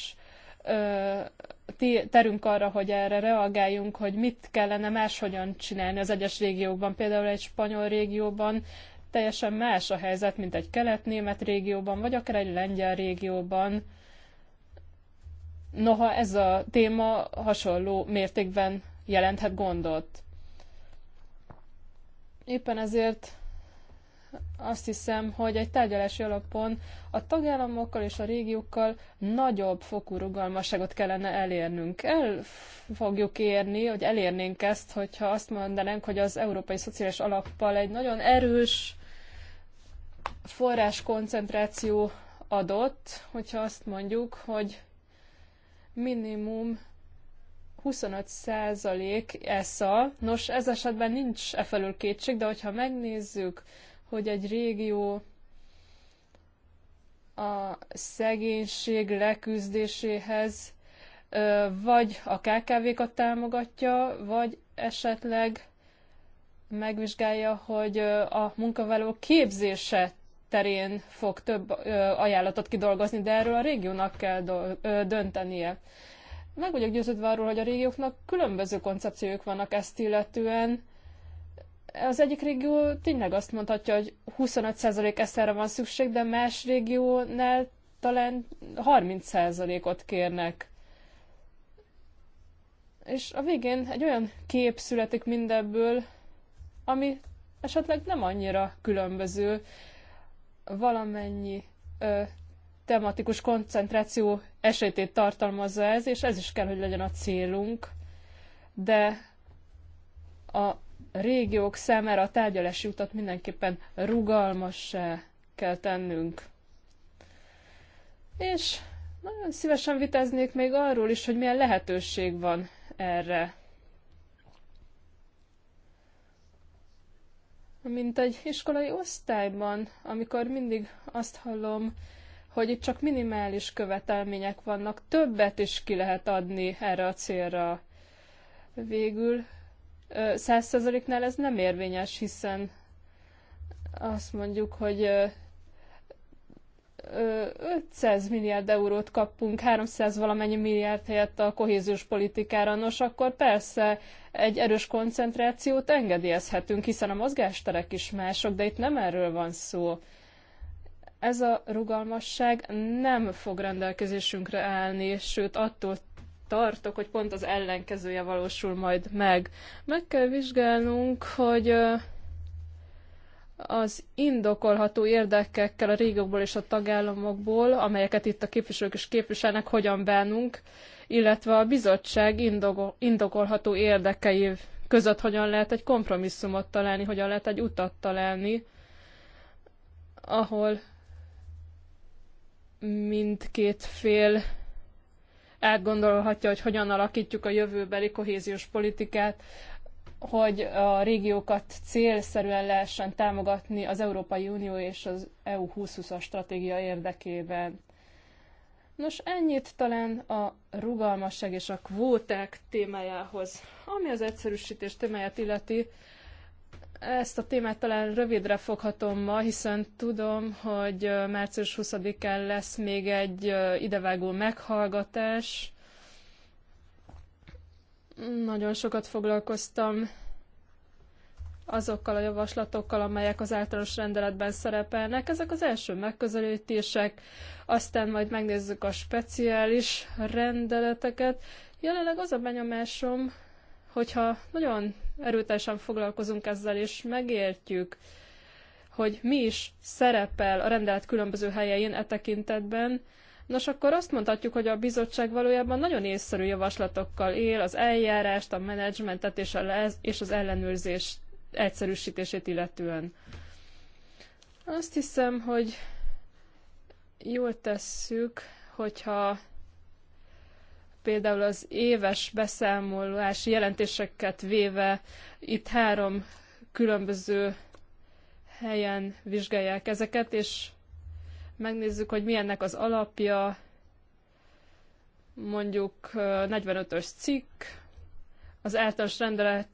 terünk arra, hogy erre reagáljunk, hogy mit kellene máshogyan csinálni az egyes régiókban. Például egy spanyol régióban Teljesen más a helyzet, mint egy kelet-német régióban, vagy akár egy lengyel régióban. Noha ez a téma hasonló mértékben jelenthet gondot. Éppen ezért azt hiszem, hogy egy tárgyalási alapon a tagállamokkal és a régiókkal nagyobb fokú rugalmasságot kellene elérnünk. El fogjuk érni, hogy elérnénk ezt, hogyha azt mondanánk, hogy az Európai Szociális Alappal egy nagyon erős forráskoncentráció adott, hogyha azt mondjuk, hogy minimum 25% ESZA. Nos, ez esetben nincs e felül kétség, de hogyha megnézzük, hogy egy régió a szegénység leküzdéséhez vagy a KKV-kat támogatja, vagy esetleg megvizsgálja, hogy a munkavállaló képzése terén fog több ajánlatot kidolgozni, de erről a régiónak kell döntenie. Meg vagyok győződve arról, hogy a régióknak különböző koncepciók vannak ezt illetően. Az egyik régió tényleg azt mondhatja, hogy 25% eszerre van szükség, de más régiónál talán 30%-ot kérnek. És a végén egy olyan kép születik mindebből, ami esetleg nem annyira különböző valamennyi ö, tematikus koncentráció esetét tartalmazza ez, és ez is kell, hogy legyen a célunk, de a régiók számára a tárgyalási utat mindenképpen rugalmassá kell tennünk. És nagyon szívesen viteznék még arról is, hogy milyen lehetőség van erre. mint egy iskolai osztályban, amikor mindig azt hallom, hogy itt csak minimális követelmények vannak, többet is ki lehet adni erre a célra. Végül 100 ez nem érvényes, hiszen azt mondjuk, hogy 500 milliárd eurót kapunk, 300 valamennyi milliárd helyett a kohéziós politikára, nos akkor persze egy erős koncentrációt engedélyezhetünk, hiszen a mozgásterek is mások, de itt nem erről van szó. Ez a rugalmasság nem fog rendelkezésünkre állni, sőt attól tartok, hogy pont az ellenkezője valósul majd meg. Meg kell vizsgálnunk, hogy az indokolható érdekekkel a régiókból és a tagállamokból, amelyeket itt a képviselők is képviselnek, hogyan bánunk, illetve a bizottság indokolható érdekei között hogyan lehet egy kompromisszumot találni, hogyan lehet egy utat találni, ahol mindkét fél átgondolhatja, hogy hogyan alakítjuk a jövőbeli kohéziós politikát hogy a régiókat célszerűen lehessen támogatni az Európai Unió és az EU 2020-as stratégia érdekében. Nos, ennyit talán a rugalmasság és a kvóták témájához. Ami az egyszerűsítés témáját illeti, ezt a témát talán rövidre foghatom ma, hiszen tudom, hogy március 20-án lesz még egy idevágó meghallgatás, nagyon sokat foglalkoztam azokkal a javaslatokkal, amelyek az általános rendeletben szerepelnek. Ezek az első megközelítések, aztán majd megnézzük a speciális rendeleteket. Jelenleg az a benyomásom, hogyha nagyon erőteljesen foglalkozunk ezzel, és megértjük, hogy mi is szerepel a rendelet különböző helyein e tekintetben, Nos, akkor azt mondhatjuk, hogy a bizottság valójában nagyon észszerű javaslatokkal él az eljárást, a menedzsmentet és, a lez- és az ellenőrzés egyszerűsítését illetően. Azt hiszem, hogy jól tesszük, hogyha például az éves beszámolási jelentéseket véve itt három különböző helyen vizsgálják ezeket, és megnézzük, hogy milyennek az alapja, mondjuk 45-ös cikk, az általános rendelet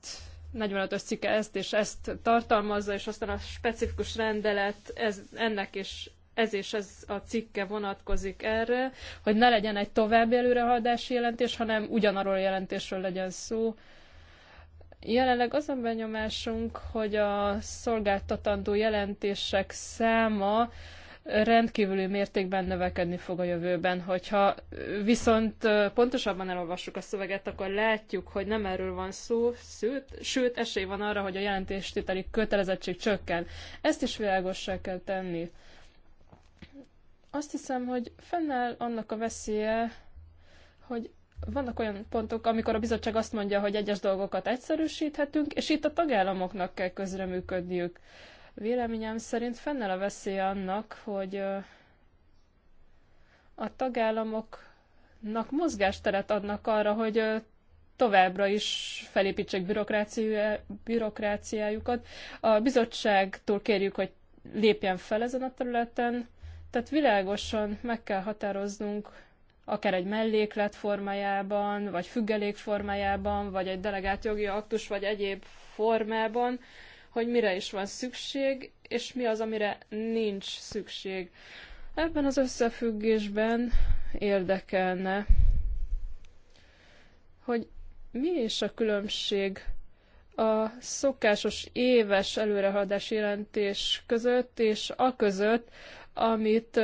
45-ös cikke ezt és ezt tartalmazza, és aztán a specifikus rendelet ez, ennek és ez és ez a cikke vonatkozik erre, hogy ne legyen egy további előrehaladási jelentés, hanem ugyanarról a jelentésről legyen szó. Jelenleg az a benyomásunk, hogy a szolgáltatandó jelentések száma rendkívüli mértékben növekedni fog a jövőben. Hogyha viszont pontosabban elolvassuk a szöveget, akkor látjuk, hogy nem erről van szó, szült, sőt esély van arra, hogy a jelentéstételi kötelezettség csökken. Ezt is világossá kell tenni. Azt hiszem, hogy fennáll annak a veszélye, hogy vannak olyan pontok, amikor a bizottság azt mondja, hogy egyes dolgokat egyszerűsíthetünk, és itt a tagállamoknak kell közreműködniük. Véleményem szerint fennáll a veszély annak, hogy a tagállamoknak mozgásteret adnak arra, hogy továbbra is felépítsék bürokráciájukat. A bizottságtól kérjük, hogy lépjen fel ezen a területen, tehát világosan meg kell határoznunk akár egy melléklet formájában, vagy függelék formájában, vagy egy delegált jogi aktus, vagy egyéb formában, hogy mire is van szükség, és mi az, amire nincs szükség. Ebben az összefüggésben érdekelne, hogy mi is a különbség a szokásos éves előrehaladási jelentés között és a között, amit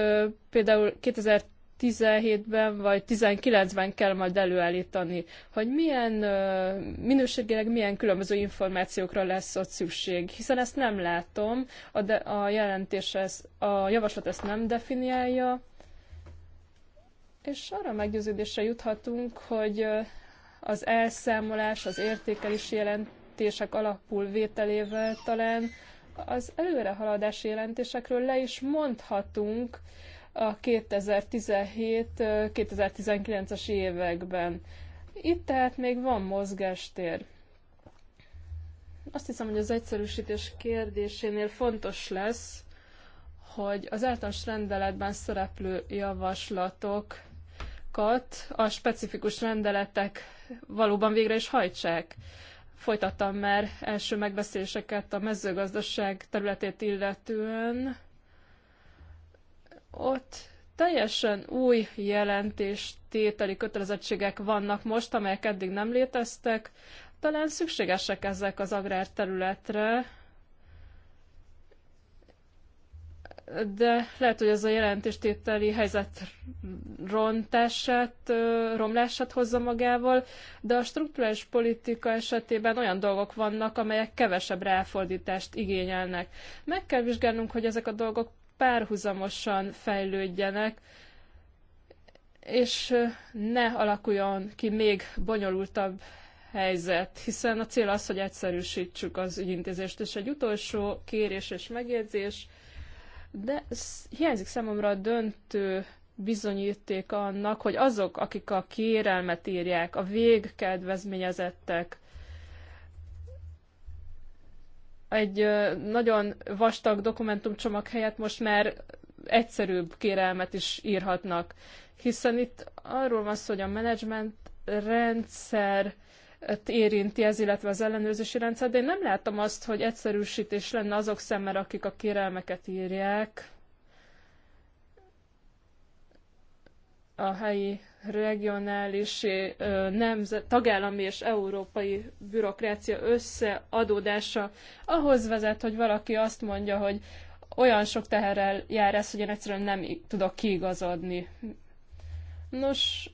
például 2010 17-ben vagy 19-ben kell majd előállítani, hogy milyen minőségileg milyen különböző információkra lesz ott szükség, hiszen ezt nem látom, a, de, a jelentés ez, a javaslat ezt nem definiálja, és arra meggyőződésre juthatunk, hogy az elszámolás, az értékelési jelentések alapul vételével talán az előrehaladási jelentésekről le is mondhatunk, a 2017-2019-es években. Itt tehát még van mozgástér. Azt hiszem, hogy az egyszerűsítés kérdésénél fontos lesz, hogy az általános rendeletben szereplő javaslatokat a specifikus rendeletek valóban végre is hajtsák. Folytattam már első megbeszéléseket a mezőgazdaság területét illetően, ott teljesen új jelentéstételi kötelezettségek vannak most, amelyek eddig nem léteztek. Talán szükségesek ezek az agrárterületre, de lehet, hogy ez a jelentéstételi helyzet rontását, romlását hozza magával, de a strukturális politika esetében olyan dolgok vannak, amelyek kevesebb ráfordítást igényelnek. Meg kell vizsgálnunk, hogy ezek a dolgok párhuzamosan fejlődjenek, és ne alakuljon ki még bonyolultabb helyzet, hiszen a cél az, hogy egyszerűsítsük az ügyintézést. És egy utolsó kérés és megjegyzés, de hiányzik számomra a döntő bizonyíték annak, hogy azok, akik a kérelmet írják, a végkedvezményezettek, egy nagyon vastag dokumentumcsomag helyett most már egyszerűbb kérelmet is írhatnak. Hiszen itt arról van szó, hogy a menedzsment rendszer érinti ez, illetve az ellenőrzési rendszer, de én nem látom azt, hogy egyszerűsítés lenne azok szemmel, akik a kérelmeket írják a helyi regionális, nemzet, tagállami és európai bürokrácia összeadódása ahhoz vezet, hogy valaki azt mondja, hogy olyan sok teherrel jár ez, hogy én egyszerűen nem tudok kiigazodni. Nos,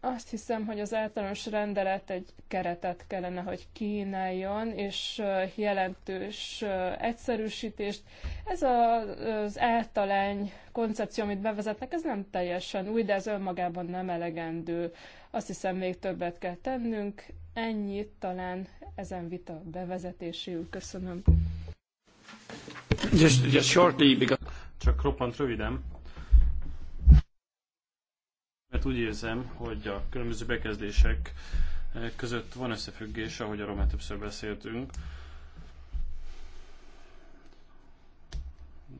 azt hiszem, hogy az általános rendelet egy keretet kellene, hogy kínáljon, és jelentős egyszerűsítést. Ez az általány koncepció, amit bevezetnek, ez nem teljesen új, de ez önmagában nem elegendő. Azt hiszem, még többet kell tennünk. Ennyit talán ezen vita bevezetéséül. Köszönöm. Just, just shortly, because... Csak roppant röviden, mert úgy érzem, hogy a különböző bekezdések eh, között van összefüggés, ahogy arról már többször beszéltünk.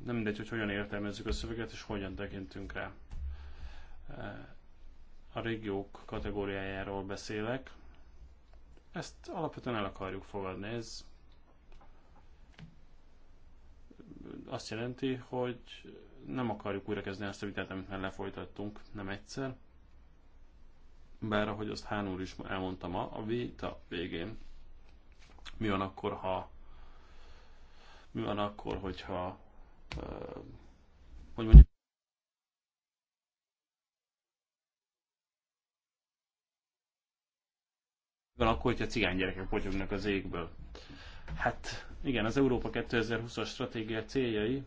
Nem mindegy, hogy hogyan értelmezzük a szöveget, és hogyan tekintünk rá. Eh, a régiók kategóriájáról beszélek. Ezt alapvetően el akarjuk fogadni. Ez azt jelenti, hogy nem akarjuk újrakezdeni ezt a vitát, amit már lefolytattunk, nem egyszer. Bár ahogy azt Hán úr is elmondta ma, a vita végén mi van akkor, ha mi van akkor, hogyha hogy mondjuk mi van akkor, hogyha cigány gyerekek potyognak az égből. Hát igen, az Európa 2020-as stratégia céljai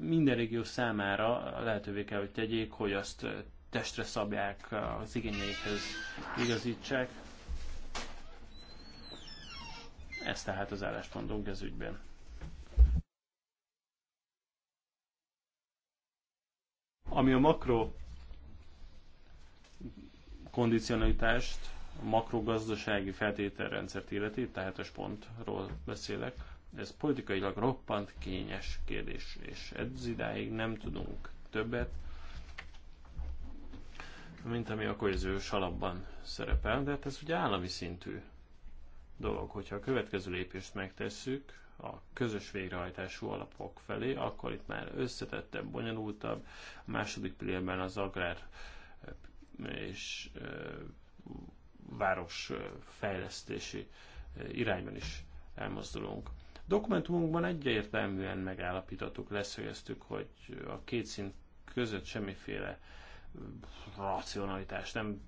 minden régió számára lehetővé kell, hogy tegyék, hogy azt testre szabják, az igényeikhez igazítsák. Ez tehát az álláspontunk ez ügyben. Ami a makro kondicionalitást, a makrogazdasági feltételrendszert illeti, tehát a spontról beszélek, ez politikailag roppant kényes kérdés, és ez idáig nem tudunk többet, mint ami a kohéziós alapban szerepel, de hát ez ugye állami szintű dolog. Hogyha a következő lépést megtesszük a közös végrehajtású alapok felé, akkor itt már összetettebb, bonyolultabb. A második pillérben az agrár és város fejlesztési irányban is elmozdulunk. Dokumentumunkban egyértelműen megállapítottuk, leszögeztük, hogy a két szint között semmiféle racionalitás nem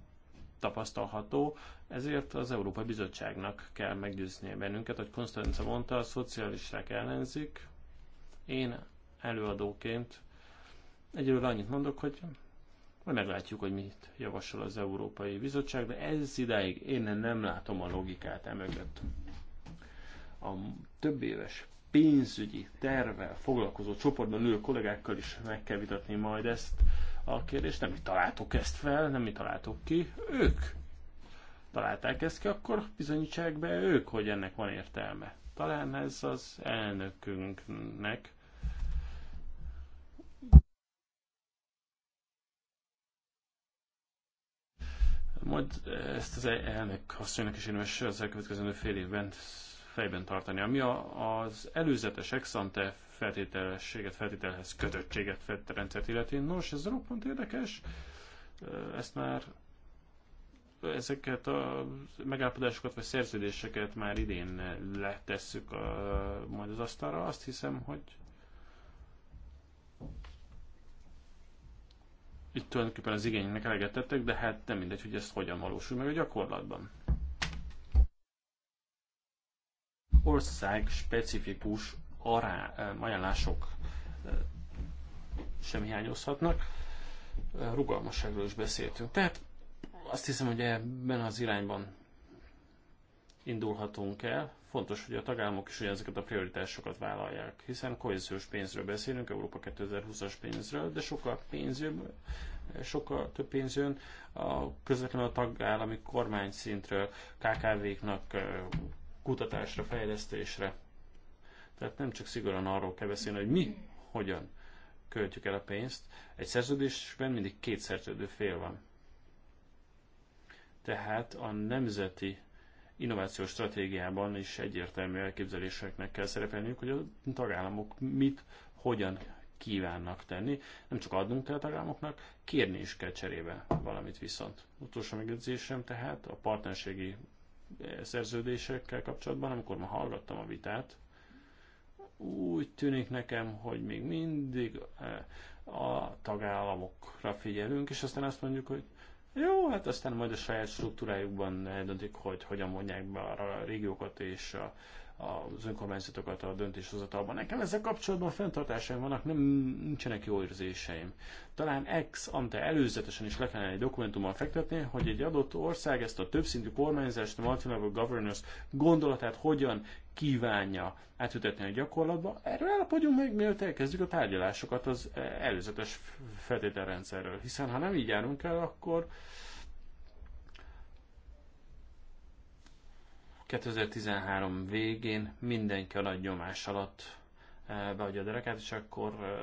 tapasztalható, ezért az Európai Bizottságnak kell meggyőznie bennünket, hogy Konstanca mondta, a szocialisták ellenzik, én előadóként egyről annyit mondok, hogy majd meglátjuk, hogy mit javasol az Európai Bizottság, de ez idáig én nem látom a logikát emögött a több éves pénzügyi tervvel foglalkozó csoportban ülő kollégákkal is meg kell vitatni majd ezt a kérdést. Nem mi találtuk ezt fel, nem mi találtuk ki. Ők találták ezt ki, akkor bizonyítsák be ők, hogy ennek van értelme. Talán ez az elnökünknek Majd ezt az elnök asszonynak is érdemes az elkövetkező fél évben fejben tartani. Ami a, az előzetes exante feltételességet, feltételhez kötöttséget fett rendszert illeti, nos, ez roppant érdekes, ezt már ezeket a megállapodásokat vagy szerződéseket már idén letesszük a, majd az asztalra. Azt hiszem, hogy itt tulajdonképpen az igénynek eleget tettek, de hát nem mindegy, hogy ezt hogyan valósul meg a gyakorlatban. ország specifikus ará, ajánlások sem hiányozhatnak. Rugalmasságról is beszéltünk. Tehát azt hiszem, hogy ebben az irányban indulhatunk el. Fontos, hogy a tagállamok is ezeket a prioritásokat vállalják, hiszen kohéziós pénzről beszélünk, Európa 2020-as pénzről, de sokkal pénz sokkal több pénz jön a közvetlenül a tagállami kormány szintről, KKV-knak, kutatásra, fejlesztésre. Tehát nem csak szigorúan arról kell beszélni, hogy mi, hogyan költjük el a pénzt. Egy szerződésben mindig két szerződő fél van. Tehát a nemzeti innovációs stratégiában is egyértelmű elképzeléseknek kell szerepelniük, hogy a tagállamok mit, hogyan kívánnak tenni. Nem csak adnunk kell a tagállamoknak, kérni is kell cserébe valamit viszont. Utolsó megjegyzésem tehát a partnerségi szerződésekkel kapcsolatban, amikor ma hallgattam a vitát, úgy tűnik nekem, hogy még mindig eh, a tagállamokra figyelünk, és aztán azt mondjuk, hogy jó, hát aztán majd a saját struktúrájukban eldöntik, hogy hogyan mondják be a régiókat és a az önkormányzatokat a döntéshozatalban. Nekem ezzel kapcsolatban fenntartásaim vannak, nem nincsenek jó érzéseim. Talán ex ante előzetesen is le kellene egy dokumentummal fektetni, hogy egy adott ország ezt a többszintű kormányzást, a multilevel governance gondolatát hogyan kívánja átütetni a gyakorlatba. Erről állapodjunk meg, mielőtt elkezdjük a tárgyalásokat az előzetes feltételrendszerről. Hiszen ha nem így járunk el, akkor 2013 végén mindenki a nagy nyomás alatt eh, beadja a derekát, és akkor eh,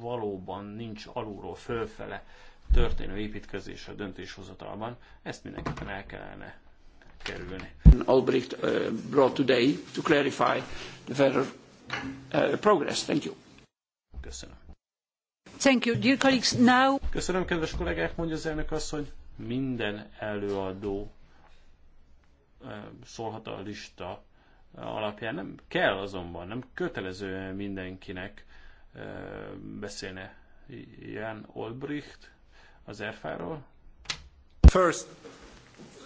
valóban nincs alulról fölfele történő építkezés a döntéshozatalban. Ezt mindenképpen el kellene kerülni. Albrecht uh, brought today to clarify the further uh, progress. Thank you. Köszönöm. Thank you, dear colleagues. Now... Köszönöm, kedves kollégák, mondja az elnök asszony. Minden előadó szólhat a lista alapján. Nem kell azonban, nem kötelező mindenkinek beszélne Jan Olbricht az erfáról. First,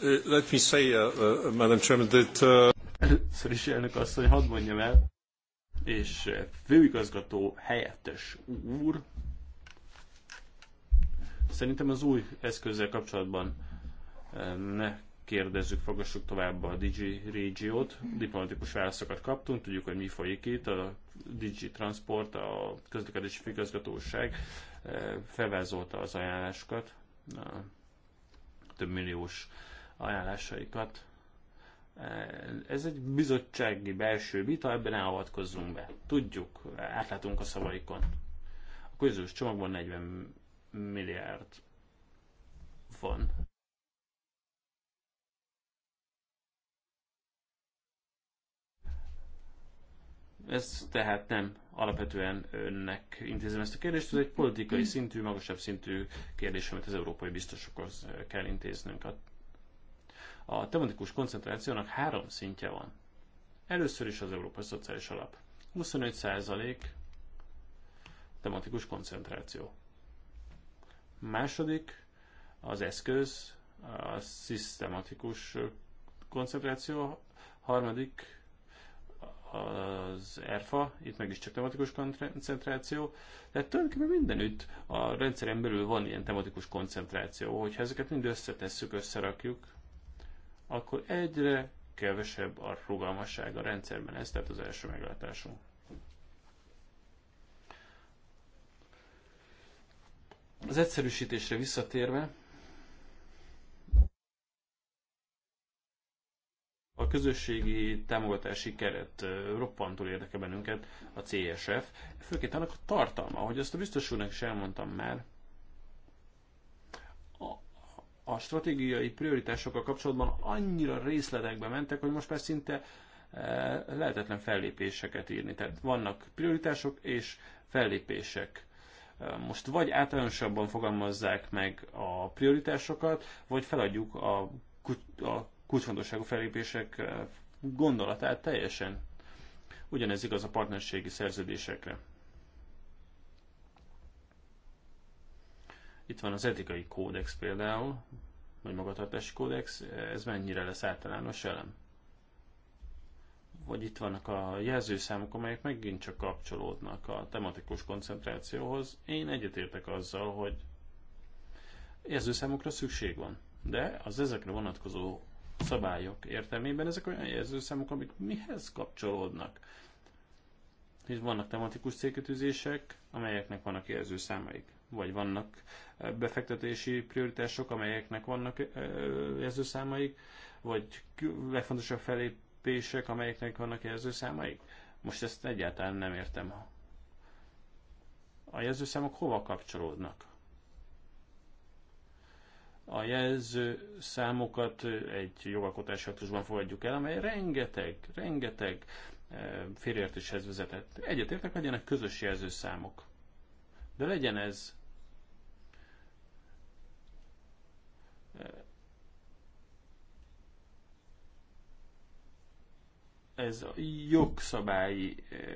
uh, let me say, uh, uh, Madam Chairman, that... Uh... Először is elnök asszony, hadd mondjam el, és főigazgató helyettes úr, szerintem az új eszközzel kapcsolatban ne kérdezzük, fogassuk tovább a Digi Régiót. Diplomatikus válaszokat kaptunk, tudjuk, hogy mi folyik itt. A Digi Transport, a közlekedési igazgatóság eh, felvázolta az ajánlásokat, a több milliós ajánlásaikat. Eh, ez egy bizottsági belső vita, ebben ne avatkozzunk be. Tudjuk, átlátunk a szavaikon. A közös csomagban 40 milliárd van Ez tehát nem alapvetően önnek intézem ezt a kérdést, ez egy politikai szintű, magasabb szintű kérdés, amit az európai biztosokhoz kell intéznünk. A, a tematikus koncentrációnak három szintje van. Először is az Európai Szociális Alap. 25% tematikus koncentráció. Második az eszköz, a szisztematikus koncentráció. Harmadik az ERFA, itt meg is csak tematikus koncentráció, tehát tulajdonképpen mindenütt a rendszeren belül van ilyen tematikus koncentráció, hogyha ezeket mind összetesszük, összerakjuk, akkor egyre kevesebb a rugalmasság a rendszerben, ez tehát az első meglátásunk. Az egyszerűsítésre visszatérve, A közösségi támogatási keret roppantól érdeke bennünket, a CSF, főként annak a tartalma, hogy azt a biztos úrnak is elmondtam már, a, a stratégiai prioritásokkal kapcsolatban annyira részletekbe mentek, hogy most már szinte lehetetlen fellépéseket írni. Tehát vannak prioritások és fellépések. Most vagy általánosabban fogalmazzák meg a prioritásokat, vagy feladjuk a, a kulcsfontosságú felépések eh, gondolatát teljesen. Ugyanez igaz a partnerségi szerződésekre. Itt van az etikai kódex például, vagy magatartási kódex, ez mennyire lesz általános elem? Vagy itt vannak a jelzőszámok, amelyek megint csak kapcsolódnak a tematikus koncentrációhoz. Én egyetértek azzal, hogy jelzőszámokra szükség van, de az ezekre vonatkozó szabályok értelmében ezek olyan jelzőszámok, amik mihez kapcsolódnak. És vannak tematikus célkötőzések, amelyeknek vannak jelzőszámaik, vagy vannak befektetési prioritások, amelyeknek vannak jelzőszámaik, vagy legfontosabb felépések, amelyeknek vannak jelzőszámaik. Most ezt egyáltalán nem értem. A jelzőszámok hova kapcsolódnak? a jelző számokat egy jogalkotási aktusban fogadjuk el, amely rengeteg, rengeteg eh, félértéshez vezetett. Egyetértek, legyenek közös számok. De legyen ez eh, ez a jogszabályi eh,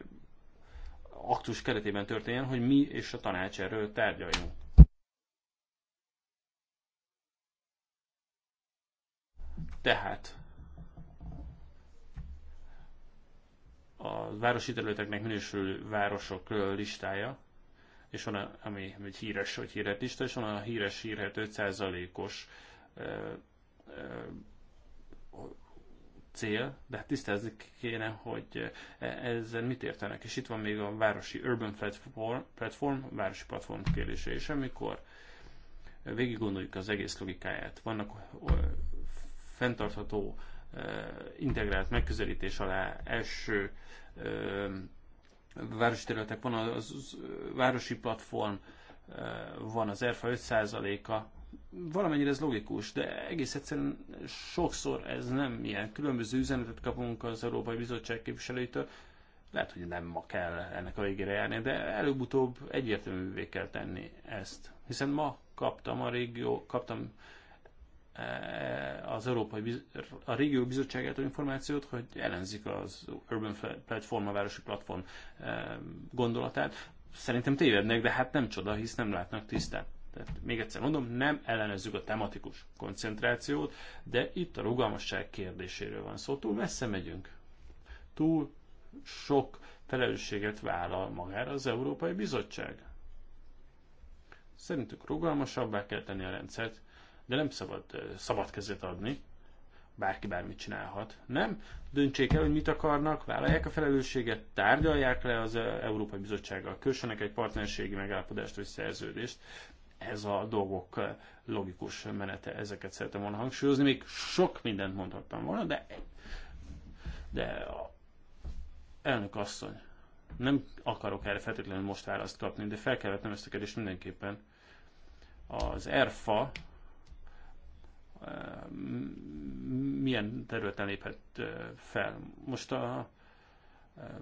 aktus keretében történjen, hogy mi és a tanács erről tárgyaljunk. Tehát a városi területeknek minősülő városok listája, és van, a, ami egy híres hogy hírhet lista, és van a híres hírhet 5%-os cél, de hát tisztázni kéne, hogy e, ezzel mit értenek. És itt van még a városi Urban Platform, platform városi platform kérdése, és amikor végig gondoljuk az egész logikáját, vannak fenntartható integrált megközelítés alá első városi területek van, az, az városi platform van az ERFA 5%-a, valamennyire ez logikus, de egész egyszerűen sokszor ez nem ilyen. Különböző üzenetet kapunk az Európai Bizottság képviselőitől, lehet, hogy nem ma kell ennek a végére járni, de előbb-utóbb egyértelművé kell tenni ezt. Hiszen ma kaptam a régió, kaptam az Európai a Régió Bizottságától információt, hogy ellenzik az Urban Platform, a Városi Platform eh, gondolatát. Szerintem tévednek, de hát nem csoda, hisz nem látnak tisztán. Tehát még egyszer mondom, nem ellenezzük a tematikus koncentrációt, de itt a rugalmasság kérdéséről van szó. Szóval túl messze megyünk. Túl sok felelősséget vállal magára az Európai Bizottság. Szerintük rugalmasabbá kell tenni a rendszert, de nem szabad szabad kezet adni, bárki bármit csinálhat. Nem? Döntsék el, hogy mit akarnak, vállalják a felelősséget, tárgyalják le az Európai Bizottsággal, kössenek egy partnerségi megállapodást vagy szerződést. Ez a dolgok logikus menete, ezeket szeretem volna hangsúlyozni. Még sok mindent mondhattam volna, de, de a elnök asszony, nem akarok erre feltétlenül most választ kapni, de fel kell vetnem ezt a kérdést mindenképpen. Az ERFA milyen területen léphet fel. Most a,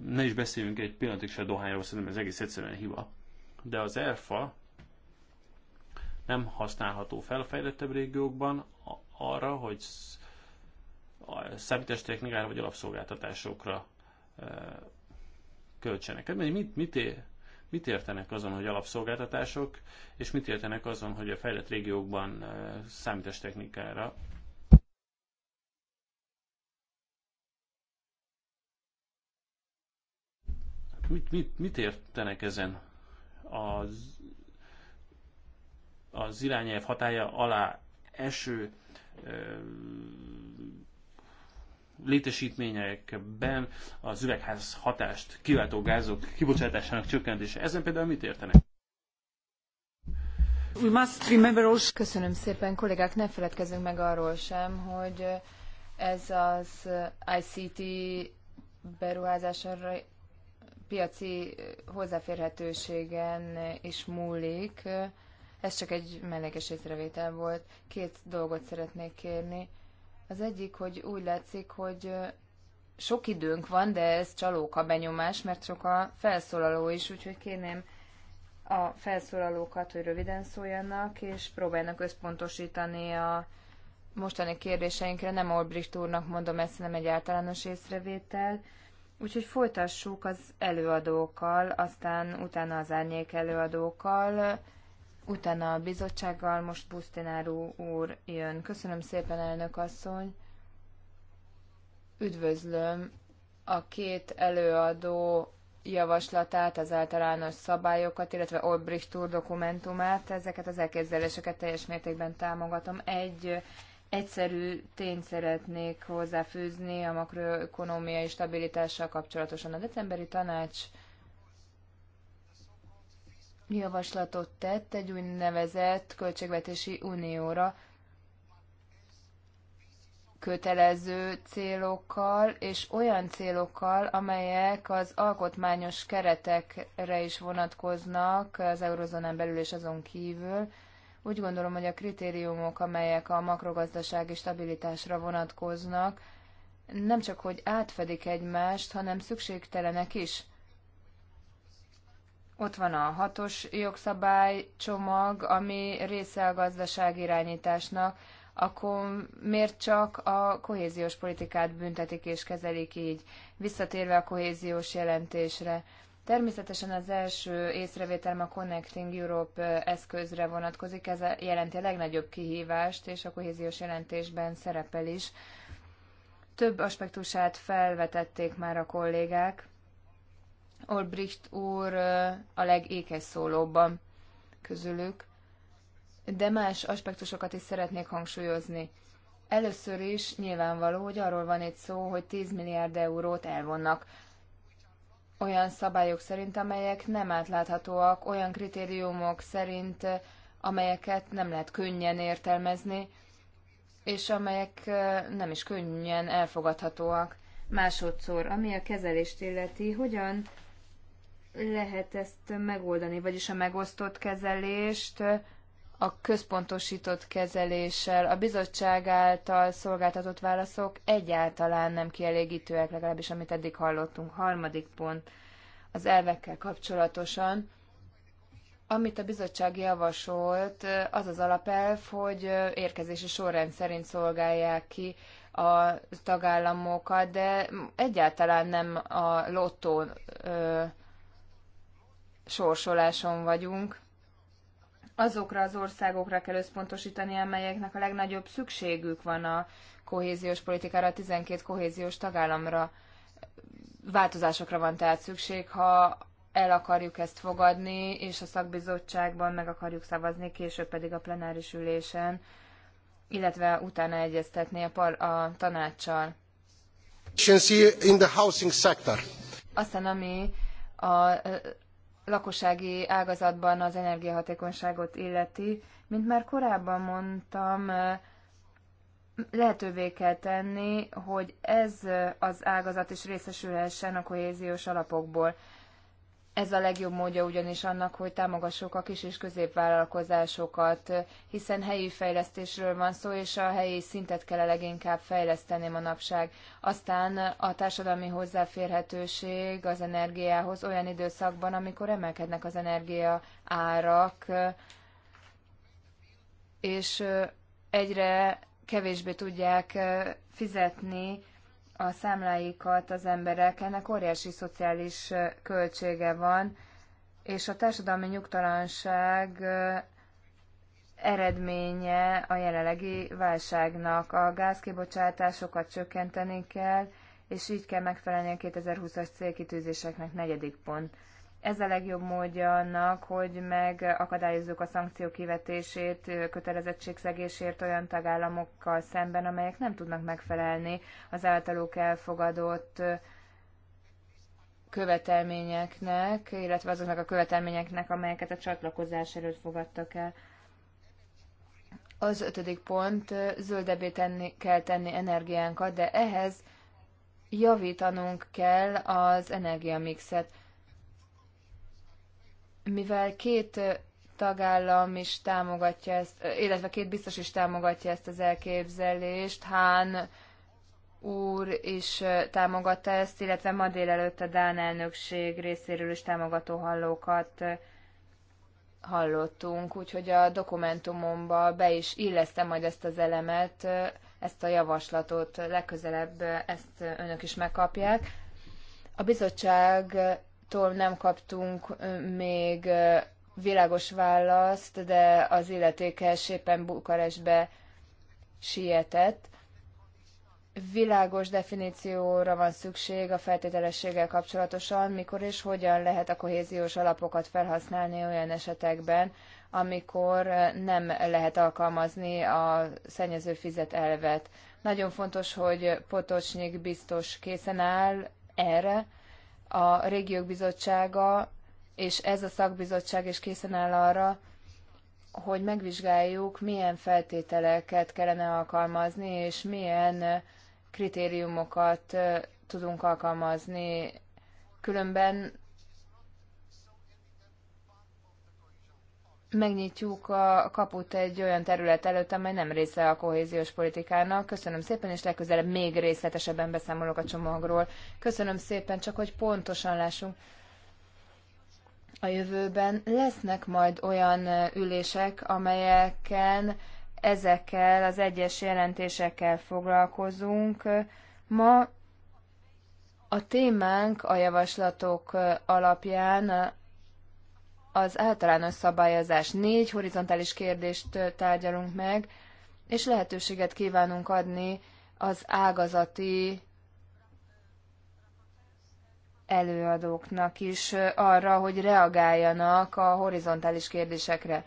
ne is beszéljünk egy pillanatig se a dohányról, szerintem ez egész egyszerűen hiba. De az ERFA nem használható fel a fejlettebb régiókban arra, hogy technikára vagy alapszolgáltatásokra költsenek. Hát mit, mit Mit értenek azon, hogy alapszolgáltatások, és mit értenek azon, hogy a fejlett régiókban technikára hát mit, mit, mit értenek ezen az, az irányelv hatája alá eső ö, létesítményekben az üvegház hatást kiváltó gázok kibocsátásának csökkentése. Ezen például mit értenek? We must remember Köszönöm szépen, kollégák, ne feledkezzünk meg arról sem, hogy ez az ICT beruházásra piaci hozzáférhetőségen is múlik. Ez csak egy mellékes észrevétel volt. Két dolgot szeretnék kérni. Az egyik, hogy úgy látszik, hogy sok időnk van, de ez csalóka benyomás, mert sok a felszólaló is, úgyhogy kérném a felszólalókat, hogy röviden szóljanak, és próbálnak összpontosítani a mostani kérdéseinkre. Nem Olbricht úrnak mondom ezt, hanem egy általános észrevétel. Úgyhogy folytassuk az előadókkal, aztán utána az árnyék előadókkal. Utána a bizottsággal most Pusztináró úr jön. Köszönöm szépen, elnök asszony. Üdvözlöm a két előadó javaslatát, az általános szabályokat, illetve Olbricht úr dokumentumát. Ezeket az elképzeléseket teljes mértékben támogatom. Egy egyszerű tényt szeretnék hozzáfűzni a makroökonomiai stabilitással kapcsolatosan. A decemberi tanács javaslatot tett egy úgynevezett költségvetési unióra kötelező célokkal és olyan célokkal, amelyek az alkotmányos keretekre is vonatkoznak az eurozónán belül és azon kívül. Úgy gondolom, hogy a kritériumok, amelyek a makrogazdasági stabilitásra vonatkoznak, nem csak hogy átfedik egymást, hanem szükségtelenek is ott van a hatos jogszabálycsomag, ami része a gazdaság irányításnak, akkor miért csak a kohéziós politikát büntetik és kezelik így, visszatérve a kohéziós jelentésre? Természetesen az első észrevételem a Connecting Europe eszközre vonatkozik, ez jelenti a legnagyobb kihívást, és a kohéziós jelentésben szerepel is. Több aspektusát felvetették már a kollégák, Olbricht úr a legékes szólóban közülük, de más aspektusokat is szeretnék hangsúlyozni. Először is nyilvánvaló, hogy arról van itt szó, hogy 10 milliárd eurót elvonnak olyan szabályok szerint, amelyek nem átláthatóak, olyan kritériumok szerint, amelyeket nem lehet könnyen értelmezni, és amelyek nem is könnyen elfogadhatóak. Másodszor, ami a kezelést illeti, hogyan lehet ezt megoldani, vagyis a megosztott kezelést a központosított kezeléssel, a bizottság által szolgáltatott válaszok egyáltalán nem kielégítőek, legalábbis amit eddig hallottunk. Harmadik pont az elvekkel kapcsolatosan. Amit a bizottság javasolt, az az alapelv, hogy érkezési sorrend szerint szolgálják ki a tagállamokat, de egyáltalán nem a lottó sorsoláson vagyunk. Azokra az országokra kell összpontosítani, amelyeknek a legnagyobb szükségük van a kohéziós politikára, a 12 kohéziós tagállamra. Változásokra van tehát szükség, ha el akarjuk ezt fogadni, és a szakbizottságban meg akarjuk szavazni, később pedig a plenáris ülésen, illetve utána egyeztetni a, par- a tanácssal. In the housing sector. Aztán ami a lakossági ágazatban az energiahatékonyságot illeti, mint már korábban mondtam, lehetővé kell tenni, hogy ez az ágazat is részesülhessen a kohéziós alapokból. Ez a legjobb módja ugyanis annak, hogy támogassuk a kis és középvállalkozásokat, hiszen helyi fejlesztésről van szó, és a helyi szintet kell a leginkább fejleszteni manapság. Aztán a társadalmi hozzáférhetőség az energiához olyan időszakban, amikor emelkednek az energia árak, és egyre kevésbé tudják fizetni a számláikat az emberek, ennek óriási szociális költsége van, és a társadalmi nyugtalanság eredménye a jelenlegi válságnak. A gázkibocsátásokat csökkenteni kell, és így kell megfelelni a 2020-as célkitűzéseknek negyedik pont. Ez a legjobb módja annak, hogy megakadályozzuk a szankció kivetését kötelezettségszegésért olyan tagállamokkal szemben, amelyek nem tudnak megfelelni az általuk elfogadott követelményeknek, illetve azoknak a követelményeknek, amelyeket a csatlakozás előtt fogadtak el. Az ötödik pont, zöldebbé tenni, kell tenni energiánkat, de ehhez javítanunk kell az energiamixet mivel két tagállam is támogatja ezt, illetve két biztos is támogatja ezt az elképzelést, Hán úr is támogatta ezt, illetve ma délelőtt a Dán elnökség részéről is támogató hallókat hallottunk, úgyhogy a dokumentumomba be is illesztem majd ezt az elemet, ezt a javaslatot legközelebb ezt önök is megkapják. A bizottság tól nem kaptunk még világos választ, de az illetékes éppen Bukarestbe sietett. Világos definícióra van szükség a feltételességgel kapcsolatosan, mikor és hogyan lehet a kohéziós alapokat felhasználni olyan esetekben, amikor nem lehet alkalmazni a szennyező fizet elvet. Nagyon fontos, hogy Potocsnyik biztos készen áll erre, a régiók bizottsága és ez a szakbizottság is készen áll arra, hogy megvizsgáljuk, milyen feltételeket kellene alkalmazni, és milyen kritériumokat tudunk alkalmazni. Különben megnyitjuk a kaput egy olyan terület előtt, amely nem része a kohéziós politikának. Köszönöm szépen, és legközelebb még részletesebben beszámolok a csomagról. Köszönöm szépen, csak hogy pontosan lássunk. A jövőben lesznek majd olyan ülések, amelyeken ezekkel az egyes jelentésekkel foglalkozunk. Ma a témánk a javaslatok alapján az általános szabályozás. Négy horizontális kérdést tárgyalunk meg, és lehetőséget kívánunk adni az ágazati előadóknak is arra, hogy reagáljanak a horizontális kérdésekre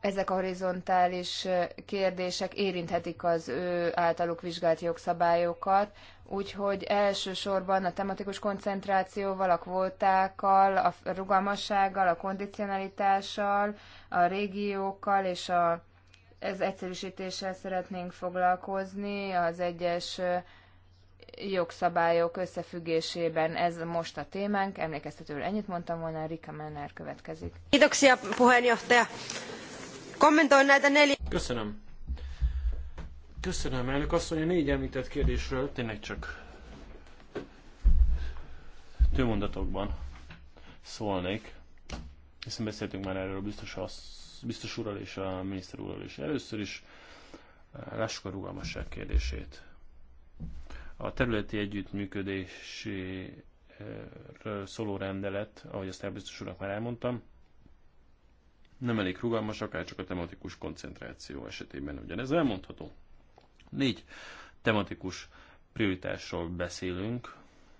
ezek a horizontális kérdések érinthetik az ő általuk vizsgált jogszabályokat, úgyhogy elsősorban a tematikus koncentrációval, a kvótákkal, a rugalmassággal, a kondicionalitással, a régiókkal és a, ez egyszerűsítéssel szeretnénk foglalkozni az egyes jogszabályok összefüggésében. Ez most a témánk. Emlékeztetőről ennyit mondtam volna, Rika Menner következik. Kiitoksia puheenjohtaja. Köszönöm. Köszönöm, elnök asszony. A négy említett kérdésről tényleg csak tőmondatokban szólnék, hiszen beszéltünk már erről biztos, az, biztos úrral és a miniszter úrral is. Először is eh, lássuk a rugalmasság kérdését. A területi együttműködési eh, szóló rendelet, ahogy azt biztos úrnak már elmondtam, nem elég rugalmas, akár csak a tematikus koncentráció esetében ugyanez elmondható. Négy tematikus prioritásról beszélünk,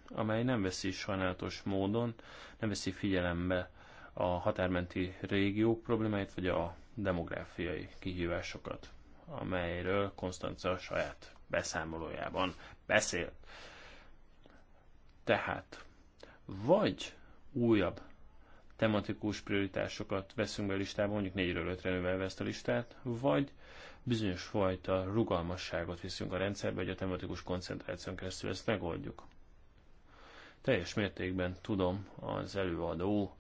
amely nem veszi sajnálatos módon, nem veszi figyelembe a határmenti régiók problémáit, vagy a demográfiai kihívásokat, amelyről Konstanca saját beszámolójában beszélt. Tehát, vagy újabb tematikus prioritásokat veszünk be a listába, mondjuk 4-ről 5-re növelve ezt a listát, vagy bizonyos fajta rugalmasságot viszünk a rendszerbe, hogy a tematikus koncentráción keresztül ezt megoldjuk. Teljes mértékben tudom az előadó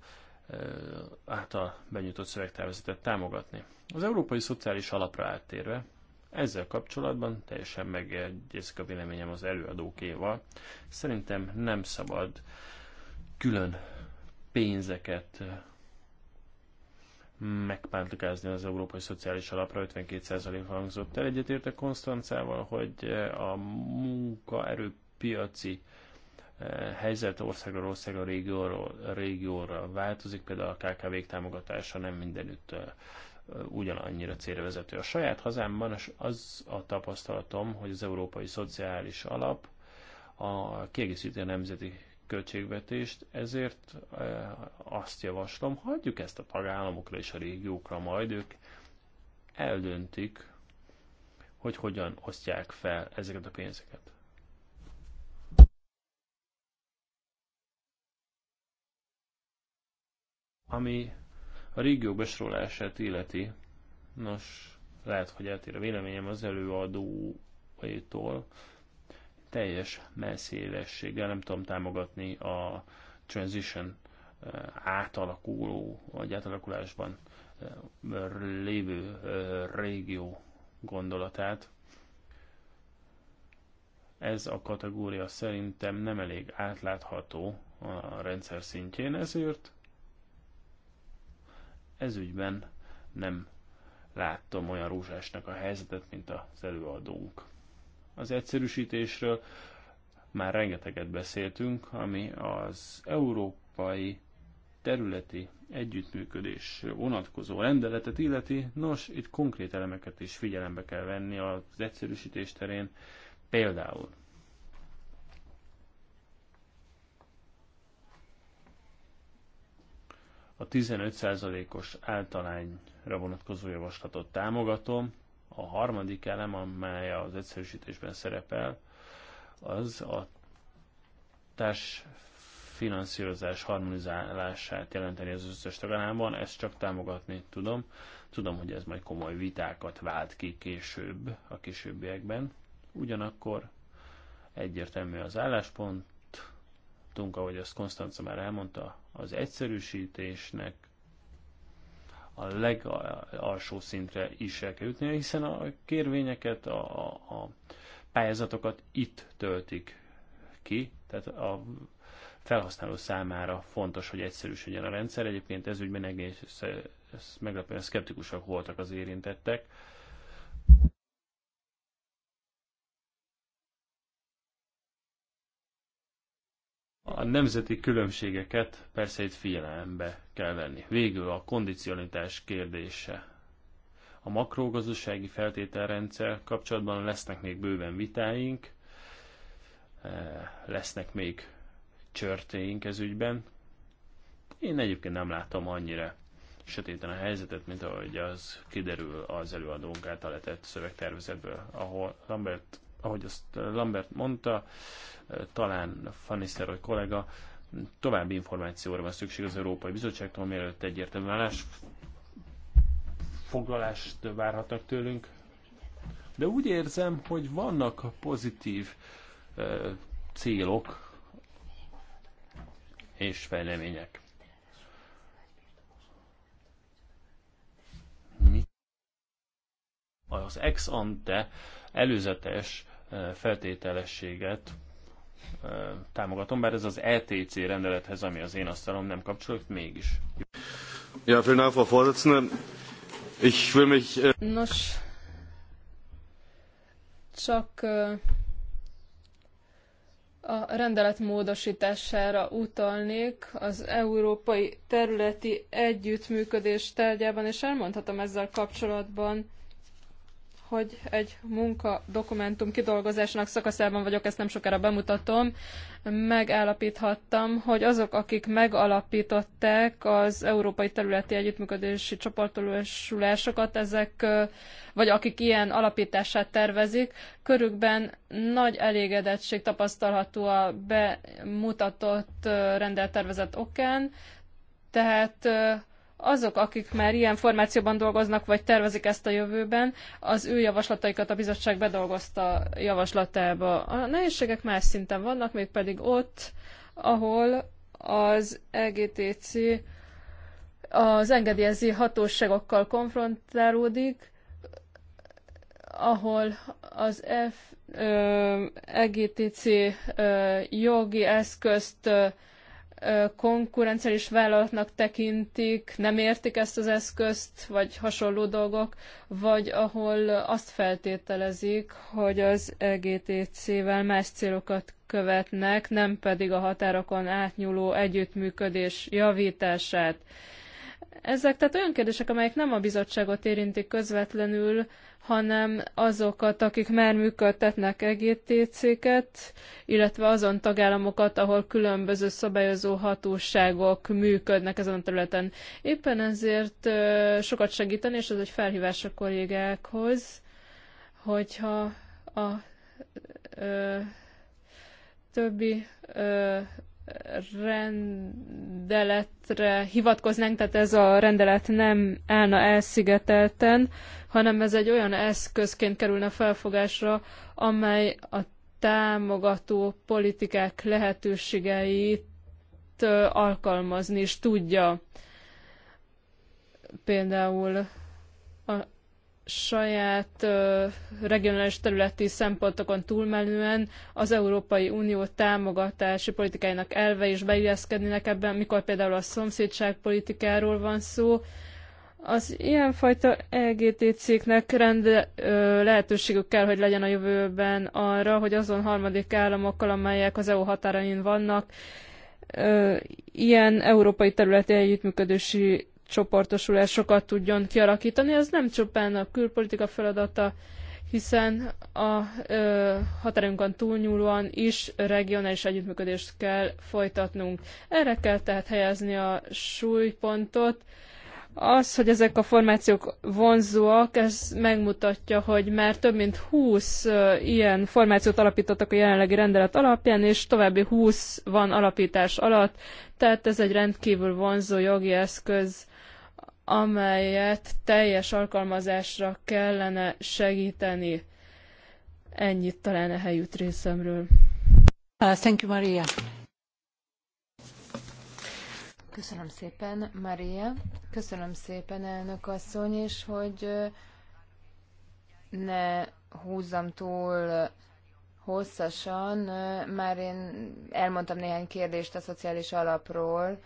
által benyújtott szövegtervezetet támogatni. Az Európai Szociális Alapra áttérve, ezzel kapcsolatban teljesen megegyezik a véleményem az előadókéval. Szerintem nem szabad külön pénzeket megpántukázni az Európai Szociális Alapra, 52% hangzott el. Egyetértek Konstancával, hogy a munkaerőpiaci helyzet országról országra, régióról, régióra változik, például a kkv támogatása nem mindenütt ugyanannyira célra vezető. A saját hazámban az a tapasztalatom, hogy az Európai Szociális Alap a kiegészítő nemzeti költségvetést, ezért e, azt javaslom, hagyjuk ezt a tagállamokra és a régiókra, majd ők eldöntik, hogy hogyan osztják fel ezeket a pénzeket. Ami a régió besorolását illeti, nos, lehet, hogy eltér a véleményem az előadóétól, teljes messzélességgel nem tudom támogatni a transition eh, átalakuló vagy átalakulásban eh, lévő eh, régió gondolatát. Ez a kategória szerintem nem elég átlátható a rendszer szintjén, ezért ez ügyben nem láttam olyan rózsásnak a helyzetet, mint az előadónk az egyszerűsítésről már rengeteget beszéltünk, ami az európai területi együttműködés vonatkozó rendeletet illeti. Nos, itt konkrét elemeket is figyelembe kell venni az egyszerűsítés terén. Például a 15%-os általányra vonatkozó javaslatot támogatom, a harmadik elem, amely az egyszerűsítésben szerepel, az a társ finanszírozás harmonizálását jelenteni az összes tagállamban, ezt csak támogatni tudom. Tudom, hogy ez majd komoly vitákat vált ki később, a későbbiekben. Ugyanakkor egyértelmű az álláspontunk, ahogy azt Konstanca már elmondta, az egyszerűsítésnek a legalsó szintre is el kell jutnia, hiszen a kérvényeket, a, a pályázatokat itt töltik ki, tehát a felhasználó számára fontos, hogy egyszerűsödjön a rendszer. Egyébként ez ügyben egész meglepően szkeptikusak voltak az érintettek. A nemzeti különbségeket persze itt figyelembe kell venni. Végül a kondicionitás kérdése. A makrogazdasági feltételrendszer kapcsolatban lesznek még bőven vitáink, e, lesznek még csörtéink ez ügyben. Én egyébként nem látom annyira sötéten a helyzetet, mint ahogy az kiderül az előadónk által letett szövegtervezetből, ahol Lambert ahogy azt Lambert mondta, talán vagy kollega, további információra van szükség az Európai Bizottságtól, mielőtt egyértelmű állás foglalást várhatnak tőlünk. De úgy érzem, hogy vannak pozitív ö, célok és fejlemények. Mi? Az ex ante előzetes feltételességet támogatom, bár ez az ETC rendelethez, ami az én asztalom nem kapcsolódik, mégis. Ja, vielen Dank, Frau Vorsitzende. Ich will mich... Äh, Nos, csak a rendelet módosítására utalnék az európai területi együttműködés tárgyában, és elmondhatom ezzel kapcsolatban, hogy egy munka dokumentum kidolgozásának szakaszában vagyok, ezt nem sokára bemutatom, megállapíthattam, hogy azok, akik megalapították az Európai Területi Együttműködési Csoportosulásokat, ezek, vagy akik ilyen alapítását tervezik, körükben nagy elégedettség tapasztalható a bemutatott rendeltervezet okán, tehát azok, akik már ilyen formációban dolgoznak, vagy tervezik ezt a jövőben, az ő javaslataikat a bizottság bedolgozta javaslatába. A nehézségek más szinten vannak, mégpedig ott, ahol az LGTC e az engedélyezi hatóságokkal konfrontálódik, ahol az F, ö, EGTC ö, jogi eszközt ö, konkurenciális vállalatnak tekintik, nem értik ezt az eszközt, vagy hasonló dolgok, vagy ahol azt feltételezik, hogy az EGTC-vel más célokat követnek, nem pedig a határokon átnyúló együttműködés javítását. Ezek tehát olyan kérdések, amelyek nem a bizottságot érintik közvetlenül, hanem azokat, akik már működtetnek EGTC-ket, illetve azon tagállamokat, ahol különböző szabályozó hatóságok működnek ezen a területen. Éppen ezért sokat segíteni, és ez egy felhívás a kollégákhoz, hogyha a ö, többi ö, rendeletre hivatkoznánk, tehát ez a rendelet nem állna elszigetelten, hanem ez egy olyan eszközként kerülne felfogásra, amely a támogató politikák lehetőségeit alkalmazni is tudja. Például saját regionális területi szempontokon túlmenően az Európai Unió támogatási politikájának elve is beilleszkednének ebben, mikor például a szomszédságpolitikáról van szó. Az ilyenfajta LGT cikknek rend lehetőségük kell, hogy legyen a jövőben arra, hogy azon harmadik államokkal, amelyek az EU határain vannak, ö, ilyen európai területi együttműködési csoportosulásokat tudjon kialakítani. Ez nem csupán a külpolitika feladata, hiszen a ö, túlnyúlóan is regionális együttműködést kell folytatnunk. Erre kell tehát helyezni a súlypontot. Az, hogy ezek a formációk vonzóak, ez megmutatja, hogy már több mint 20 ilyen formációt alapítottak a jelenlegi rendelet alapján, és további 20 van alapítás alatt, tehát ez egy rendkívül vonzó jogi eszköz amelyet teljes alkalmazásra kellene segíteni. Ennyit talán a helyütt részemről. Uh, thank you, Maria. Köszönöm szépen, Maria. Köszönöm szépen, elnök asszony, és hogy uh, ne húzzam túl hosszasan, uh, már én elmondtam néhány kérdést a szociális alapról,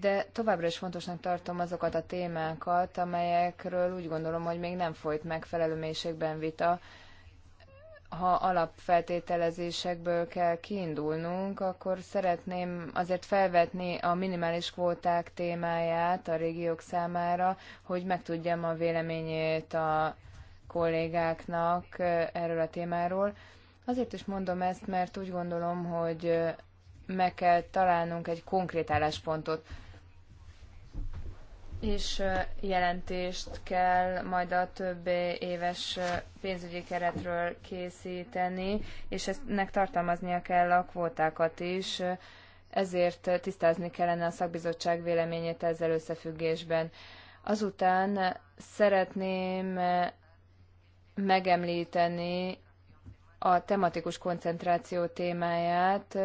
de továbbra is fontosnak tartom azokat a témákat, amelyekről úgy gondolom, hogy még nem folyt megfelelő mélységben vita. Ha alapfeltételezésekből kell kiindulnunk, akkor szeretném azért felvetni a minimális kvóták témáját a régiók számára, hogy megtudjam a véleményét a kollégáknak erről a témáról. Azért is mondom ezt, mert úgy gondolom, hogy meg kell találnunk egy konkrét álláspontot. És jelentést kell majd a több éves pénzügyi keretről készíteni, és ennek tartalmaznia kell a kvótákat is, ezért tisztázni kellene a szakbizottság véleményét ezzel összefüggésben. Azután szeretném megemlíteni a tematikus koncentráció témáját,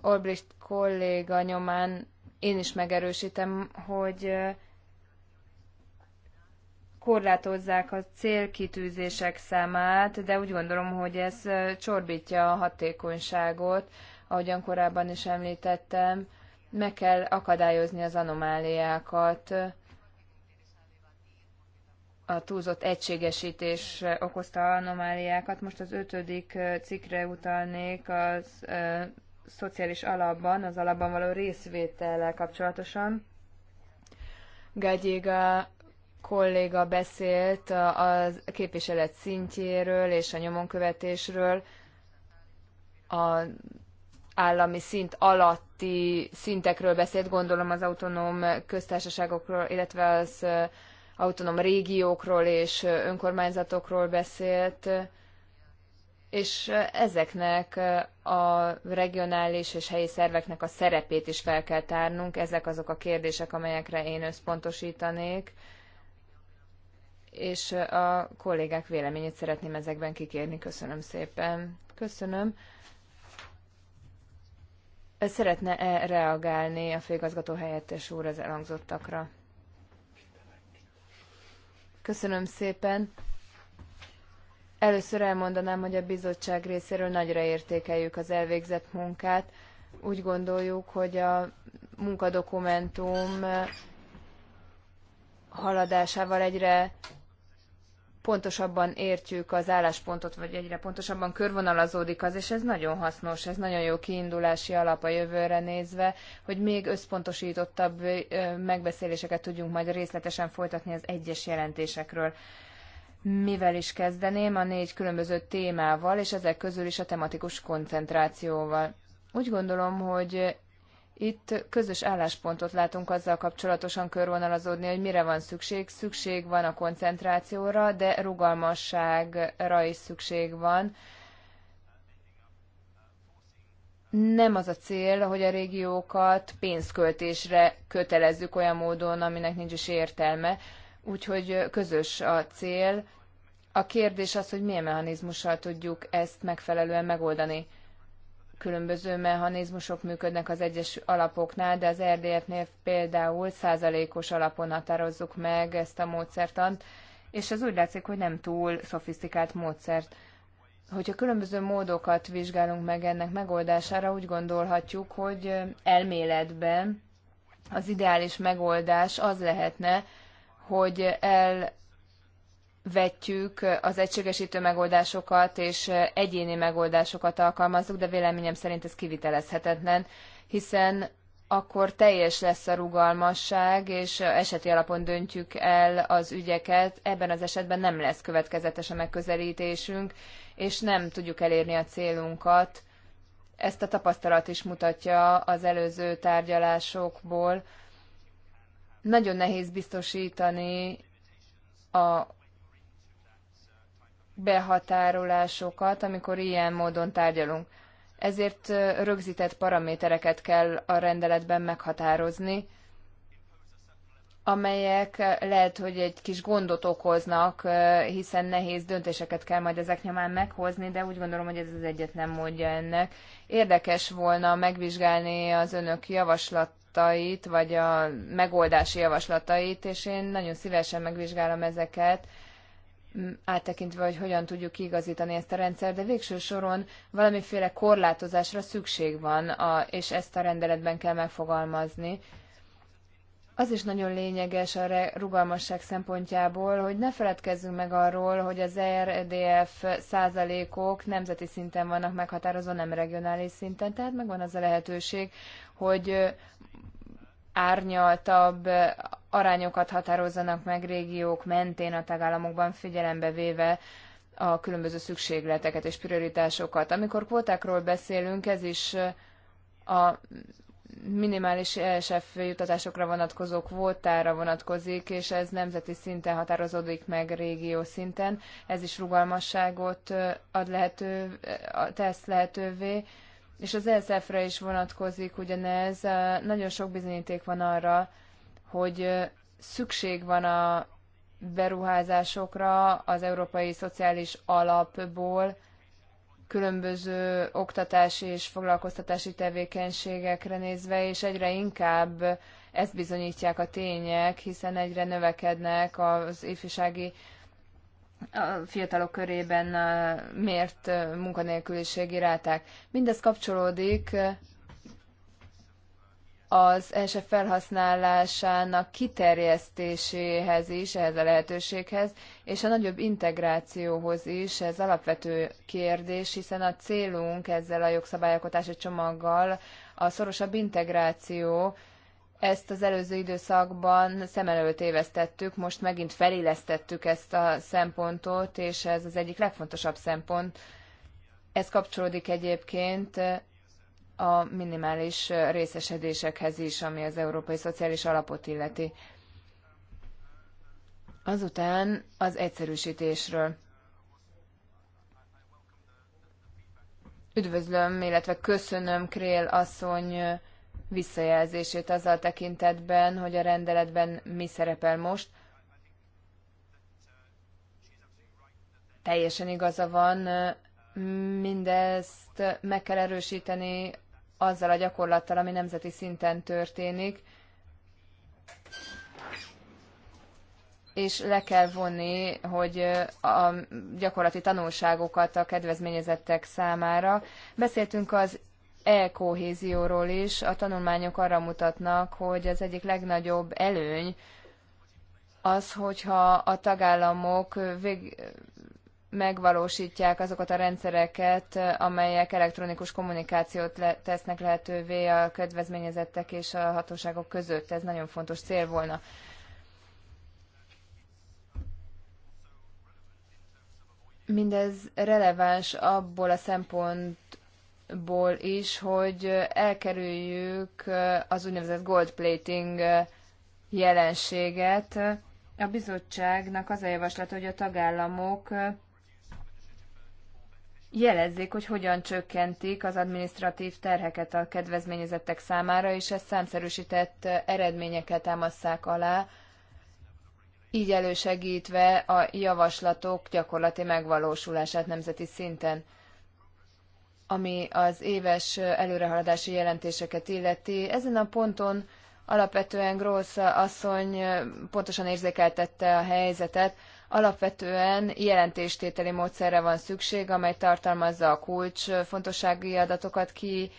Olbricht kolléga nyomán én is megerősítem, hogy korlátozzák a célkitűzések számát, de úgy gondolom, hogy ez csorbítja a hatékonyságot, ahogyan korábban is említettem, meg kell akadályozni az anomáliákat, a túlzott egységesítés okozta anomáliákat. Most az ötödik cikre utalnék, az szociális alapban, az alapban való részvétellel kapcsolatosan. Gagyiga kolléga beszélt a képviselet szintjéről és a nyomonkövetésről, a állami szint alatti szintekről beszélt, gondolom az autonóm köztársaságokról, illetve az autonóm régiókról és önkormányzatokról beszélt és ezeknek a regionális és helyi szerveknek a szerepét is fel kell tárnunk. Ezek azok a kérdések, amelyekre én összpontosítanék, és a kollégák véleményét szeretném ezekben kikérni. Köszönöm szépen. Köszönöm. Szeretne -e reagálni a főigazgató helyettes úr az elhangzottakra? Köszönöm szépen. Először elmondanám, hogy a bizottság részéről nagyra értékeljük az elvégzett munkát. Úgy gondoljuk, hogy a munkadokumentum haladásával egyre pontosabban értjük az álláspontot, vagy egyre pontosabban körvonalazódik az, és ez nagyon hasznos, ez nagyon jó kiindulási alap a jövőre nézve, hogy még összpontosítottabb megbeszéléseket tudjunk majd részletesen folytatni az egyes jelentésekről mivel is kezdeném, a négy különböző témával, és ezek közül is a tematikus koncentrációval. Úgy gondolom, hogy itt közös álláspontot látunk azzal kapcsolatosan körvonalazódni, hogy mire van szükség. Szükség van a koncentrációra, de rugalmasságra is szükség van. Nem az a cél, hogy a régiókat pénzköltésre kötelezzük olyan módon, aminek nincs is értelme. Úgyhogy közös a cél. A kérdés az, hogy milyen mechanizmussal tudjuk ezt megfelelően megoldani. Különböző mechanizmusok működnek az egyes alapoknál, de az RDF-nél például százalékos alapon határozzuk meg ezt a módszertant, és ez úgy látszik, hogy nem túl szofisztikált módszert. Hogyha különböző módokat vizsgálunk meg ennek megoldására, úgy gondolhatjuk, hogy elméletben az ideális megoldás az lehetne, hogy elvetjük az egységesítő megoldásokat és egyéni megoldásokat alkalmazzuk, de véleményem szerint ez kivitelezhetetlen, hiszen akkor teljes lesz a rugalmasság, és eseti alapon döntjük el az ügyeket. Ebben az esetben nem lesz következetes a megközelítésünk, és nem tudjuk elérni a célunkat. Ezt a tapasztalat is mutatja az előző tárgyalásokból, nagyon nehéz biztosítani a behatárolásokat, amikor ilyen módon tárgyalunk. Ezért rögzített paramétereket kell a rendeletben meghatározni, amelyek lehet, hogy egy kis gondot okoznak, hiszen nehéz döntéseket kell majd ezek nyomán meghozni, de úgy gondolom, hogy ez az egyetlen módja ennek. Érdekes volna megvizsgálni az önök javaslat javaslatait, vagy a megoldási javaslatait, és én nagyon szívesen megvizsgálom ezeket, áttekintve, hogy hogyan tudjuk kiigazítani ezt a rendszer, de végső soron valamiféle korlátozásra szükség van, a, és ezt a rendeletben kell megfogalmazni. Az is nagyon lényeges a rugalmasság szempontjából, hogy ne feledkezzünk meg arról, hogy az e RDF százalékok nemzeti szinten vannak meghatározva, nem regionális szinten, tehát megvan az a lehetőség, hogy árnyaltabb arányokat határozzanak meg régiók mentén a tagállamokban figyelembe véve a különböző szükségleteket és prioritásokat. Amikor kvótákról beszélünk, ez is a minimális ESF jutatásokra vonatkozó kvótára vonatkozik, és ez nemzeti szinten határozódik meg régió szinten. Ez is rugalmasságot ad lehető, tesz lehetővé és az ESF-re is vonatkozik ugyanez. Nagyon sok bizonyíték van arra, hogy szükség van a beruházásokra az Európai Szociális Alapból, különböző oktatási és foglalkoztatási tevékenységekre nézve, és egyre inkább ezt bizonyítják a tények, hiszen egyre növekednek az ifjúsági a fiatalok körében mért munkanélküliségi ráták. Mindez kapcsolódik az ESF felhasználásának kiterjesztéséhez is, ehhez a lehetőséghez, és a nagyobb integrációhoz is, ez alapvető kérdés, hiszen a célunk ezzel a jogszabályalkotási csomaggal a szorosabb integráció, ezt az előző időszakban szem előtt évesztettük, most megint felélesztettük ezt a szempontot, és ez az egyik legfontosabb szempont. Ez kapcsolódik egyébként a minimális részesedésekhez is, ami az Európai Szociális Alapot illeti. Azután az egyszerűsítésről. Üdvözlöm, illetve köszönöm Krél asszony visszajelzését azzal tekintetben, hogy a rendeletben mi szerepel most. Teljesen igaza van, mindezt meg kell erősíteni azzal a gyakorlattal, ami nemzeti szinten történik, és le kell vonni, hogy a gyakorlati tanulságokat a kedvezményezettek számára. Beszéltünk az e-kohézióról is. A tanulmányok arra mutatnak, hogy az egyik legnagyobb előny az, hogyha a tagállamok vég, megvalósítják azokat a rendszereket, amelyek elektronikus kommunikációt le- tesznek lehetővé a kedvezményezettek és a hatóságok között. Ez nagyon fontos cél volna. Mindez releváns abból a szempont ból is, hogy elkerüljük az úgynevezett gold plating jelenséget. A bizottságnak az a javaslat, hogy a tagállamok jelezzék, hogy hogyan csökkentik az administratív terheket a kedvezményezettek számára, és ezt számszerűsített eredményeket támasszák alá, így elősegítve a javaslatok gyakorlati megvalósulását nemzeti szinten ami az éves előrehaladási jelentéseket illeti. Ezen a ponton alapvetően Grossz asszony pontosan érzékeltette a helyzetet. Alapvetően jelentéstételi módszerre van szükség, amely tartalmazza a kulcs fontossági adatokat ki,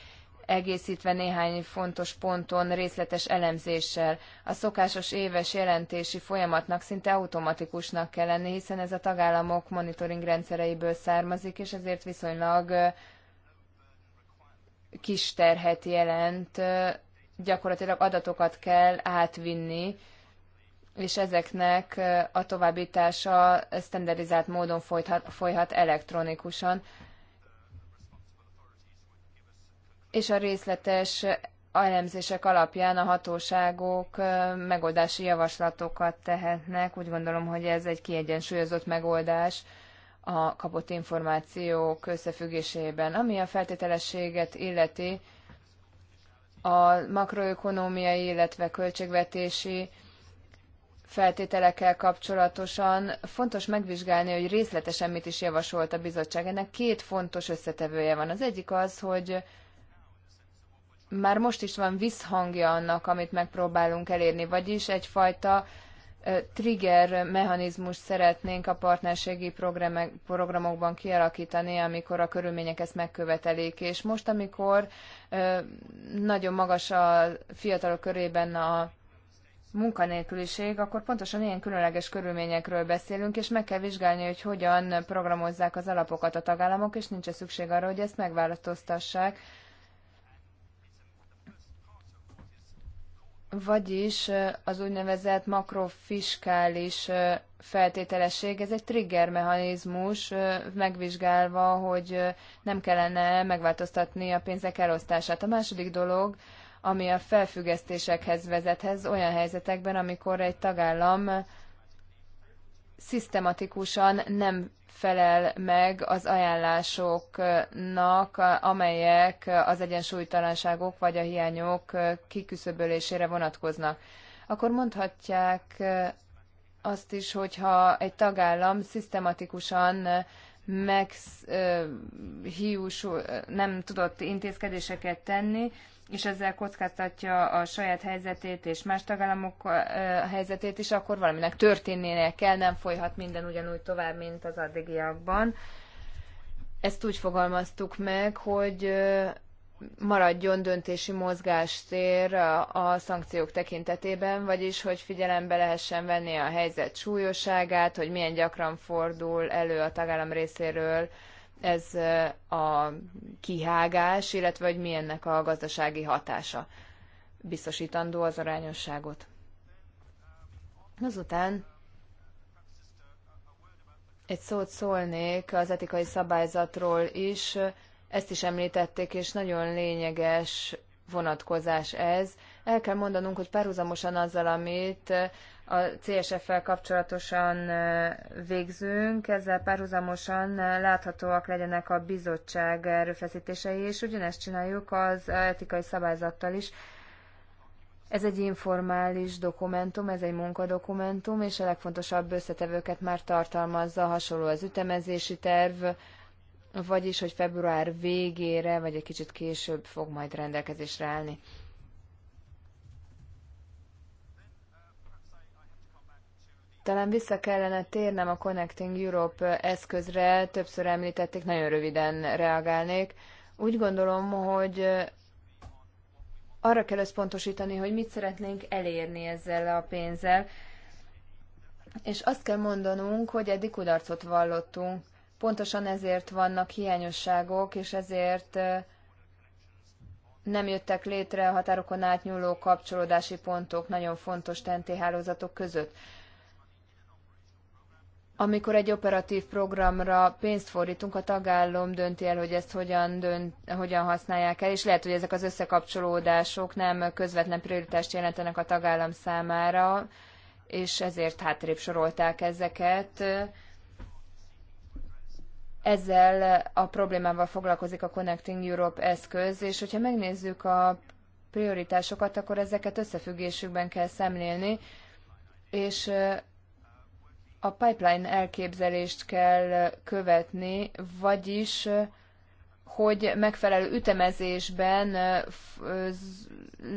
egészítve néhány fontos ponton részletes elemzéssel. A szokásos éves jelentési folyamatnak szinte automatikusnak kell lenni, hiszen ez a tagállamok monitoring rendszereiből származik, és ezért viszonylag kis terhet jelent, gyakorlatilag adatokat kell átvinni, és ezeknek a továbbítása standardizált módon folyhat, folyhat elektronikusan. És a részletes elemzések alapján a hatóságok megoldási javaslatokat tehetnek. Úgy gondolom, hogy ez egy kiegyensúlyozott megoldás a kapott információk összefüggésében. Ami a feltételességet illeti, a makroökonómiai, illetve költségvetési feltételekkel kapcsolatosan fontos megvizsgálni, hogy részletesen mit is javasolt a bizottság. Ennek két fontos összetevője van. Az egyik az, hogy már most is van visszhangja annak, amit megpróbálunk elérni, vagyis egyfajta trigger mechanizmust szeretnénk a partnerségi programokban kialakítani, amikor a körülmények ezt megkövetelik. És most, amikor nagyon magas a fiatalok körében a munkanélküliség, akkor pontosan ilyen különleges körülményekről beszélünk, és meg kell vizsgálni, hogy hogyan programozzák az alapokat a tagállamok, és nincs -e szükség arra, hogy ezt megváltoztassák Vagyis az úgynevezett makrofiskális feltételesség, ez egy mechanizmus, megvizsgálva, hogy nem kellene megváltoztatni a pénzek elosztását. A második dolog, ami a felfüggesztésekhez vezethez olyan helyzetekben, amikor egy tagállam szisztematikusan nem felel meg az ajánlásoknak, amelyek az egyensúlytalanságok vagy a hiányok kiküszöbölésére vonatkoznak. Akkor mondhatják azt is, hogyha egy tagállam szisztematikusan meg hiúsul, nem tudott intézkedéseket tenni, és ezzel kockáztatja a saját helyzetét és más tagállamok helyzetét is, akkor valaminek történnie kell, nem folyhat minden ugyanúgy tovább, mint az addigiakban. Ezt úgy fogalmaztuk meg, hogy maradjon döntési mozgástér a szankciók tekintetében, vagyis hogy figyelembe lehessen venni a helyzet súlyosságát, hogy milyen gyakran fordul elő a tagállam részéről ez a kihágás, illetve hogy mi ennek a gazdasági hatása. Biztosítandó az arányosságot. Azután egy szót szólnék az etikai szabályzatról is. Ezt is említették, és nagyon lényeges vonatkozás ez. El kell mondanunk, hogy párhuzamosan azzal, amit a CSF-fel kapcsolatosan végzünk, ezzel párhuzamosan láthatóak legyenek a bizottság erőfeszítései, és ugyanezt csináljuk az etikai szabályzattal is. Ez egy informális dokumentum, ez egy munkadokumentum, és a legfontosabb összetevőket már tartalmazza, hasonló az ütemezési terv, vagyis, hogy február végére, vagy egy kicsit később fog majd rendelkezésre állni. Talán vissza kellene térnem a Connecting Europe eszközre, többször említették, nagyon röviden reagálnék. Úgy gondolom, hogy arra kell összpontosítani, hogy mit szeretnénk elérni ezzel a pénzzel, és azt kell mondanunk, hogy eddig kudarcot vallottunk. Pontosan ezért vannak hiányosságok, és ezért nem jöttek létre a határokon átnyúló kapcsolódási pontok nagyon fontos tentéhálózatok között amikor egy operatív programra pénzt fordítunk, a tagállam dönti el, hogy ezt hogyan, dönt, hogyan használják el, és lehet, hogy ezek az összekapcsolódások nem közvetlen prioritást jelentenek a tagállam számára, és ezért hátrébb sorolták ezeket. Ezzel a problémával foglalkozik a Connecting Europe eszköz, és hogyha megnézzük a prioritásokat, akkor ezeket összefüggésükben kell szemlélni, és a pipeline elképzelést kell követni, vagyis hogy megfelelő ütemezésben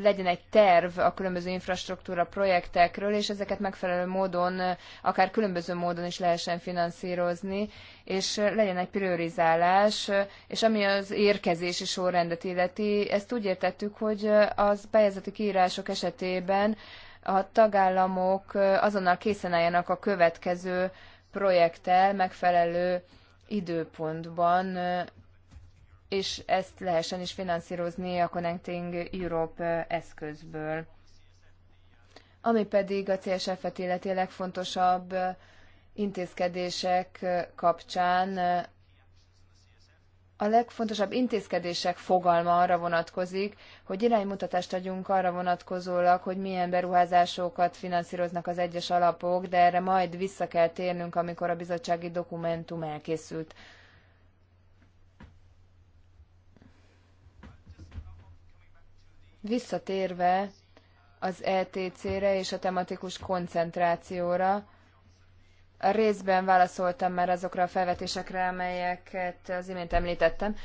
legyen egy terv a különböző infrastruktúra projektekről, és ezeket megfelelő módon, akár különböző módon is lehessen finanszírozni, és legyen egy priorizálás, és ami az érkezési sorrendet illeti, ezt úgy értettük, hogy az pályázati kiírások esetében a tagállamok azonnal készen álljanak a következő projekttel megfelelő időpontban, és ezt lehessen is finanszírozni a Connecting Europe eszközből. Ami pedig a CSF-et illeti legfontosabb intézkedések kapcsán a legfontosabb intézkedések fogalma arra vonatkozik, hogy iránymutatást adjunk arra vonatkozólag, hogy milyen beruházásokat finanszíroznak az egyes alapok, de erre majd vissza kell térnünk, amikor a bizottsági dokumentum elkészült. Visszatérve az ETC-re és a tematikus koncentrációra, részben válaszoltam már azokra a felvetésekre, amelyeket az imént említettem,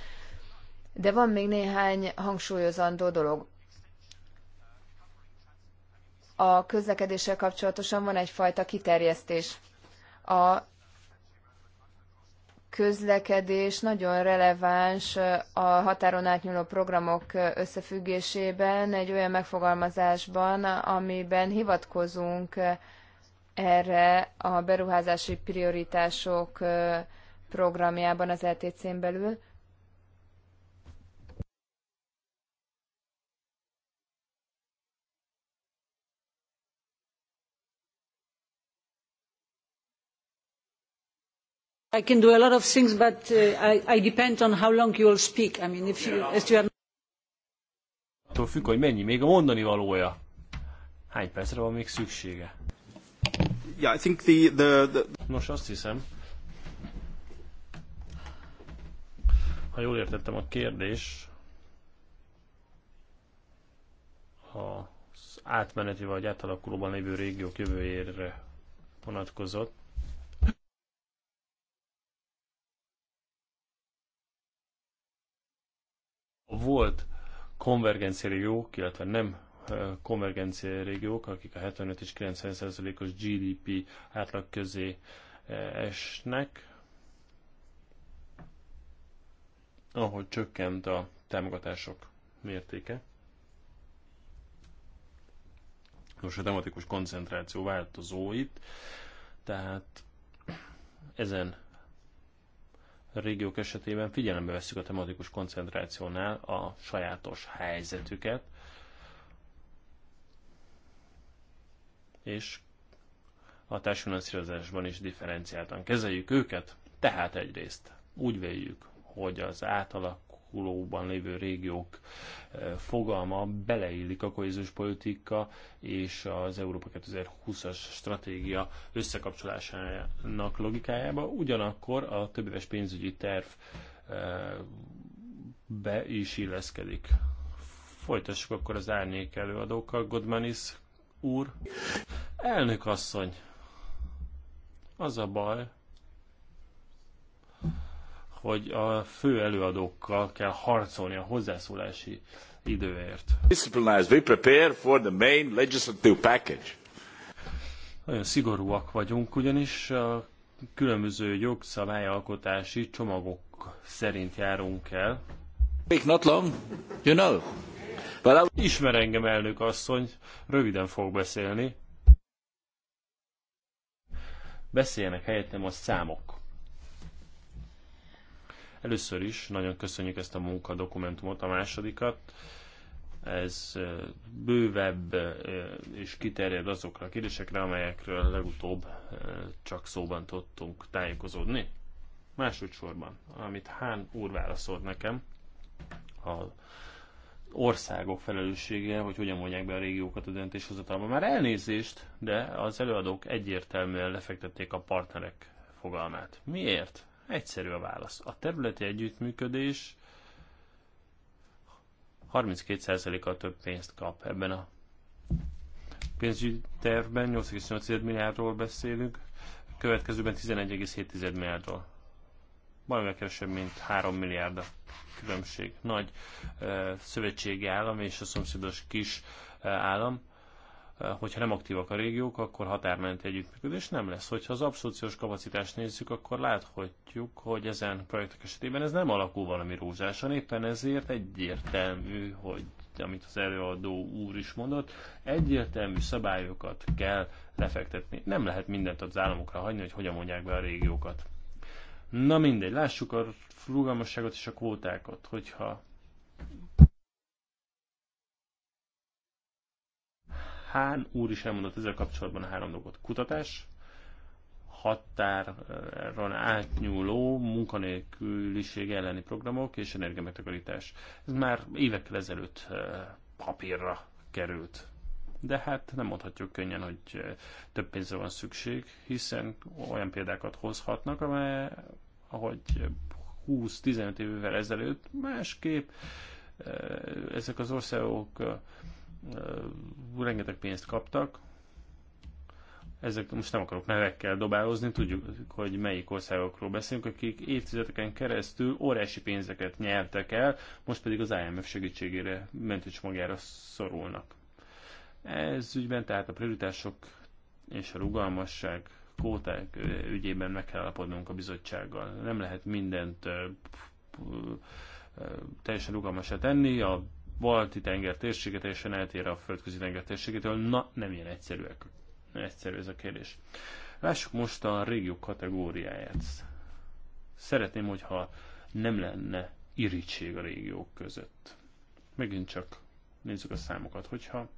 de van még néhány hangsúlyozandó dolog. A közlekedéssel kapcsolatosan van egyfajta kiterjesztés. A közlekedés nagyon releváns a határon átnyúló programok összefüggésében, egy olyan megfogalmazásban, amiben hivatkozunk erre a beruházási prioritások programjában az LTC-n e belül. I can do a lot of things, but uh, I, I depend on how long you will speak. I mean, if you, as you are... Attól függ, hogy mennyi még a mondani valója. Hány percre van még szüksége? yeah, I think the, the, the... Nos, azt hiszem, ha jól értettem a kérdés, az átmeneti vagy átalakulóban lévő régiók jövőjére vonatkozott. Volt konvergencia jó, illetve nem konvergencia régiók, akik a 75 és 90 os GDP átlag közé eh, esnek, ahogy csökkent a támogatások mértéke. most a tematikus koncentráció változó itt, tehát ezen régiók esetében figyelembe veszük a tematikus koncentrációnál a sajátos helyzetüket, és a társfinanszírozásban is differenciáltan kezeljük őket. Tehát egyrészt úgy véljük, hogy az átalakulóban lévő régiók e, fogalma beleillik a kohéziós politika és az Európa 2020-as stratégia összekapcsolásának logikájába. Ugyanakkor a többéves pénzügyi terv e, be is illeszkedik. Folytassuk akkor az árnyék előadókkal. Godmanis úr. Elnök asszony, az a baj, hogy a fő előadókkal kell harcolni a hozzászólási időért. We prepare for the main legislative package. Nagyon szigorúak vagyunk, ugyanis a különböző jogszabályalkotási csomagok szerint járunk el. Take not long, you know. Ismer engem, elnök asszony, röviden fog beszélni. Beszéljenek helyettem a számok. Először is nagyon köszönjük ezt a munkadokumentumot, a másodikat. Ez bővebb és kiterjed azokra a kérdésekre, amelyekről legutóbb csak szóban tudtunk tájékozódni. Másodszorban, amit Hán úr válaszolt nekem, a országok felelőssége, hogy hogyan vonják be a régiókat a döntéshozatalban. Már elnézést, de az előadók egyértelműen lefektették a partnerek fogalmát. Miért? Egyszerű a válasz. A területi együttműködés 32%-kal több pénzt kap ebben a pénzügyi tervben, 8,8 milliárdról beszélünk, következőben 11,7 milliárdról. Valamivel kevesebb, mint 3 milliárdra különbség nagy szövetségi állam és a szomszédos kis állam, hogyha nem aktívak a régiók, akkor határmenti együttműködés nem lesz. Hogyha az abszolúciós kapacitást nézzük, akkor láthatjuk, hogy ezen projektek esetében ez nem alakul valami rózsásan, éppen ezért egyértelmű, hogy amit az előadó úr is mondott, egyértelmű szabályokat kell lefektetni. Nem lehet mindent az államokra hagyni, hogy hogyan mondják be a régiókat. Na mindegy, lássuk a rugalmasságot és a kvótákat, hogyha Hán úr is elmondott ezzel kapcsolatban a három dolgot. Kutatás, határon átnyúló munkanélküliség elleni programok és energiamegtakarítás. Ez már évekkel ezelőtt eh, papírra került de hát nem mondhatjuk könnyen, hogy több pénzre van szükség, hiszen olyan példákat hozhatnak, amely, ahogy 20-15 évvel ezelőtt másképp ezek az országok rengeteg pénzt kaptak, ezek most nem akarok nevekkel dobálozni, tudjuk, hogy melyik országokról beszélünk, akik évtizedeken keresztül óriási pénzeket nyertek el, most pedig az IMF segítségére mentőcsomagjára szorulnak. Ez ügyben tehát a prioritások és a rugalmasság kóták ügyében meg kell állapodnunk a bizottsággal. Nem lehet mindent teljesen rugalmasra tenni, a balti tenger térsége teljesen eltér a földközi tenger térségétől. Na, nem ilyen egyszerűek. Egyszerű ez a kérdés. Lássuk most a régiók kategóriáját. Szeretném, hogyha nem lenne irítség a régiók között. Megint csak nézzük a számokat, hogyha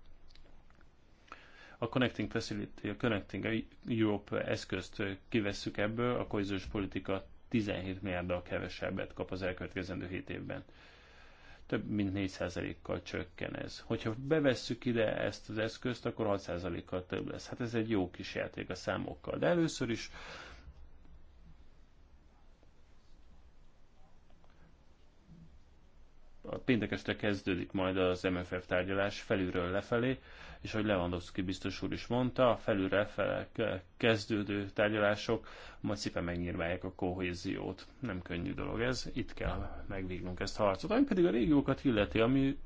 a Connecting Facility, a Connecting Europe eszközt kivesszük ebből, a kohéziós politika 17 milliárddal kevesebbet kap az elkövetkezendő 7 évben. Több mint 4%-kal csökken ez. Hogyha bevesszük ide ezt az eszközt, akkor 6%-kal több lesz. Hát ez egy jó kis játék a számokkal. De először is a péntek este kezdődik majd az MFF tárgyalás felülről lefelé, és ahogy Lewandowski biztos úr is mondta, a felülről lefelé kezdődő tárgyalások majd szépen megnyírválják a kohéziót. Nem könnyű dolog ez, itt kell megvégnünk ezt a harcot. Ami pedig a régiókat illeti, amire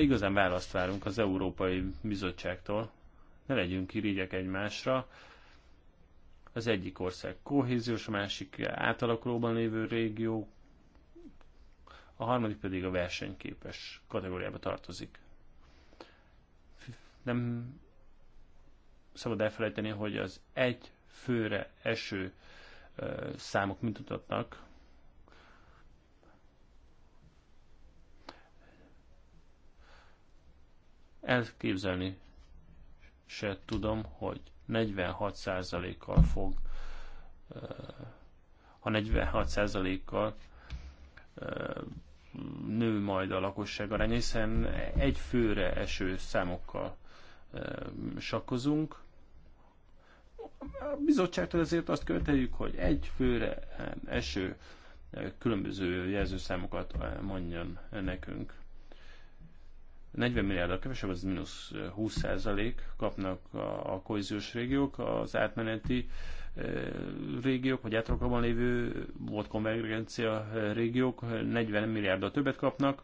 igazán választ várunk az Európai Bizottságtól. Ne legyünk irigyek egymásra, az egyik ország kohéziós, a másik átalakulóban lévő régió a harmadik pedig a versenyképes kategóriába tartozik. Nem szabad elfelejteni, hogy az egy főre eső számok mutatnak. Elképzelni se tudom, hogy 46%-kal fog, ha 46%-kal nő majd a lakosság arány, hiszen egy főre eső számokkal sakkozunk. A bizottságtól ezért azt követeljük, hogy egy főre eső különböző jelzőszámokat mondjon nekünk. 40 milliárdal kevesebb, az mínusz 20 százalék kapnak a kohéziós régiók, az átmeneti régiók, vagy átrakóban lévő volt konvergencia régiók 40 milliárdot többet kapnak,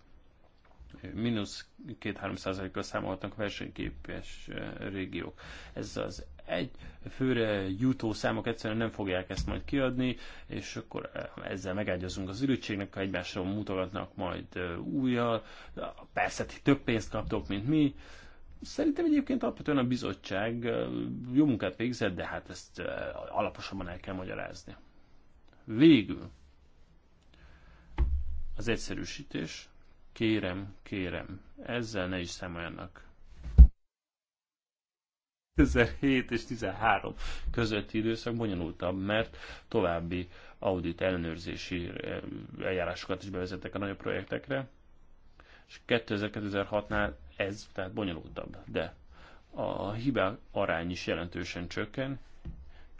mínusz 2-3 százalékkal számolhatnak versenyképes eh, régiók. Ez az egy főre jutó számok egyszerűen nem fogják ezt majd kiadni, és akkor eh, ezzel megágyazunk az ürügységnek, ha egymásra mutogatnak majd eh, újjal. Persze, ti több pénzt kaptok, mint mi, Szerintem egyébként alapvetően a bizottság jó munkát végzett, de hát ezt alaposabban el kell magyarázni. Végül az egyszerűsítés. Kérem, kérem, ezzel ne is számoljanak. 2007 és 13 közötti időszak bonyolultabb, mert további audit ellenőrzési eljárásokat is bevezettek a nagyobb projektekre, és 2006-nál ez tehát bonyolultabb, de a hiba arány is jelentősen csökken,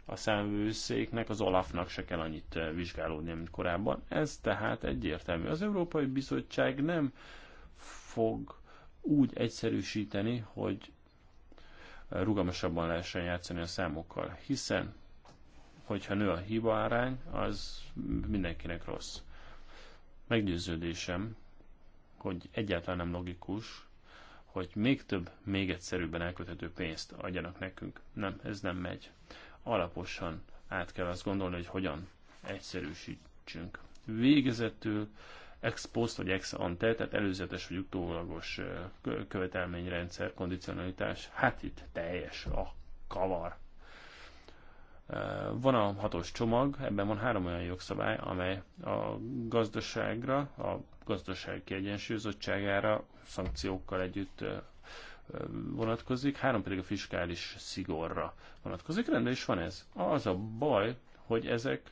a számvőszéknek, az Olafnak se kell annyit eh, vizsgálódni, mint korábban. Ez tehát egyértelmű. Az Európai Bizottság nem fog úgy egyszerűsíteni, hogy rugalmasabban lehessen játszani a számokkal, hiszen hogyha nő a hiba arány, az mindenkinek rossz. Meggyőződésem, hogy egyáltalán nem logikus, hogy még több, még egyszerűbben elköthető pénzt adjanak nekünk. Nem, ez nem megy. Alaposan át kell azt gondolni, hogy hogyan egyszerűsítsünk. Végezetül ex post vagy ex ante, tehát előzetes vagy utólagos követelményrendszer, kondicionalitás, hát itt teljes a kavar. Van a hatos csomag, ebben van három olyan jogszabály, amely a gazdaságra, a gazdaság kiegyensúlyozottságára szankciókkal együtt vonatkozik, három pedig a fiskális szigorra vonatkozik. Rendben is van ez. Az a baj, hogy ezek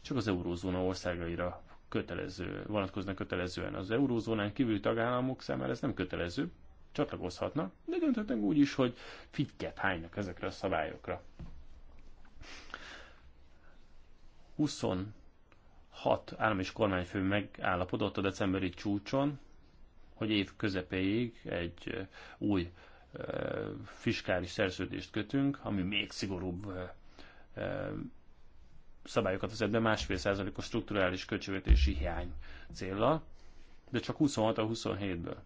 csak az eurózóna országaira kötelező, vonatkoznak kötelezően. Az eurózónán kívüli tagállamok számára ez nem kötelező, csatlakozhatna, de dönthetnek úgy is, hogy fitket hánynak ezekre a szabályokra. 26 állam és kormányfő megállapodott a decemberi csúcson, hogy év közepéig egy új fiskális szerződést kötünk, ami még szigorúbb szabályokat vezet be másfél százalékos strukturális költségvetési hiány célra, de csak 26 a 27-ből.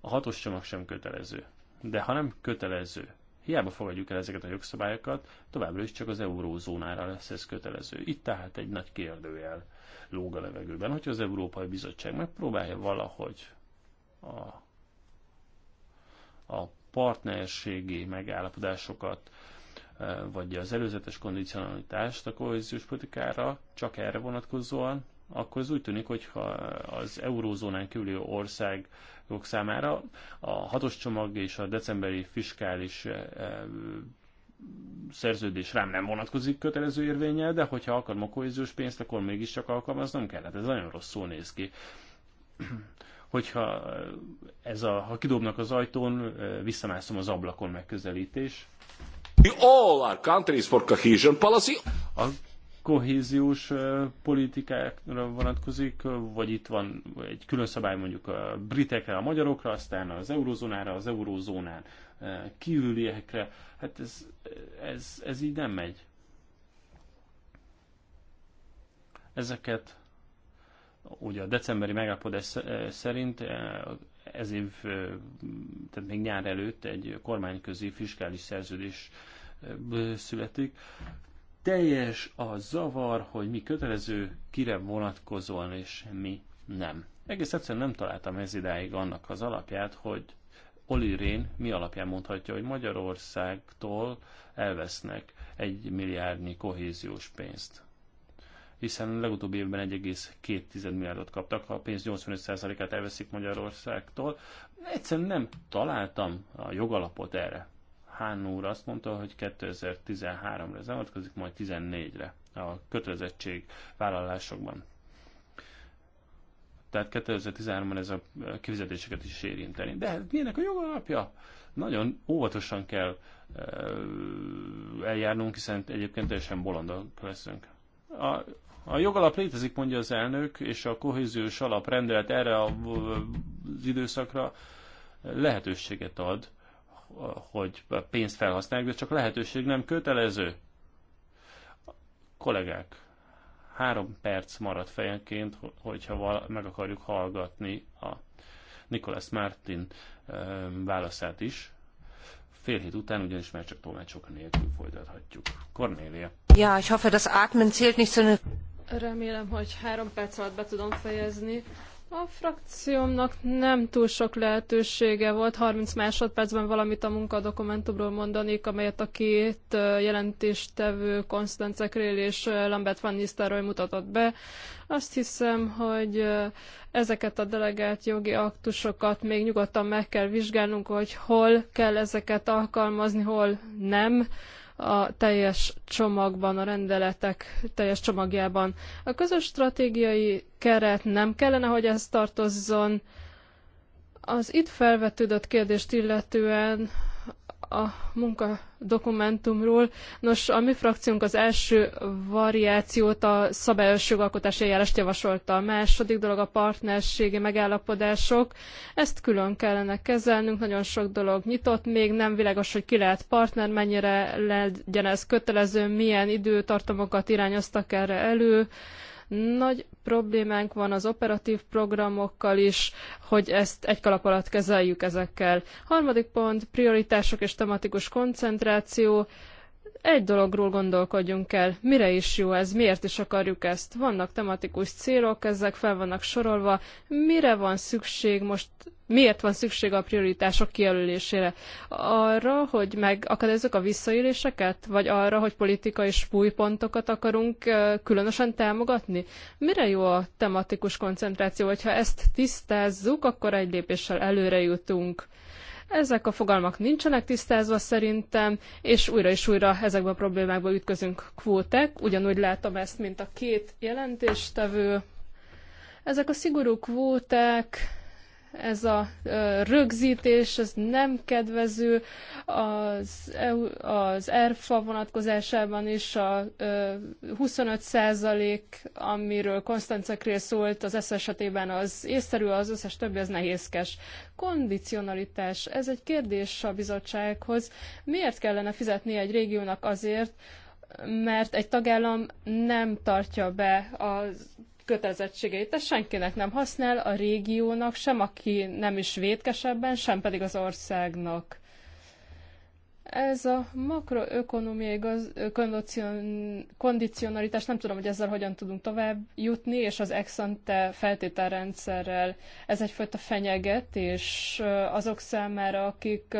A hatos csomag sem kötelező. De ha nem kötelező Hiába fogadjuk el ezeket a jogszabályokat, továbbra is csak az eurózónára lesz ez kötelező. Itt tehát egy nagy kérdőjel lóg a levegőben, hogy az Európai Bizottság megpróbálja valahogy a, a partnerségi megállapodásokat, e, vagy az előzetes kondicionalitást a kohéziós politikára csak erre vonatkozóan akkor az úgy tűnik, hogy ha az eurózónán kívüli országok számára a hatos csomag és a decemberi fiskális eh, szerződés rám nem vonatkozik kötelező érvényel, de hogyha akarom a kohéziós pénzt, akkor mégiscsak alkalmaznom kell. Hát ez nagyon rosszul néz ki. Hogyha ez a, ha kidobnak az ajtón, eh, visszamászom az ablakon megközelítés. All our countries for cohesion policy. A kohéziós politikákra vonatkozik, vagy itt van egy külön szabály mondjuk a britekre, a magyarokra, aztán az eurozónára, az eurozónán kívüliekre. Hát ez, ez, ez így nem megy. Ezeket ugye a decemberi megállapodás szerint ez év, tehát még nyár előtt egy kormányközi fiskális szerződés születik teljes a zavar, hogy mi kötelező, kire vonatkozóan és mi nem. Egész egyszerűen nem találtam ez idáig annak az alapját, hogy Oli Rén mi alapján mondhatja, hogy Magyarországtól elvesznek egy milliárdnyi kohéziós pénzt. Hiszen a legutóbbi évben 1,2 milliárdot kaptak, a pénz 85%-át elveszik Magyarországtól. Egyszerűen nem találtam a jogalapot erre. Hán úr azt mondta, hogy 2013-ra ez vonatkozik, majd 14-re a kötelezettség vállalásokban. Tehát 2013-ban ez a kifizetéseket is érinteni. De hát milyenek a jogalapja? Nagyon óvatosan kell eljárnunk, hiszen egyébként teljesen bolondok leszünk. A, a jogalap létezik, mondja az elnök, és a kohéziós alap rendelet erre az időszakra lehetőséget ad, hogy pénzt felhasználják, de csak lehetőség nem kötelező. Kollégák, három perc maradt fejenként, hogyha meg akarjuk hallgatni a Nicholas Martin válaszát is. Fél hét után ugyanis már csak tolmácsok nélkül folytathatjuk. Kornélia. Ja, ich hoffe, das Atmen zählt nicht so Remélem, hogy három perc alatt be tudom fejezni. A frakciómnak nem túl sok lehetősége volt 30 másodpercben valamit a munkadokumentumról mondanék, amelyet a két jelentéstevő Konstance Krél és Lambert van Nisztároly mutatott be. Azt hiszem, hogy ezeket a delegált jogi aktusokat még nyugodtan meg kell vizsgálnunk, hogy hol kell ezeket alkalmazni, hol nem a teljes csomagban, a rendeletek teljes csomagjában. A közös stratégiai keret nem kellene, hogy ez tartozzon. Az itt felvetődött kérdést illetően a munka dokumentumról. Nos, a mi frakciónk az első variációt a szabályos jogalkotási eljárást javasolta. A második dolog a partnerségi megállapodások. Ezt külön kellene kezelnünk, nagyon sok dolog nyitott, még nem világos, hogy ki lehet partner, mennyire legyen ez kötelező, milyen időtartamokat irányoztak erre elő. Nagy problémánk van az operatív programokkal is, hogy ezt egy kalap alatt kezeljük ezekkel. Harmadik pont, prioritások és tematikus koncentráció egy dologról gondolkodjunk el, mire is jó ez, miért is akarjuk ezt. Vannak tematikus célok, ezek fel vannak sorolva, mire van szükség most, miért van szükség a prioritások kijelölésére? Arra, hogy megakadályozzuk a visszaéléseket, vagy arra, hogy politikai spújpontokat akarunk különösen támogatni? Mire jó a tematikus koncentráció, hogyha ezt tisztázzuk, akkor egy lépéssel előre jutunk ezek a fogalmak nincsenek tisztázva szerintem, és újra és újra ezekben a problémákban ütközünk kvótek. Ugyanúgy látom ezt, mint a két jelentéstevő. Ezek a szigorú kvóták ez a rögzítés, ez nem kedvező az, e az ERFA vonatkozásában is a 25 százalék, amiről Konstanca Krél szólt, az ESZ esetében az észszerű, az összes többi az nehézkes. Kondicionalitás, ez egy kérdés a bizottsághoz. Miért kellene fizetni egy régiónak azért, mert egy tagállam nem tartja be az kötelezettségeit. Ez senkinek nem használ, a régiónak sem, aki nem is vétkesebben, sem pedig az országnak. Ez a makroökonomiai kondicionalitás, nem tudom, hogy ezzel hogyan tudunk tovább jutni, és az ex-ante feltételrendszerrel ez egyfajta fenyegetés azok számára, akik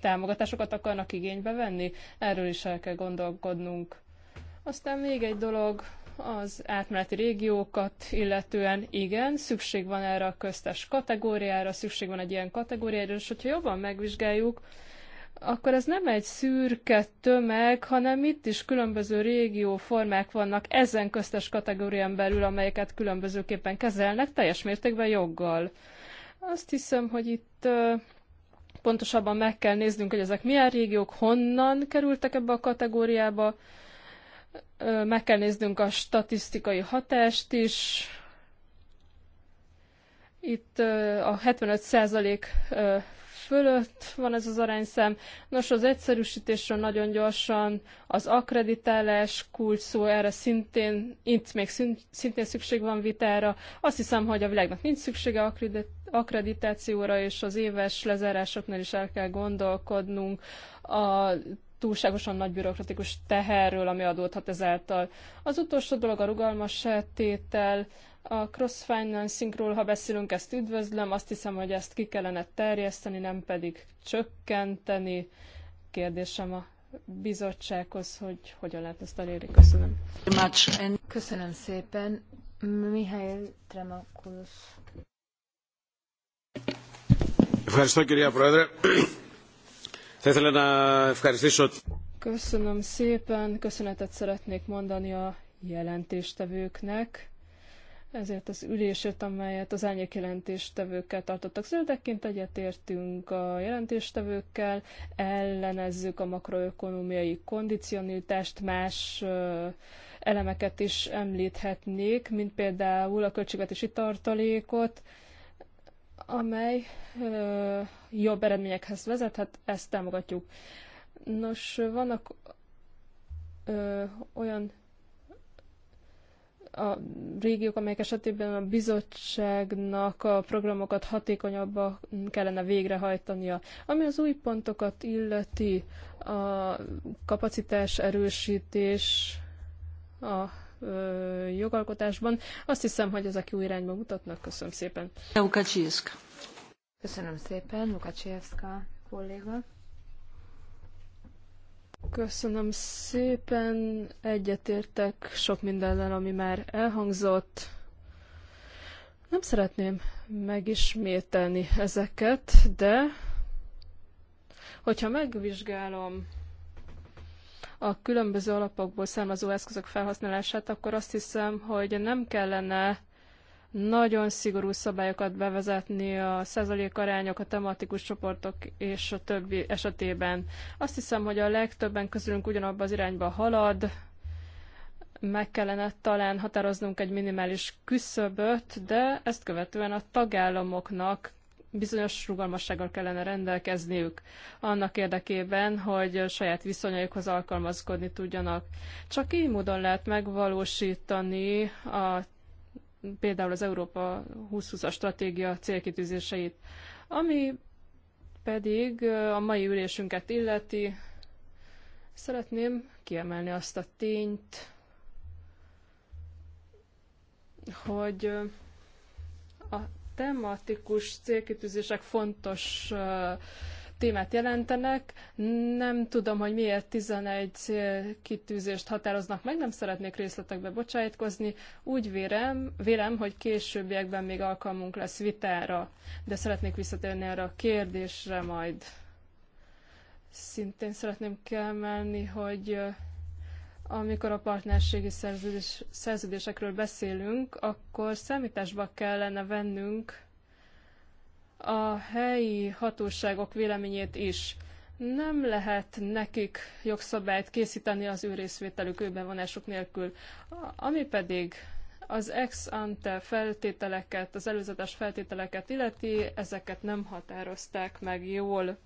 támogatásokat akarnak igénybe venni, erről is el kell gondolkodnunk. Aztán még egy dolog, az átmeneti régiókat illetően igen, szükség van erre a köztes kategóriára, szükség van egy ilyen kategóriára, és hogyha jobban megvizsgáljuk, akkor ez nem egy szürke tömeg, hanem itt is különböző régióformák vannak ezen köztes kategórián belül, amelyeket különbözőképpen kezelnek, teljes mértékben joggal. Azt hiszem, hogy itt pontosabban meg kell néznünk, hogy ezek milyen régiók, honnan kerültek ebbe a kategóriába, meg kell néznünk a statisztikai hatást is. Itt a 75% fölött van ez az arányszám. Nos, az egyszerűsítésről nagyon gyorsan az akkreditálás kulcs szó, erre szintén, itt még szintén szükség van vitára. Azt hiszem, hogy a világnak nincs szüksége akkreditációra, és az éves lezárásoknál is el kell gondolkodnunk a túlságosan nagy bürokratikus teherről, ami adódhat ezáltal. Az utolsó dolog a rugalmas tétel, a cross-financingról, ha beszélünk, ezt üdvözlöm, azt hiszem, hogy ezt ki kellene terjeszteni, nem pedig csökkenteni. Kérdésem a bizottsághoz, hogy hogyan lehet ezt elérni. Köszönöm. Köszönöm szépen. Mihály Tremakulus. Köszönöm, Köszönöm szépen, köszönetet szeretnék mondani a jelentéstevőknek ezért az ülésért, amelyet az árnyék jelentéstevőkkel tartottak. Zöldekként egyetértünk a jelentéstevőkkel, ellenezzük a makroökonomiai kondicionalitást, más elemeket is említhetnék, mint például a költségvetési tartalékot, amely ö, jobb eredményekhez vezethet, ezt támogatjuk. Nos, vannak ö, olyan a régiók, amelyek esetében a bizottságnak a programokat hatékonyabban kellene végrehajtania. Ami az új pontokat illeti, a kapacitás erősítés, a jogalkotásban. Azt hiszem, hogy ezek jó irányba mutatnak. Köszönöm szépen. Lukacsivszka. Köszönöm szépen, Lukacsivszka kolléga. Köszönöm szépen, egyetértek sok mindennel, ami már elhangzott. Nem szeretném megismételni ezeket, de hogyha megvizsgálom a különböző alapokból származó eszközök felhasználását, akkor azt hiszem, hogy nem kellene nagyon szigorú szabályokat bevezetni a arányok, a tematikus csoportok és a többi esetében. Azt hiszem, hogy a legtöbben közülünk ugyanabba az irányba halad, meg kellene talán határoznunk egy minimális küszöböt, de ezt követően a tagállamoknak bizonyos rugalmassággal kellene rendelkezniük annak érdekében, hogy saját viszonyaikhoz alkalmazkodni tudjanak. Csak így módon lehet megvalósítani a, például az Európa 2020-as stratégia célkitűzéseit, ami pedig a mai ülésünket illeti. Szeretném kiemelni azt a tényt, hogy a tematikus célkitűzések fontos témát jelentenek. Nem tudom, hogy miért 11 kitűzést határoznak meg, nem szeretnék részletekbe bocsájtkozni. Úgy vélem, vélem, hogy későbbiekben még alkalmunk lesz vitára, de szeretnék visszatérni erre a kérdésre majd. Szintén szeretném kiemelni, hogy amikor a partnerségi szerződés, szerződésekről beszélünk, akkor számításba kellene vennünk a helyi hatóságok véleményét is. Nem lehet nekik jogszabályt készíteni az ő részvételük, ő bevonásuk nélkül. Ami pedig az ex ante feltételeket, az előzetes feltételeket illeti, ezeket nem határozták meg jól.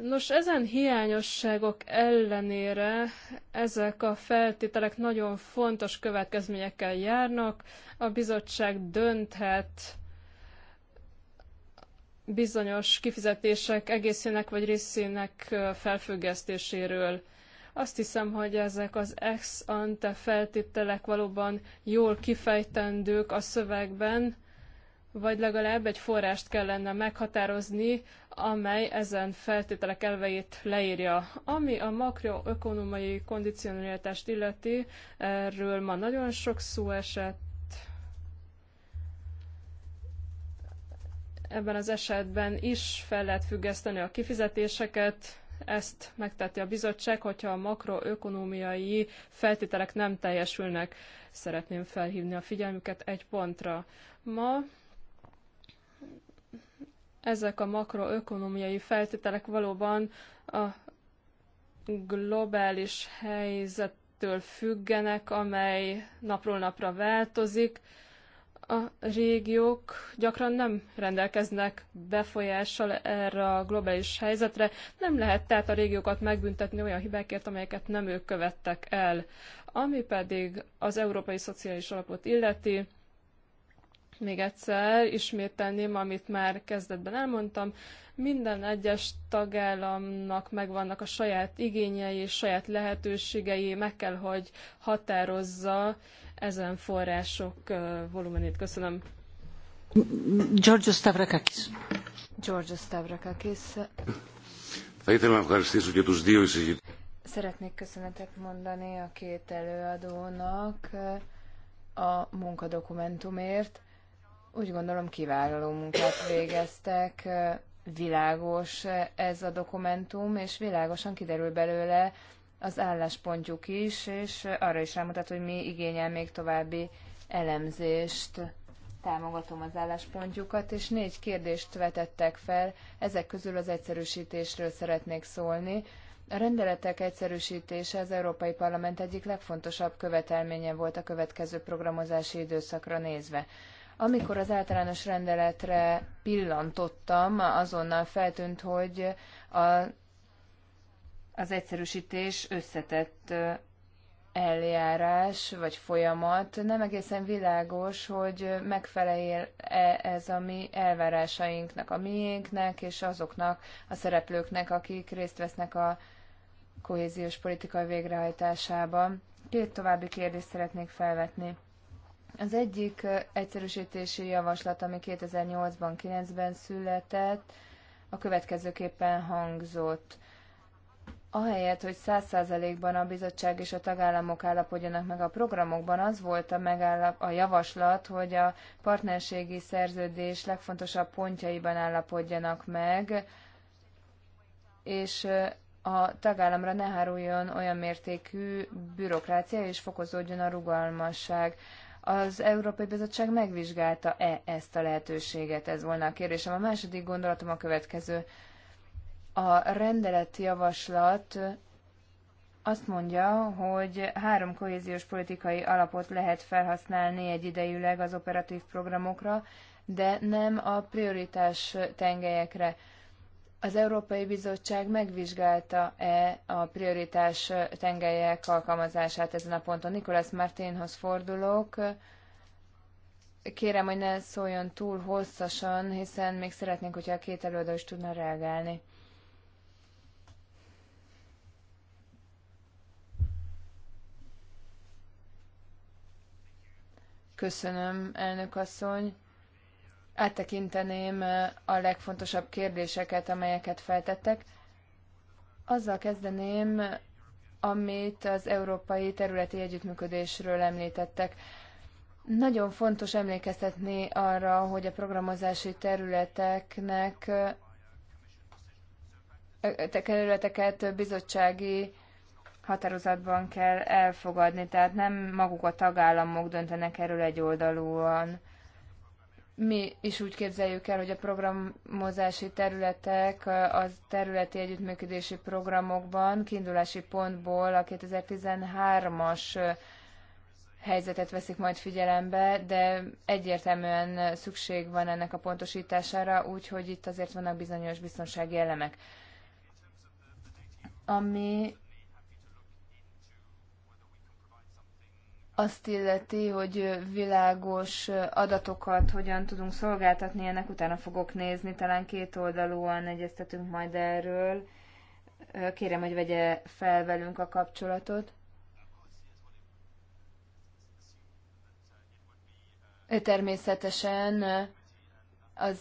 Nos, ezen hiányosságok ellenére ezek a feltételek nagyon fontos következményekkel járnak. A bizottság dönthet bizonyos kifizetések egészének vagy részének felfüggesztéséről. Azt hiszem, hogy ezek az ex ante feltételek valóban jól kifejtendők a szövegben, vagy legalább egy forrást kellene meghatározni, amely ezen feltételek elveit leírja. Ami a makroökonomiai kondicionalitást illeti, erről ma nagyon sok szó esett. Ebben az esetben is fel lehet függeszteni a kifizetéseket, ezt megteti a bizottság, hogyha a makroökonómiai feltételek nem teljesülnek. Szeretném felhívni a figyelmüket egy pontra. Ma ezek a makroökonomiai feltételek valóban a globális helyzettől függenek, amely napról napra változik. A régiók gyakran nem rendelkeznek befolyással erre a globális helyzetre. Nem lehet tehát a régiókat megbüntetni olyan hibákért, amelyeket nem ők követtek el. Ami pedig az Európai Szociális Alapot illeti, még egyszer ismételném, amit már kezdetben elmondtam, minden egyes tagállamnak megvannak a saját igényei, és saját lehetőségei, meg kell, hogy határozza ezen források volumenét. Köszönöm. Georgios Stavrakakis. Georgios Stavrakakis. Szeretnék köszönetet mondani a két előadónak a munkadokumentumért. Úgy gondolom kiváló munkát végeztek, világos ez a dokumentum, és világosan kiderül belőle az álláspontjuk is, és arra is rámutat, hogy mi igényel még további elemzést. Támogatom az álláspontjukat, és négy kérdést vetettek fel, ezek közül az egyszerűsítésről szeretnék szólni. A rendeletek egyszerűsítése az Európai Parlament egyik legfontosabb követelménye volt a következő programozási időszakra nézve. Amikor az általános rendeletre pillantottam, azonnal feltűnt, hogy a, az egyszerűsítés összetett eljárás vagy folyamat. Nem egészen világos, hogy megfelel -e ez a mi elvárásainknak, a miénknek és azoknak a szereplőknek, akik részt vesznek a kohéziós politikai végrehajtásában. Két további kérdést szeretnék felvetni. Az egyik egyszerűsítési javaslat, ami 2008-ban, 9-ben született, a következőképpen hangzott. Ahelyett, hogy 100%-ban a bizottság és a tagállamok állapodjanak meg a programokban, az volt a, megállap, a javaslat, hogy a partnerségi szerződés legfontosabb pontjaiban állapodjanak meg, és a tagállamra ne háruljon olyan mértékű bürokrácia, és fokozódjon a rugalmasság. Az Európai Bizottság megvizsgálta-e ezt a lehetőséget? Ez volna a kérdésem. A második gondolatom a következő. A rendeletjavaslat azt mondja, hogy három kohéziós politikai alapot lehet felhasználni egyidejűleg az operatív programokra, de nem a prioritás tengelyekre. Az Európai Bizottság megvizsgálta-e a prioritás tengelyek alkalmazását ezen a ponton? Nicolas Martinhoz fordulok. Kérem, hogy ne szóljon túl hosszasan, hiszen még szeretnénk, hogyha a két előadó is tudna reagálni. Köszönöm, elnök asszony áttekinteném eh, a legfontosabb kérdéseket, amelyeket feltettek. Azzal kezdeném, amit az európai területi együttműködésről említettek. Nagyon fontos emlékeztetni arra, hogy a programozási területeknek eh, eh, területeket bizottsági határozatban kell elfogadni, tehát nem maguk a tagállamok döntenek erről egyoldalúan mi is úgy képzeljük el, hogy a programozási területek az területi együttműködési programokban kiindulási pontból a 2013-as helyzetet veszik majd figyelembe, de egyértelműen szükség van ennek a pontosítására, úgyhogy itt azért vannak bizonyos biztonsági elemek. Ami azt illeti, hogy világos adatokat hogyan tudunk szolgáltatni, ennek utána fogok nézni, talán két oldalúan egyeztetünk majd erről. Kérem, hogy vegye fel velünk a kapcsolatot. Természetesen az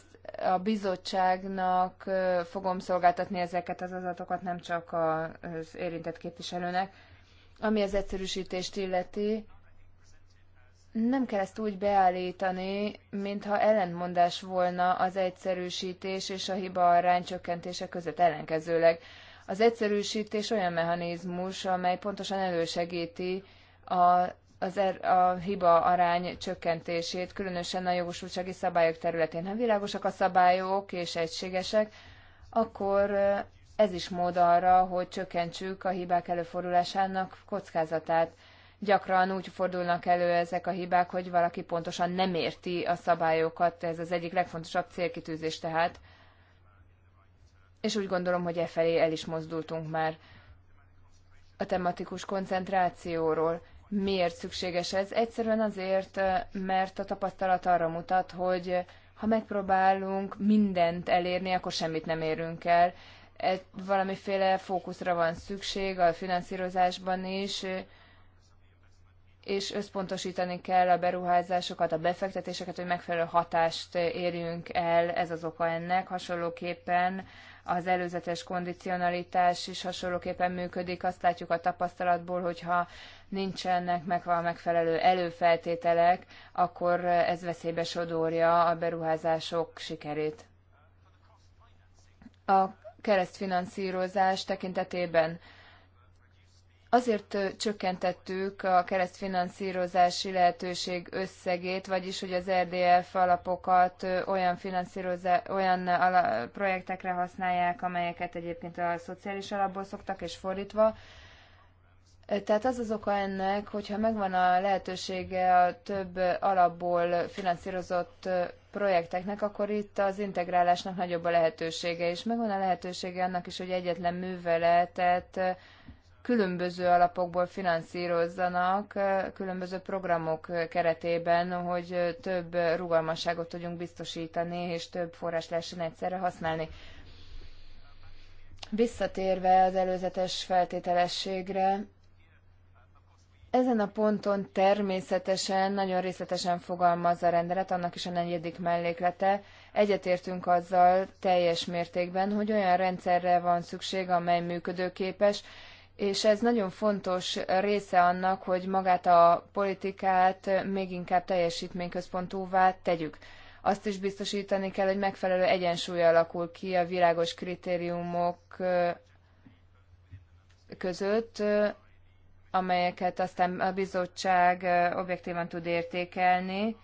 a bizottságnak fogom szolgáltatni ezeket az adatokat, nem csak az érintett képviselőnek. Ami az egyszerűsítést illeti, nem kell ezt úgy beállítani, mintha ellentmondás volna az egyszerűsítés és a hiba arány csökkentése között ellenkezőleg. Az egyszerűsítés olyan mechanizmus, amely pontosan elősegíti a, az er, a hiba arány csökkentését, különösen a jogosultsági szabályok területén. Ha világosak a szabályok és egységesek, akkor ez is mód arra, hogy csökkentsük a hibák előfordulásának kockázatát gyakran úgy fordulnak elő ezek a hibák, hogy valaki pontosan nem érti a szabályokat, ez az egyik legfontosabb célkitűzés tehát. És úgy gondolom, hogy e felé el is mozdultunk már a tematikus koncentrációról. Miért szükséges ez? Egyszerűen azért, mert a tapasztalat arra mutat, hogy ha megpróbálunk mindent elérni, akkor semmit nem érünk el. Valamiféle fókuszra van szükség a finanszírozásban is, és összpontosítani kell a beruházásokat, a befektetéseket, hogy megfelelő hatást érjünk el, ez az oka ennek. Hasonlóképpen az előzetes kondicionalitás is hasonlóképpen működik, azt látjuk a tapasztalatból, hogyha nincsenek meg a megfelelő előfeltételek, akkor ez veszélybe sodorja a beruházások sikerét. A keresztfinanszírozás tekintetében Azért csökkentettük a keresztfinanszírozási lehetőség összegét, vagyis hogy az RDF alapokat olyan, olyan projektekre használják, amelyeket egyébként a szociális alapból szoktak, és fordítva. Tehát az az oka ennek, hogyha megvan a lehetősége a több alapból finanszírozott projekteknek, akkor itt az integrálásnak nagyobb a lehetősége, és megvan a lehetősége annak is, hogy egyetlen műveletet különböző alapokból finanszírozzanak, különböző programok keretében, hogy több rugalmasságot tudjunk biztosítani, és több forrás lehessen egyszerre használni. Visszatérve az előzetes feltételességre, ezen a ponton természetesen nagyon részletesen fogalmaz a rendelet, annak is a negyedik melléklete. Egyetértünk azzal teljes mértékben, hogy olyan rendszerre van szükség, amely működőképes, és ez nagyon fontos része annak, hogy magát a politikát még inkább teljesítményközpontúvá tegyük. Azt is biztosítani kell, hogy megfelelő egyensúly alakul ki a világos kritériumok között, amelyeket aztán a bizottság objektívan tud értékelni,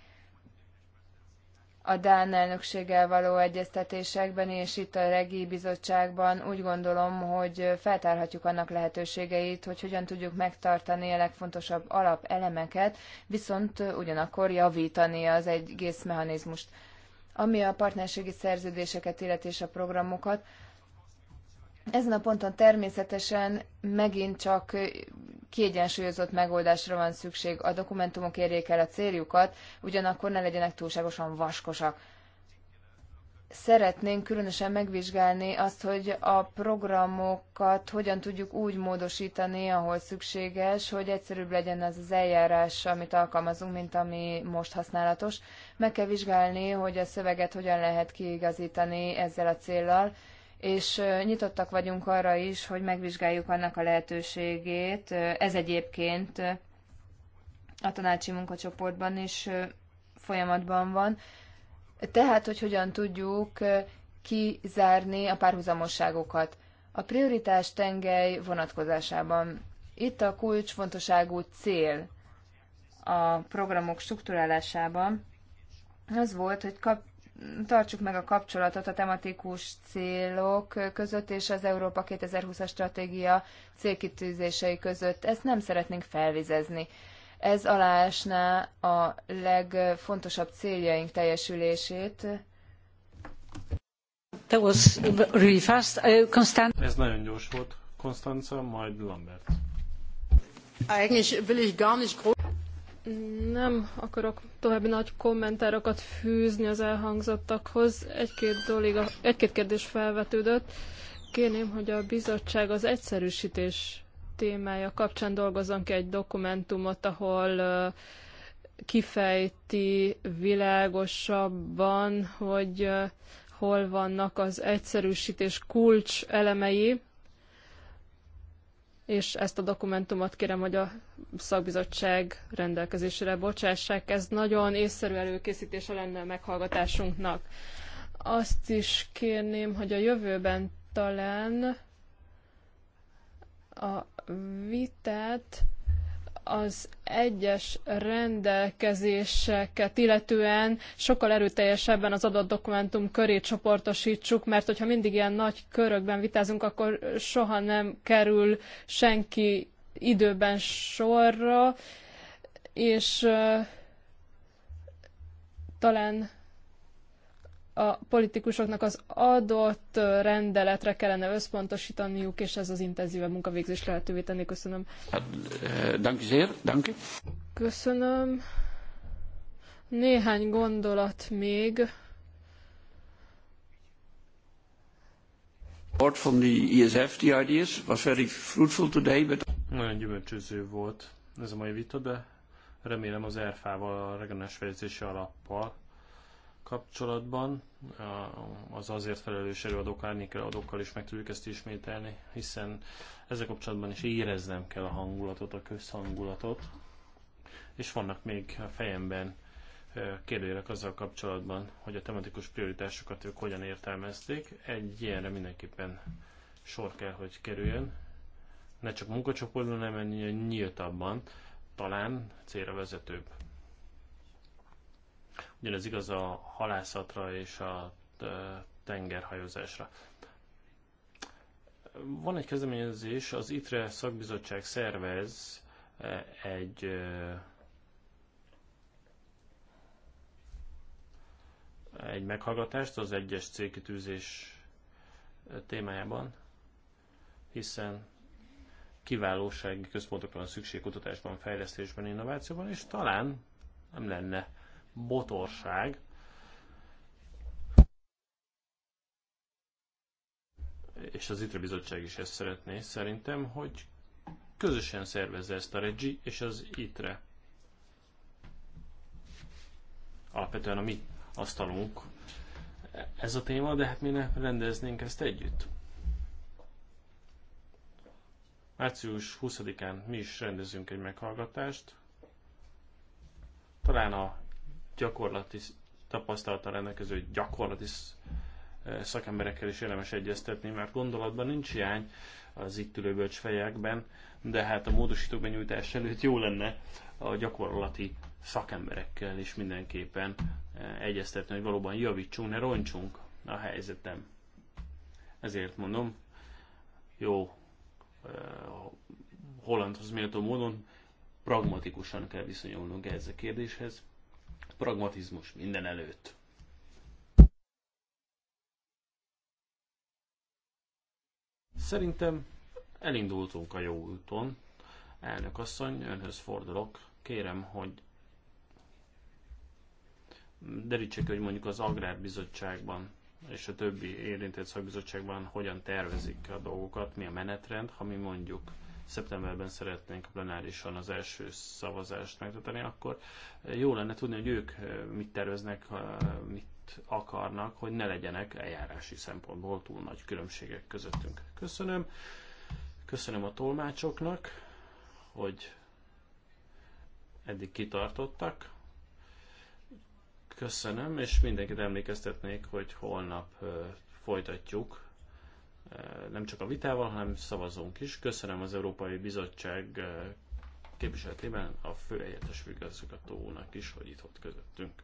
a Dán elnökséggel való egyeztetésekben és itt a Regi Bizottságban úgy gondolom, hogy feltárhatjuk annak lehetőségeit, hogy hogyan tudjuk megtartani a legfontosabb alapelemeket, viszont ugyanakkor javítani az egész mechanizmust. Ami a partnerségi szerződéseket illeti és a programokat, ezen a ponton természetesen megint csak kiegyensúlyozott megoldásra van szükség, a dokumentumok érjék el a céljukat, ugyanakkor ne legyenek túlságosan vaskosak. Szeretnénk különösen megvizsgálni azt, hogy a programokat hogyan tudjuk úgy módosítani, ahol szükséges, hogy egyszerűbb legyen az az eljárás, amit alkalmazunk, mint ami most használatos. Meg kell vizsgálni, hogy a szöveget hogyan lehet kiigazítani ezzel a céllal, és nyitottak vagyunk arra is, hogy megvizsgáljuk annak a lehetőségét. Ez egyébként a tanácsi munkacsoportban is folyamatban van. Tehát, hogy hogyan tudjuk kizárni a párhuzamosságokat. A prioritás tengely vonatkozásában. Itt a kulcsfontosságú cél a programok strukturálásában az volt, hogy kap, tartsuk meg a kapcsolatot a tematikus célok között és az Európa 2020-as stratégia célkitűzései között. Ezt nem szeretnénk felvizezni. Ez alásná a legfontosabb céljaink teljesülését. That was really fast. Uh, Constant... Ez nagyon gyors volt. Konstanza, majd Lambert. Eigentlich will ich gar nicht nem akarok további nagy kommentárokat fűzni az elhangzottakhoz. Egy-két, doliga, egy-két kérdés felvetődött. Kérném, hogy a bizottság az egyszerűsítés témája kapcsán dolgozzon ki egy dokumentumot, ahol kifejti világosabban, hogy hol vannak az egyszerűsítés kulcs elemei, és ezt a dokumentumot kérem, hogy a szakbizottság rendelkezésére bocsássák. Ez nagyon észszerű előkészítése lenne a meghallgatásunknak. Azt is kérném, hogy a jövőben talán a vitát az egyes rendelkezéseket illetően sokkal erőteljesebben az adott dokumentum köré csoportosítsuk, mert hogyha mindig ilyen nagy körökben vitázunk, akkor soha nem kerül senki időben sorra, és talán a politikusoknak az adott rendeletre kellene összpontosítaniuk, és ez az intenzívebb munkavégzés lehetővé tenni. Köszönöm. Hát, eh, Köszönöm. Néhány gondolat még. Part from the ESF, the ideas was very fruitful today, but... Nagyon gyümölcsöző volt ez a mai vita, de remélem az ERFA-val, a regionális fejlesztési alappal kapcsolatban. Az azért felelős előadók árnyékra adókkal is meg tudjuk ezt ismételni, hiszen ezzel kapcsolatban is éreznem kell a hangulatot, a közhangulatot. És vannak még a fejemben kérdőjelek azzal kapcsolatban, hogy a tematikus prioritásokat ők hogyan értelmezték. Egy ilyenre mindenképpen sor kell, hogy kerüljön. Ne csak munkacsoportban, hanem nyíltabban, talán célra vezetőbb Ugyanez igaz a halászatra és a tengerhajózásra. Van egy kezdeményezés, az ITRE szakbizottság szervez egy egy meghallgatást az egyes célkitűzés témájában, hiszen kiválósági központokra van szükség kutatásban, fejlesztésben, innovációban, és talán nem lenne botorság, és az ITRE bizottság is ezt szeretné szerintem, hogy közösen szervezze ezt a Regi és az ITRE. Alapvetően a mi asztalunk ez a téma, de hát mi ne rendeznénk ezt együtt. Március 20-án mi is rendezünk egy meghallgatást. Talán a gyakorlati tapasztalata rendelkező gyakorlati e, szakemberekkel is érdemes egyeztetni, mert gondolatban nincs hiány az itt ülő fejekben, de hát a módosító benyújtás előtt jó lenne a gyakorlati szakemberekkel is mindenképpen e, egyeztetni, hogy valóban javítsunk, ne roncsunk a helyzetem. Ezért mondom, jó e, hollandhoz méltó módon pragmatikusan kell viszonyulnunk ehhez a kérdéshez, pragmatizmus minden előtt. Szerintem elindultunk a jó úton. Elnök asszony, önhöz fordulok. Kérem, hogy derítsék, hogy mondjuk az Agrárbizottságban és a többi érintett szakbizottságban hogyan tervezik a dolgokat, mi a menetrend, ha mi mondjuk szeptemberben szeretnénk a plenárisan az első szavazást megtartani, akkor jó lenne tudni, hogy ők mit terveznek, mit akarnak, hogy ne legyenek eljárási szempontból túl nagy különbségek közöttünk. Köszönöm. Köszönöm a tolmácsoknak, hogy eddig kitartottak. Köszönöm, és mindenkit emlékeztetnék, hogy holnap folytatjuk Eh, nem csak a vitával, hanem szavazunk is. Köszönöm az Európai Bizottság eh, képviseletében a főhelyettes főigazgatónak is, hogy itt volt közöttünk.